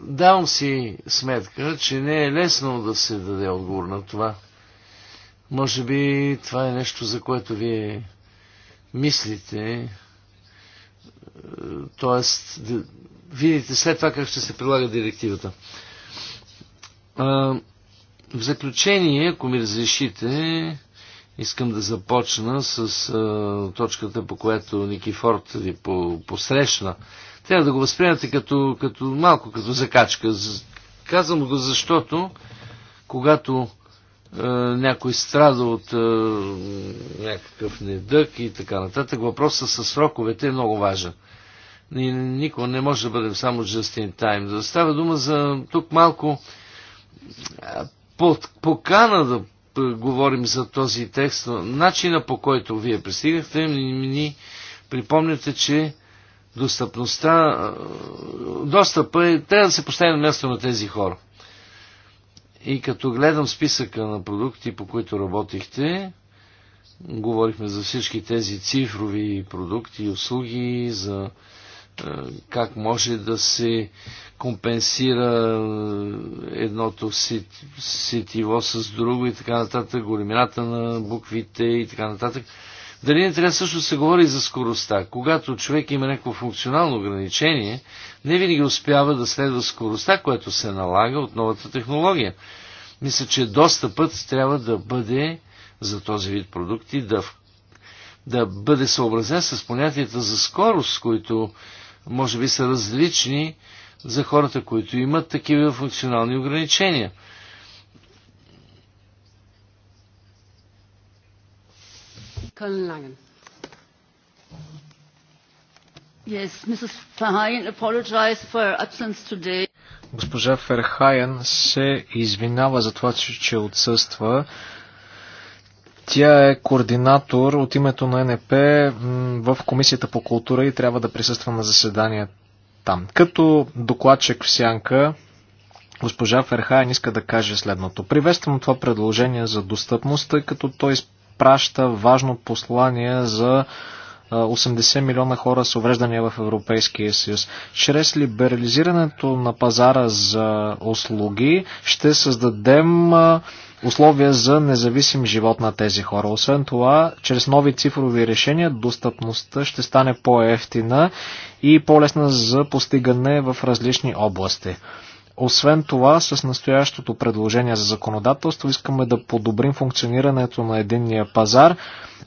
B: Давам си сметка, че не е лесно да се даде отговор на това. Може би това е нещо, за което вие мислите. Тоест, видите след това как ще се прилага директивата. В заключение, ако ми разрешите, искам да започна с точката, по която Никифорд ви посрещна. Трябва да го възприемате като, като малко като закачка. Казвам го, защото когато е, някой страда от е, някакъв недък и така нататък, въпросът с сроковете е много важен никой не може да бъдем само just in time. Да става дума за тук малко под покана да говорим за този текст, начина по който вие пристигнахте, ни припомняте, че достъпността, достъпа е, трябва да се постави на място на тези хора. И като гледам списъка на продукти, по които работихте, говорихме за всички тези цифрови продукти и услуги, за е, как може да се компенсира е, едното сетиво с друго и така нататък, големината на буквите и така нататък. Дали не трябва също да се говори за скоростта? Когато човек има някакво функционално ограничение, не винаги успява да следва скоростта, която се налага от новата технология. Мисля, че достъпът трябва да бъде за този вид продукти да, да бъде съобразен с понятията за скорост, които може би са различни за хората, които имат такива функционални ограничения.
C: Госпожа Ферхайен се извинава за това, че отсъства. Тя е координатор от името на НП в Комисията по култура и трябва да присъства на заседание там. Като докладчик в Сянка, госпожа Ферхайн иска да каже следното. Приветствам това предложение за достъпност, тъй като той изпраща важно послание за 80 милиона хора с увреждания в Европейския съюз. Чрез либерализирането на пазара за услуги ще създадем условия за независим живот на тези хора. Освен това, чрез нови цифрови решения достъпността ще стане по-ефтина и по-лесна за постигане в различни области. Освен това, с настоящото предложение за законодателство искаме да подобрим функционирането на единния пазар.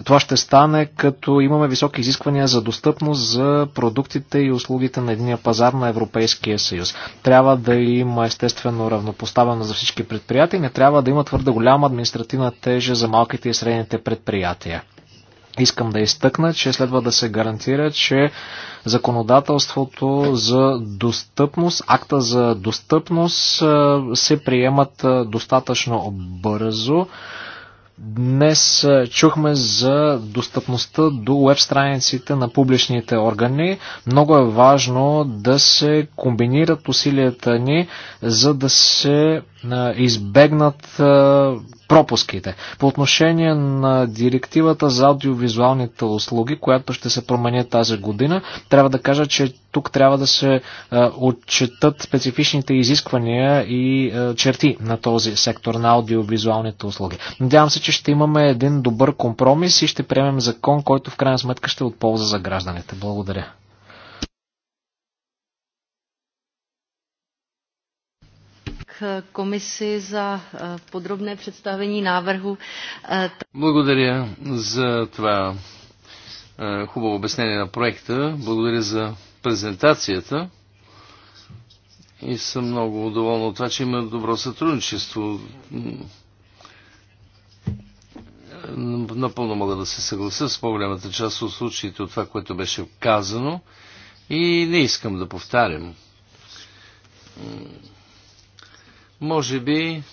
C: Това ще стане като имаме високи изисквания за достъпност за продуктите и услугите на единния пазар на Европейския съюз. Трябва да има естествено равнопоставено за всички предприятия и не трябва да има твърде голяма административна тежа за малките и средните предприятия. Искам да изтъкна, че следва да се гарантира, че законодателството за достъпност, акта за достъпност се приемат достатъчно бързо. Днес чухме за достъпността до веб страниците на публичните органи. Много е важно да се комбинират усилията ни, за да се избегнат пропуските. По отношение на директивата за аудиовизуалните услуги, която ще се промени тази година, трябва да кажа, че тук трябва да се отчетат специфичните изисквания и черти на този сектор на аудиовизуалните услуги. Надявам се, че ще имаме един добър компромис и ще приемем закон, който в крайна сметка ще е от полза за гражданите. Благодаря.
D: комиси за подробне представени návrhu.
B: Eh, Благодаря за това eh, хубаво обяснение на проекта. Благодаря за презентацията. И съм много доволна от това, че има добро сътрудничество. Напълно мога да се съглася с по-голямата част от случаите от това, което беше казано. И не искам да повтарям може би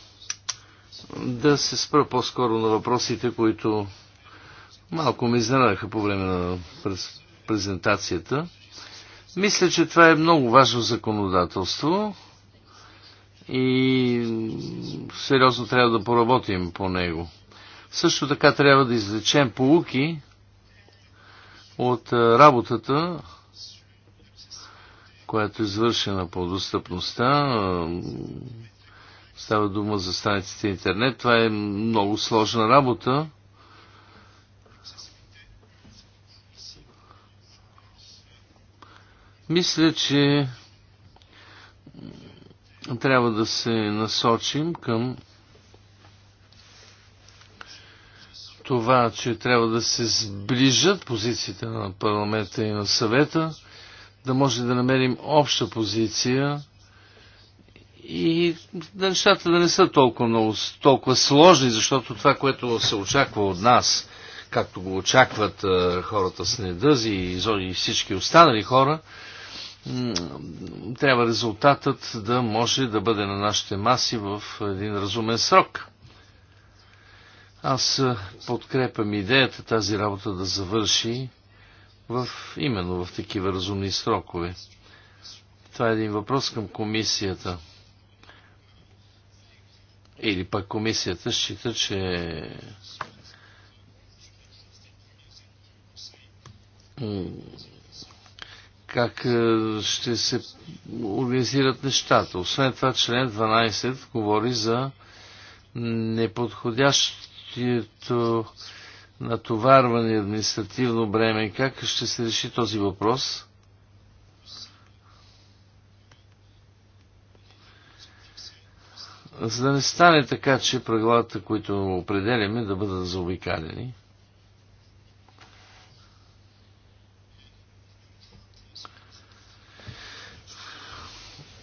B: да се спра по-скоро на въпросите, които малко ме изненадаха по време на презентацията. Мисля, че това е много важно законодателство и сериозно трябва да поработим по него. Също така трябва да извлечем полуки от работата, която е извършена по достъпността, Става дума за страниците интернет. Това е много сложна работа. Мисля, че трябва да се насочим към това, че трябва да се сближат позициите на парламента и на съвета, да може да намерим обща позиция и нещата да не са толкова, много, толкова сложни, защото това, което се очаква от нас, както го очакват а, хората с недъзи и, и всички останали хора, трябва резултатът да може да бъде на нашите маси в един разумен срок. Аз подкрепям идеята тази работа да завърши в, именно в такива разумни срокове. Това е един въпрос към комисията. Или пък комисията счита, че как е, ще се организират нещата. Освен това, член 12 говори за неподходящото натоварване административно бреме. Как ще се реши този въпрос? за да не стане така, че правилата, които определяме, да бъдат заобикалени.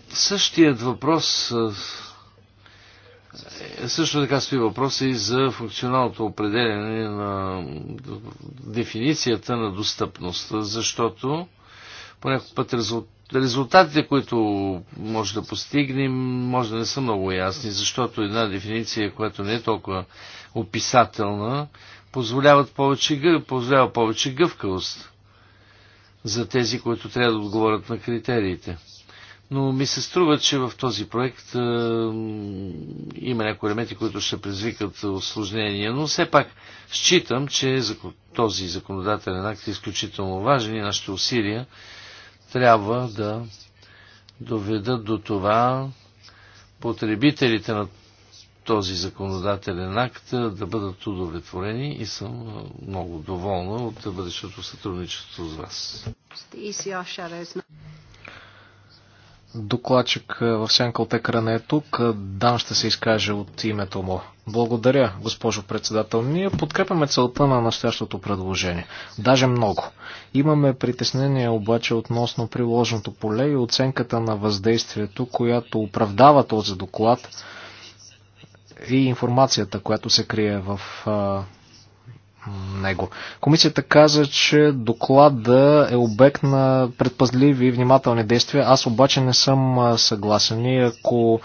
B: Същият въпрос е, също така стои въпроса и за функционалното определене на дефиницията на достъпност, защото понякога път резултат резултатите, които може да постигнем, може да не са много ясни, защото една дефиниция, която не е толкова описателна, позволява повече, позволява повече гъвкавост за тези, които трябва да отговорят на критериите. Но ми се струва, че в този проект е, има някои елементи, които ще предизвикат осложнения, но все пак считам, че този законодателен акт е изключително важен и нашите усилия трябва да доведат до това потребителите на този законодателен акт да бъдат удовлетворени и съм много доволна от бъдещото сътрудничество с вас.
C: Докладчик е, в сянка от екрана е тук. Е, Дан ще се изкаже от името му. Благодаря, госпожо председател. Ние подкрепяме целта на настоящото предложение. Даже много. Имаме притеснение обаче относно приложното поле и оценката на въздействието, която оправдава този доклад и информацията, която се крие в него. Комисията каза, че доклада е обект на предпазливи и внимателни действия. Аз обаче не съм съгласен. И ако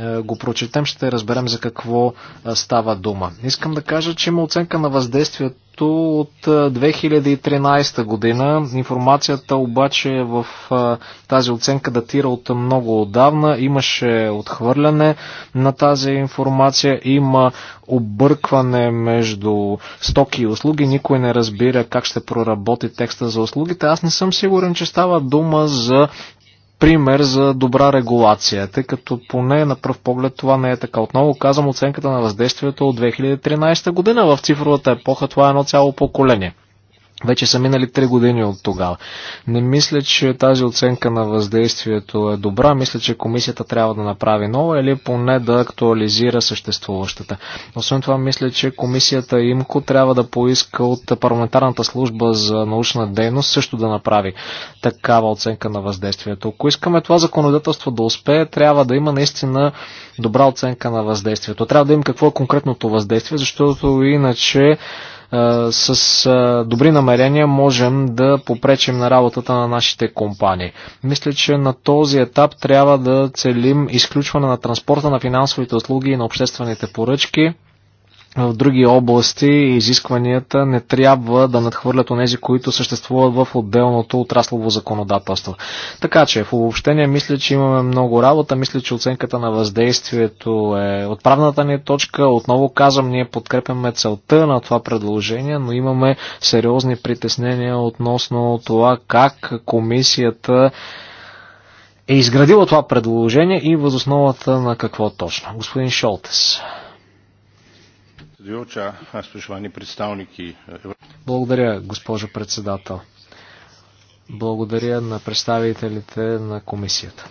C: е, го прочетем, ще разберем за какво е, става дума. Искам да кажа, че има оценка на въздействието от 2013 е, година. Информацията обаче в тази оценка датира от много отдавна. Имаше отхвърляне на тази информация, има объркване между стоки и услуги. Никой не разбира как ще проработи текста за услугите. Аз не съм сигурен, че става дума за пример за добра регулация, тъй като поне на пръв поглед това не е така. Отново казвам оценката на въздействието от 2013 година. В цифровата епоха това е едно цяло поколение. Вече са минали 3 години от тогава. Не мисля, че тази оценка на въздействието е добра. Мисля, че комисията трябва да направи нова или поне да актуализира съществуващата. Освен това, мисля, че комисията ИМКО трябва да поиска от парламентарната служба за научна дейност също да направи такава оценка на въздействието. Ако искаме това законодателство да успее, трябва да има наистина добра оценка на въздействието. Трябва да има какво е конкретното въздействие, защото иначе с добри намерения можем да попречим на работата на нашите компании. Мисля, че на този етап трябва да целим изключване на транспорта, на финансовите услуги и на обществените поръчки в други области изискванията не трябва да надхвърлят онези, които съществуват в отделното отраслово законодателство. Така че, в обобщение, мисля, че имаме много работа. Мисля, че оценката на въздействието е отправната ни точка. Отново казвам, ние подкрепяме целта на това предложение, но имаме сериозни притеснения относно това как комисията е изградила това предложение и възосновата на какво точно. Господин Шолтес.
E: Е,
C: благодаря, госпожо председател. Благодаря на представителите на комисията.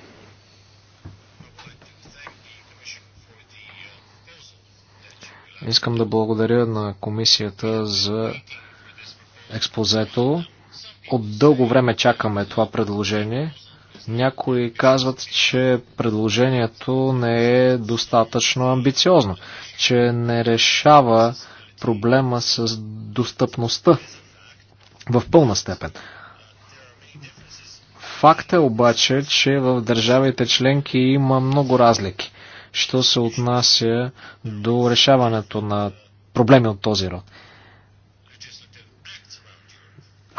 C: Искам да благодаря на комисията за експозето. От дълго време чакаме това предложение. Някои казват, че предложението не е достатъчно амбициозно, че не решава проблема с достъпността в пълна степен. Факт е обаче, че в държавите членки има много разлики, що се отнася до решаването на проблеми от този род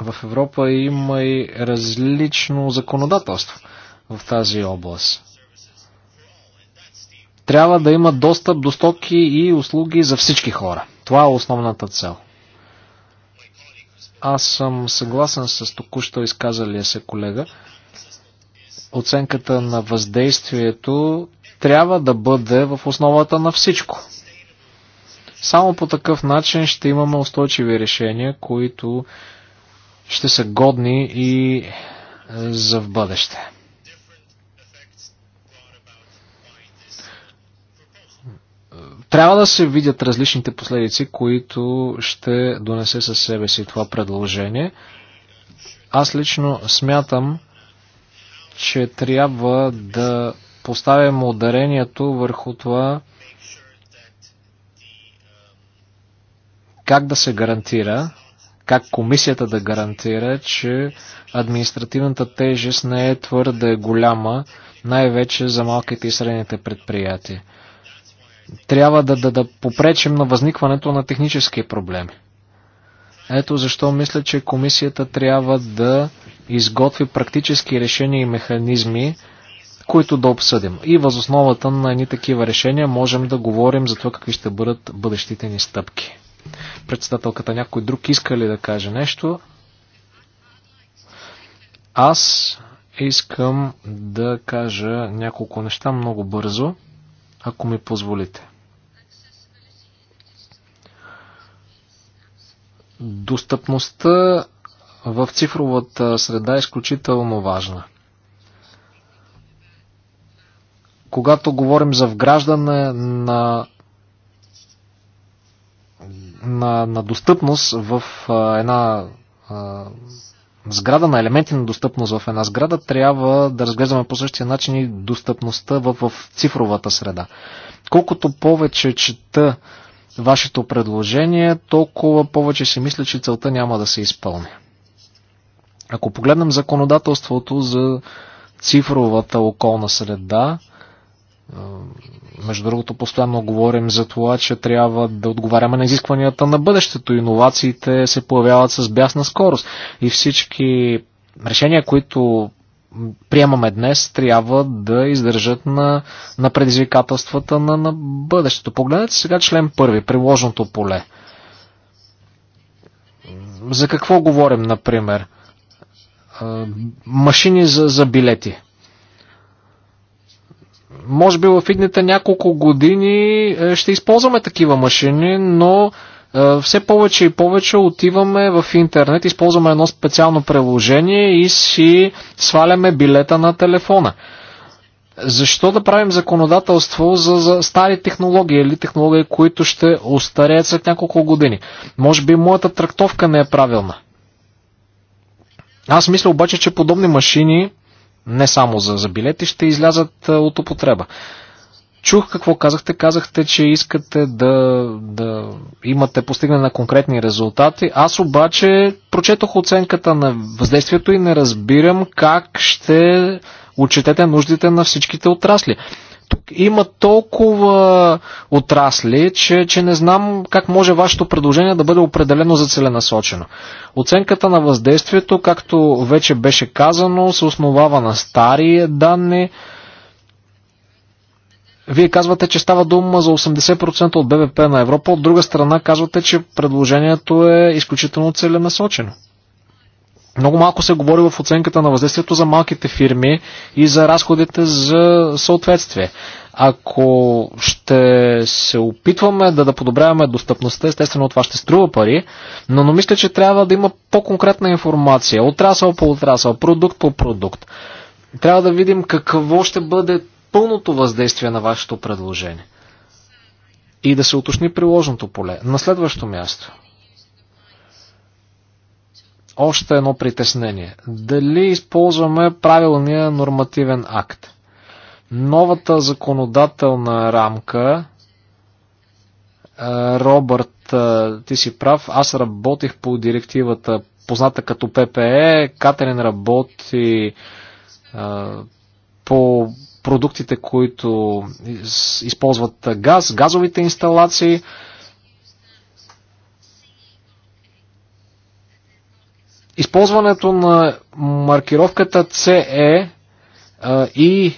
C: в Европа има и различно законодателство в тази област. Трябва да има достъп до стоки и услуги за всички хора. Това е основната цел. Аз съм съгласен с току-що изказалия се колега. Оценката на въздействието трябва да бъде в основата на всичко. Само по такъв начин ще имаме устойчиви решения, които ще са годни и е, за в бъдеще. Трябва да се видят различните последици, които ще донесе със себе си това предложение. Аз лично смятам, че трябва да поставим ударението върху това как да се гарантира, как комисията да гарантира, че административната тежест не е твърде голяма, най-вече за малките и средните предприятия. Трябва да, да, да попречим на възникването на технически проблеми. Ето защо мисля, че комисията трябва да изготви практически решения и механизми, които да обсъдим. И възосновата на едни такива решения можем да говорим за това какви ще бъдат бъдещите ни стъпки. Председателката някой друг иска ли да каже нещо? Аз искам да кажа няколко неща много бързо, ако ми позволите. Достъпността в цифровата среда е изключително важна. Когато говорим за вграждане на на, на достъпност в а, една а, сграда, на елементи на достъпност в една сграда, трябва да разглеждаме по същия начин и достъпността в, в цифровата среда. Колкото повече чета вашето предложение, толкова повече си мисля, че целта няма да се изпълни. Ако погледнем законодателството за цифровата околна среда, между другото, постоянно говорим за това, че трябва да отговаряме на изискванията на бъдещето. Иновациите се появяват с бясна скорост и всички решения, които приемаме днес, трябва да издържат на, на предизвикателствата на, на бъдещето. Погледнете сега член първи, приложното поле. За какво говорим, например? Машини за, за билети. Може би в идните няколко години е, ще използваме такива машини, но е, все повече и повече отиваме в интернет, използваме едно специално приложение и си сваляме билета на телефона. Защо да правим законодателство за, за стари технологии или технологии, които ще остареят след няколко години? Може би моята трактовка не е правилна. Аз мисля обаче, че подобни машини не само за, за билети, ще излязат от употреба. Чух какво казахте. Казахте, че искате да, да имате постигане на конкретни резултати. Аз обаче прочетох оценката на въздействието и не разбирам как ще отчетете нуждите на всичките отрасли. Тук има толкова отрасли, че, че не знам как може вашето предложение да бъде определено за целенасочено. Оценката на въздействието, както вече беше казано, се основава на стари данни. Вие казвате, че става дума за 80% от БВП на Европа, от друга страна казвате, че предложението е изключително целенасочено. Много малко се говори в оценката на въздействието за малките фирми и за разходите за съответствие. Ако ще се опитваме да, да подобряваме достъпността, естествено това ще струва пари, но, но мисля, че трябва да има по-конкретна информация, отрасъл по отрасъл, продукт по продукт. Трябва да видим какво ще бъде пълното въздействие на вашето предложение и да се уточни приложното поле. На следващо място – още едно притеснение. Дали използваме правилния нормативен акт? Новата законодателна рамка, е, Робърт, е, ти си прав, аз работих по директивата, позната като ППЕ, Катерин работи е, по продуктите, които използват газ, газовите инсталации. Използването на маркировката CE и,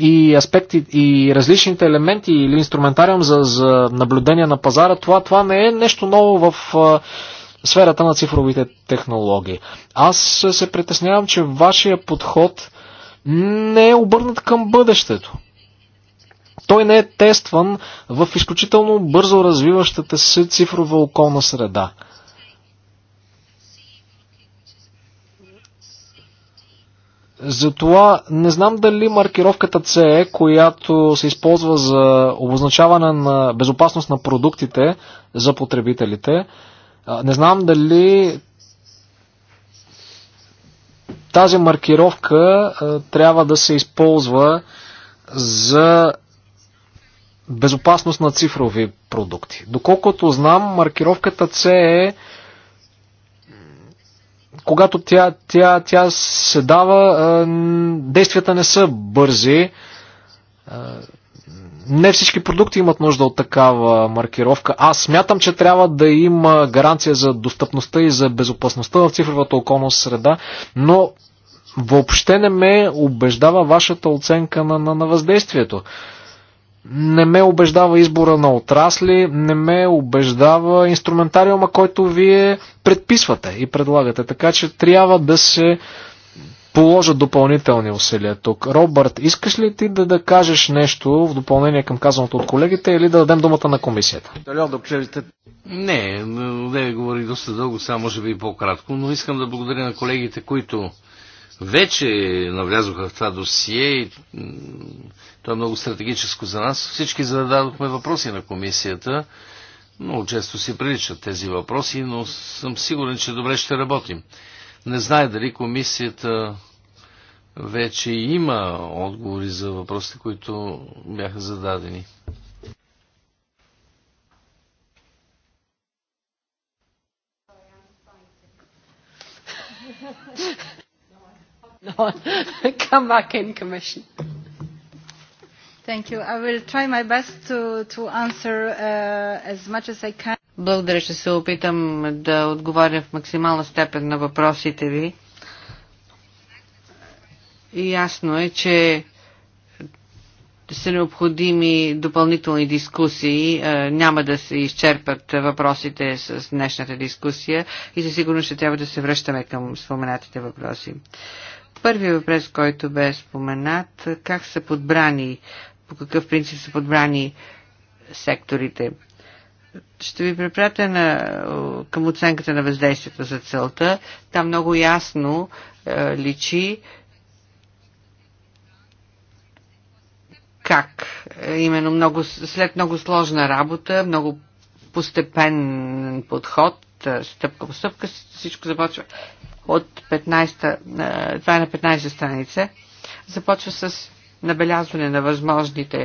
C: и аспекти и различните елементи или инструментариум за, за наблюдение на пазара, това, това не е нещо ново в сферата на цифровите технологии. Аз се притеснявам, че вашия подход не е обърнат към бъдещето. Той не е тестван в изключително бързо развиващата се цифрова околна среда. Затова не знам дали маркировката CE, която се използва за обозначаване на безопасност на продуктите за потребителите, не знам дали тази маркировка трябва да се използва за безопасност на цифрови продукти. Доколкото знам, маркировката CE е когато тя, тя, тя се дава, действията не са бързи. Не всички продукти имат нужда от такава маркировка. Аз смятам, че трябва да има гаранция за достъпността и за безопасността в цифровата околна среда, но въобще не ме убеждава вашата оценка на, на, на въздействието не ме убеждава избора на отрасли, не ме убеждава инструментариума, който вие предписвате и предлагате. Така че трябва да се положат допълнителни усилия тук. Робърт, искаш ли ти да, да кажеш нещо в допълнение към казаното от колегите или да дадем думата на комисията?
B: Не, не говори доста дълго, сега може би и по-кратко, но искам да благодаря на колегите, които вече навлязоха в това досие и това е много стратегическо за нас. Всички зададохме въпроси на комисията. Много често си приличат тези въпроси, но съм сигурен, че добре ще работим. Не знае дали комисията вече има отговори за въпросите, които бяха зададени.
D: No, [LAUGHS] come back in commission. Uh,
A: Благодаря, ще се опитам да отговоря в максимална степен на въпросите ви. И ясно е, че са необходими допълнителни дискусии. Е, няма да се изчерпат въпросите с днешната дискусия и със сигурност ще трябва да се връщаме към споменатите въпроси. Първият въпрос, който бе споменат, как са подбрани по какъв принцип са подбрани секторите. Ще ви препратя на, към оценката на въздействието за целта. Там много ясно е, личи как е, именно много, след много сложна работа, много постепенен подход, е, стъпка по стъпка, всичко започва от 15, е, това е на 15 страница, започва с набелязване на възможните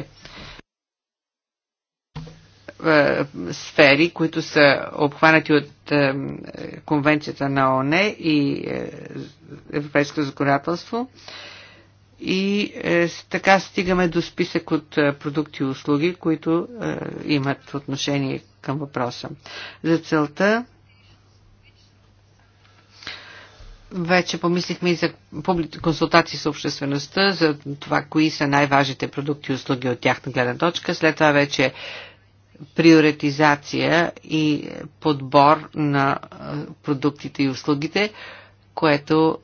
A: е, сфери, които са обхванати от е, Конвенцията на ОНЕ и е, Европейското законодателство. И така стигаме до списък от продукти и услуги, които имат отношение към въпроса. За целта Вече помислихме и за консултации с обществеността, за това кои са най-важните продукти и услуги от тяхна гледна точка. След това вече приоритизация и подбор на продуктите и услугите, което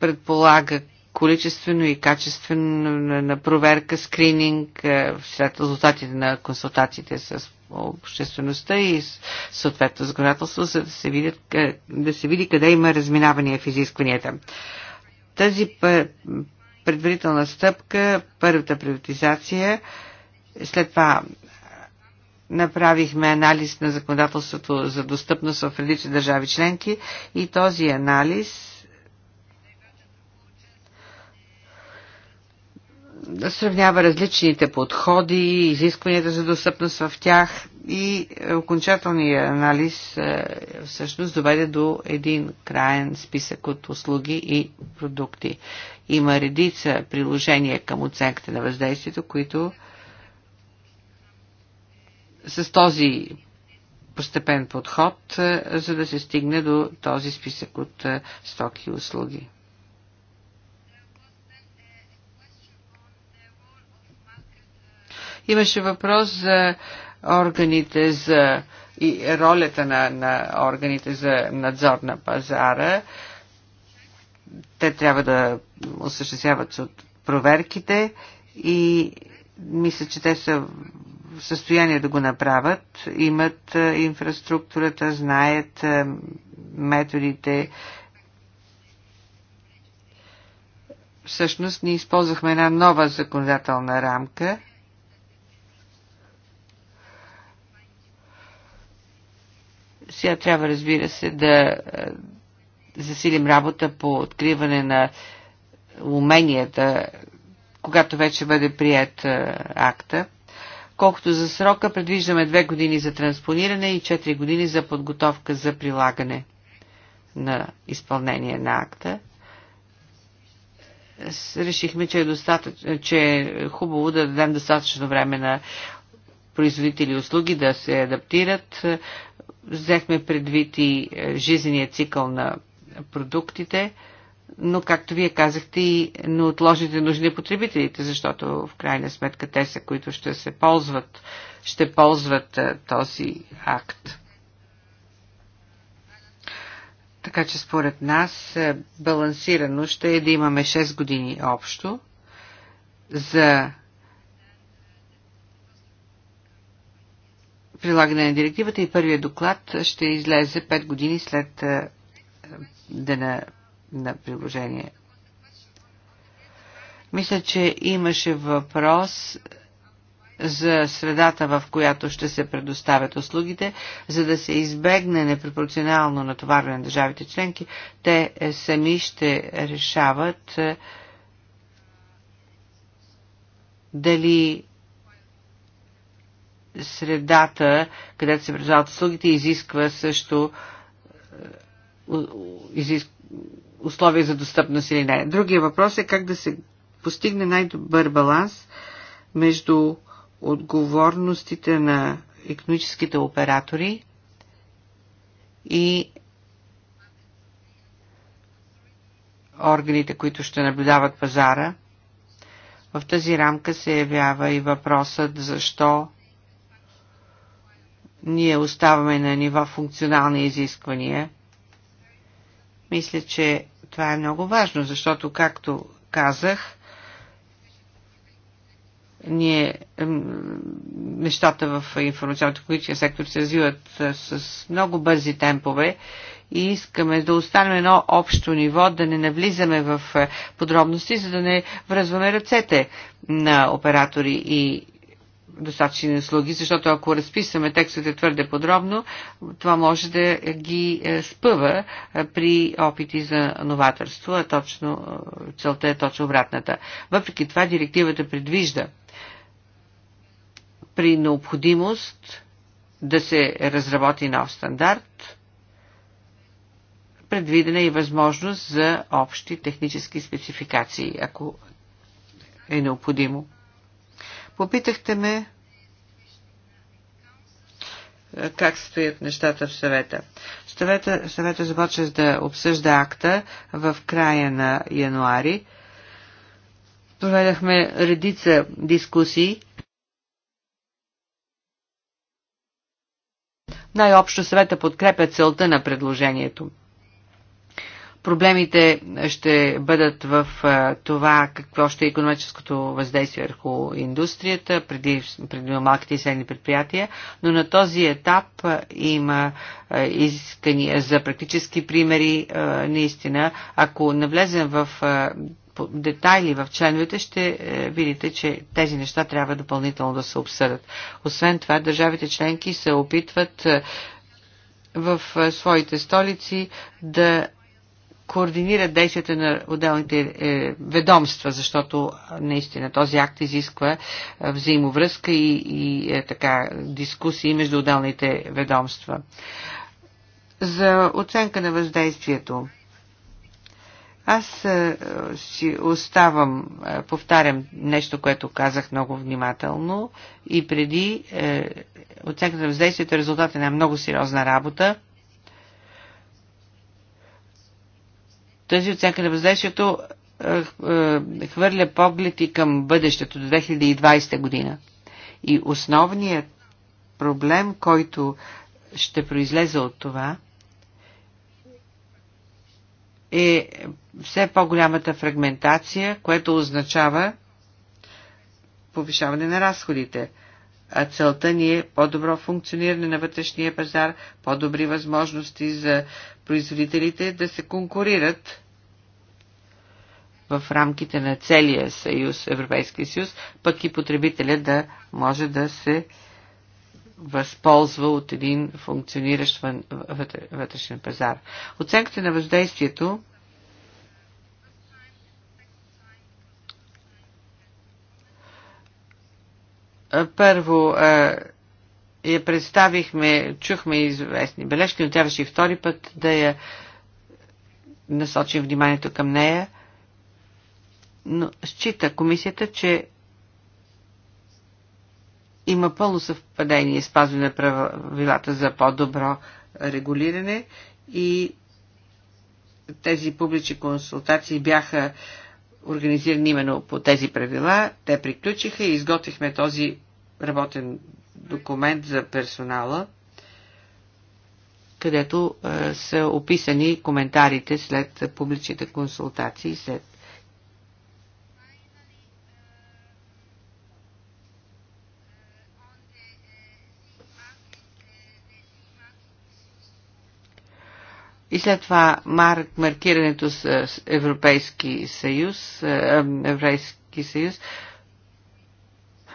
A: предполага количествено и качествено на проверка, скрининг, след резултатите на консултациите с обществеността и съответно законодателство, за да се, видят, да се види къде има разминавания в изискванията. Тази предварителна стъпка, първата приватизация, след това направихме анализ на законодателството за достъпност в различни държави членки и този анализ да сравнява различните подходи, изискванията за достъпност в тях и е, окончателният анализ е, всъщност доведе до един краен списък от услуги и продукти. Има редица приложения към оценката на въздействието, които с този постепен подход, е, за да се стигне до този списък от стоки и услуги. Имаше въпрос за органите за и ролята на, на органите за надзор на пазара. Те трябва да осъществяват от проверките и мисля, че те са в състояние да го направят, имат инфраструктурата, знаят методите. Всъщност ние използвахме една нова законодателна рамка – Сега трябва, разбира се, да е, засилим работа по откриване на уменията, когато вече бъде прият е, акта. Колкото за срока, предвиждаме две години за транспониране и 4 години за подготовка за прилагане на изпълнение на акта. Решихме, че е, достатъч... че е хубаво да дадем достатъчно време на производители и услуги да се адаптират. Е, взехме предвид и е, жизнения цикъл на продуктите, но както вие казахте и неотложните нужди потребителите, защото в крайна сметка те са, които ще се ползват, ще ползват е, този акт. Така че според нас балансирано ще е да имаме 6 години общо за прилагане на директивата и първият доклад ще излезе 5 години след е, дена на приложение. Мисля, че имаше въпрос за средата, в която ще се предоставят услугите, за да се избегне непропорционално натоварване на държавите членки, те е, сами ще решават е, дали средата, където се предоставят услугите, изисква също е, изиск... условия за достъпност или не. Другия въпрос е как да се постигне най-добър баланс между отговорностите на економическите оператори и органите, които ще наблюдават пазара. В тази рамка се явява и въпросът защо ние оставаме на нива функционални изисквания. Мисля, че това е много важно, защото, както казах, ние нещата в информационната технологичния сектор се развиват с много бързи темпове и искаме да останем едно общо ниво, да не навлизаме в подробности, за да не връзваме ръцете на оператори и достатъчни услуги, защото ако разписваме текстовете твърде подробно, това може да ги е, спъва е, при опити за новаторство, а точно е, целта е точно обратната. Въпреки това директивата предвижда при необходимост да се разработи нов стандарт, предвидена и възможност за общи технически спецификации, ако е необходимо. Попитахте ме е, как стоят нещата в съвета. Съвета, съвета започва да обсъжда акта в края на януари. Проведахме редица дискусии. Най-общо съвета подкрепя целта на предложението. Проблемите ще бъдат в това какво ще е економическото въздействие върху индустрията, преди, преди малките и средни предприятия, но на този етап има искания за практически примери. Наистина, ако навлезем в детайли в членовете, ще е, видите, че тези неща трябва допълнително да се обсъдят. Освен това, държавите членки се опитват е, в е, своите столици да координират действията на отделните е, ведомства, защото наистина този акт изисква е, взаимовръзка и, и е, така, дискусии между отделните ведомства. За оценка на въздействието. Аз е, си оставам, е, повтарям нещо, което казах много внимателно и преди е, оценката на въздействието е резултат на много сериозна работа, Тази оценка на въздействието е, е, хвърля поглед и към бъдещето до 2020 година. И основният проблем, който ще произлезе от това, е все по-голямата фрагментация, което означава повишаване на разходите а целта ни е по-добро функциониране на вътрешния пазар, по-добри възможности за производителите да се конкурират в рамките на целия съюз, Европейския съюз, пък и потребителя да може да се възползва от един функциониращ вътрешен пазар. Оценката на въздействието Първо е, я представихме, чухме известни бележки, но трябваше и втори път да я насочим вниманието към нея. Но счита комисията, че има пълно съвпадение с пазване на правилата за по-добро регулиране и тези публични консултации бяха организирани именно по тези правила. Те приключиха и изготвихме този работен документ за персонала, където е, са описани коментарите след публичните консултации и след И след това марк, маркирането с Европейски съюз, е, Еврейски съюз,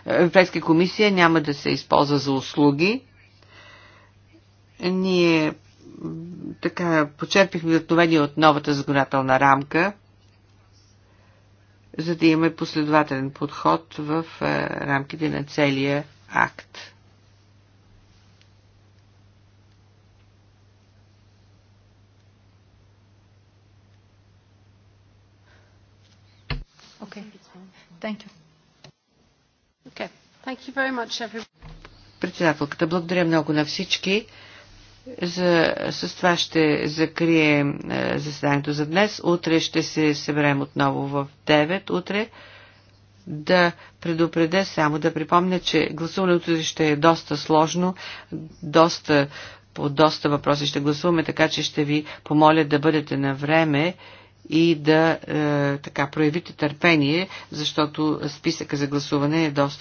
A: Европейска комисия няма да се използва за услуги. Ние така почерпихме вдъхновение от новата законодателна рамка, за да имаме последователен подход в е, рамките на целия акт.
D: Okay. Thank you.
A: Председателката, благодаря много на всички. За, с това ще закрием е, заседанието за днес. Утре ще се съберем отново в 9. Утре да предупредя само, да припомня, че гласуването ще е доста сложно, доста, по доста въпроси ще гласуваме, така че ще ви помоля да бъдете на време и да е, така проявите търпение, защото списъка за гласуване е доста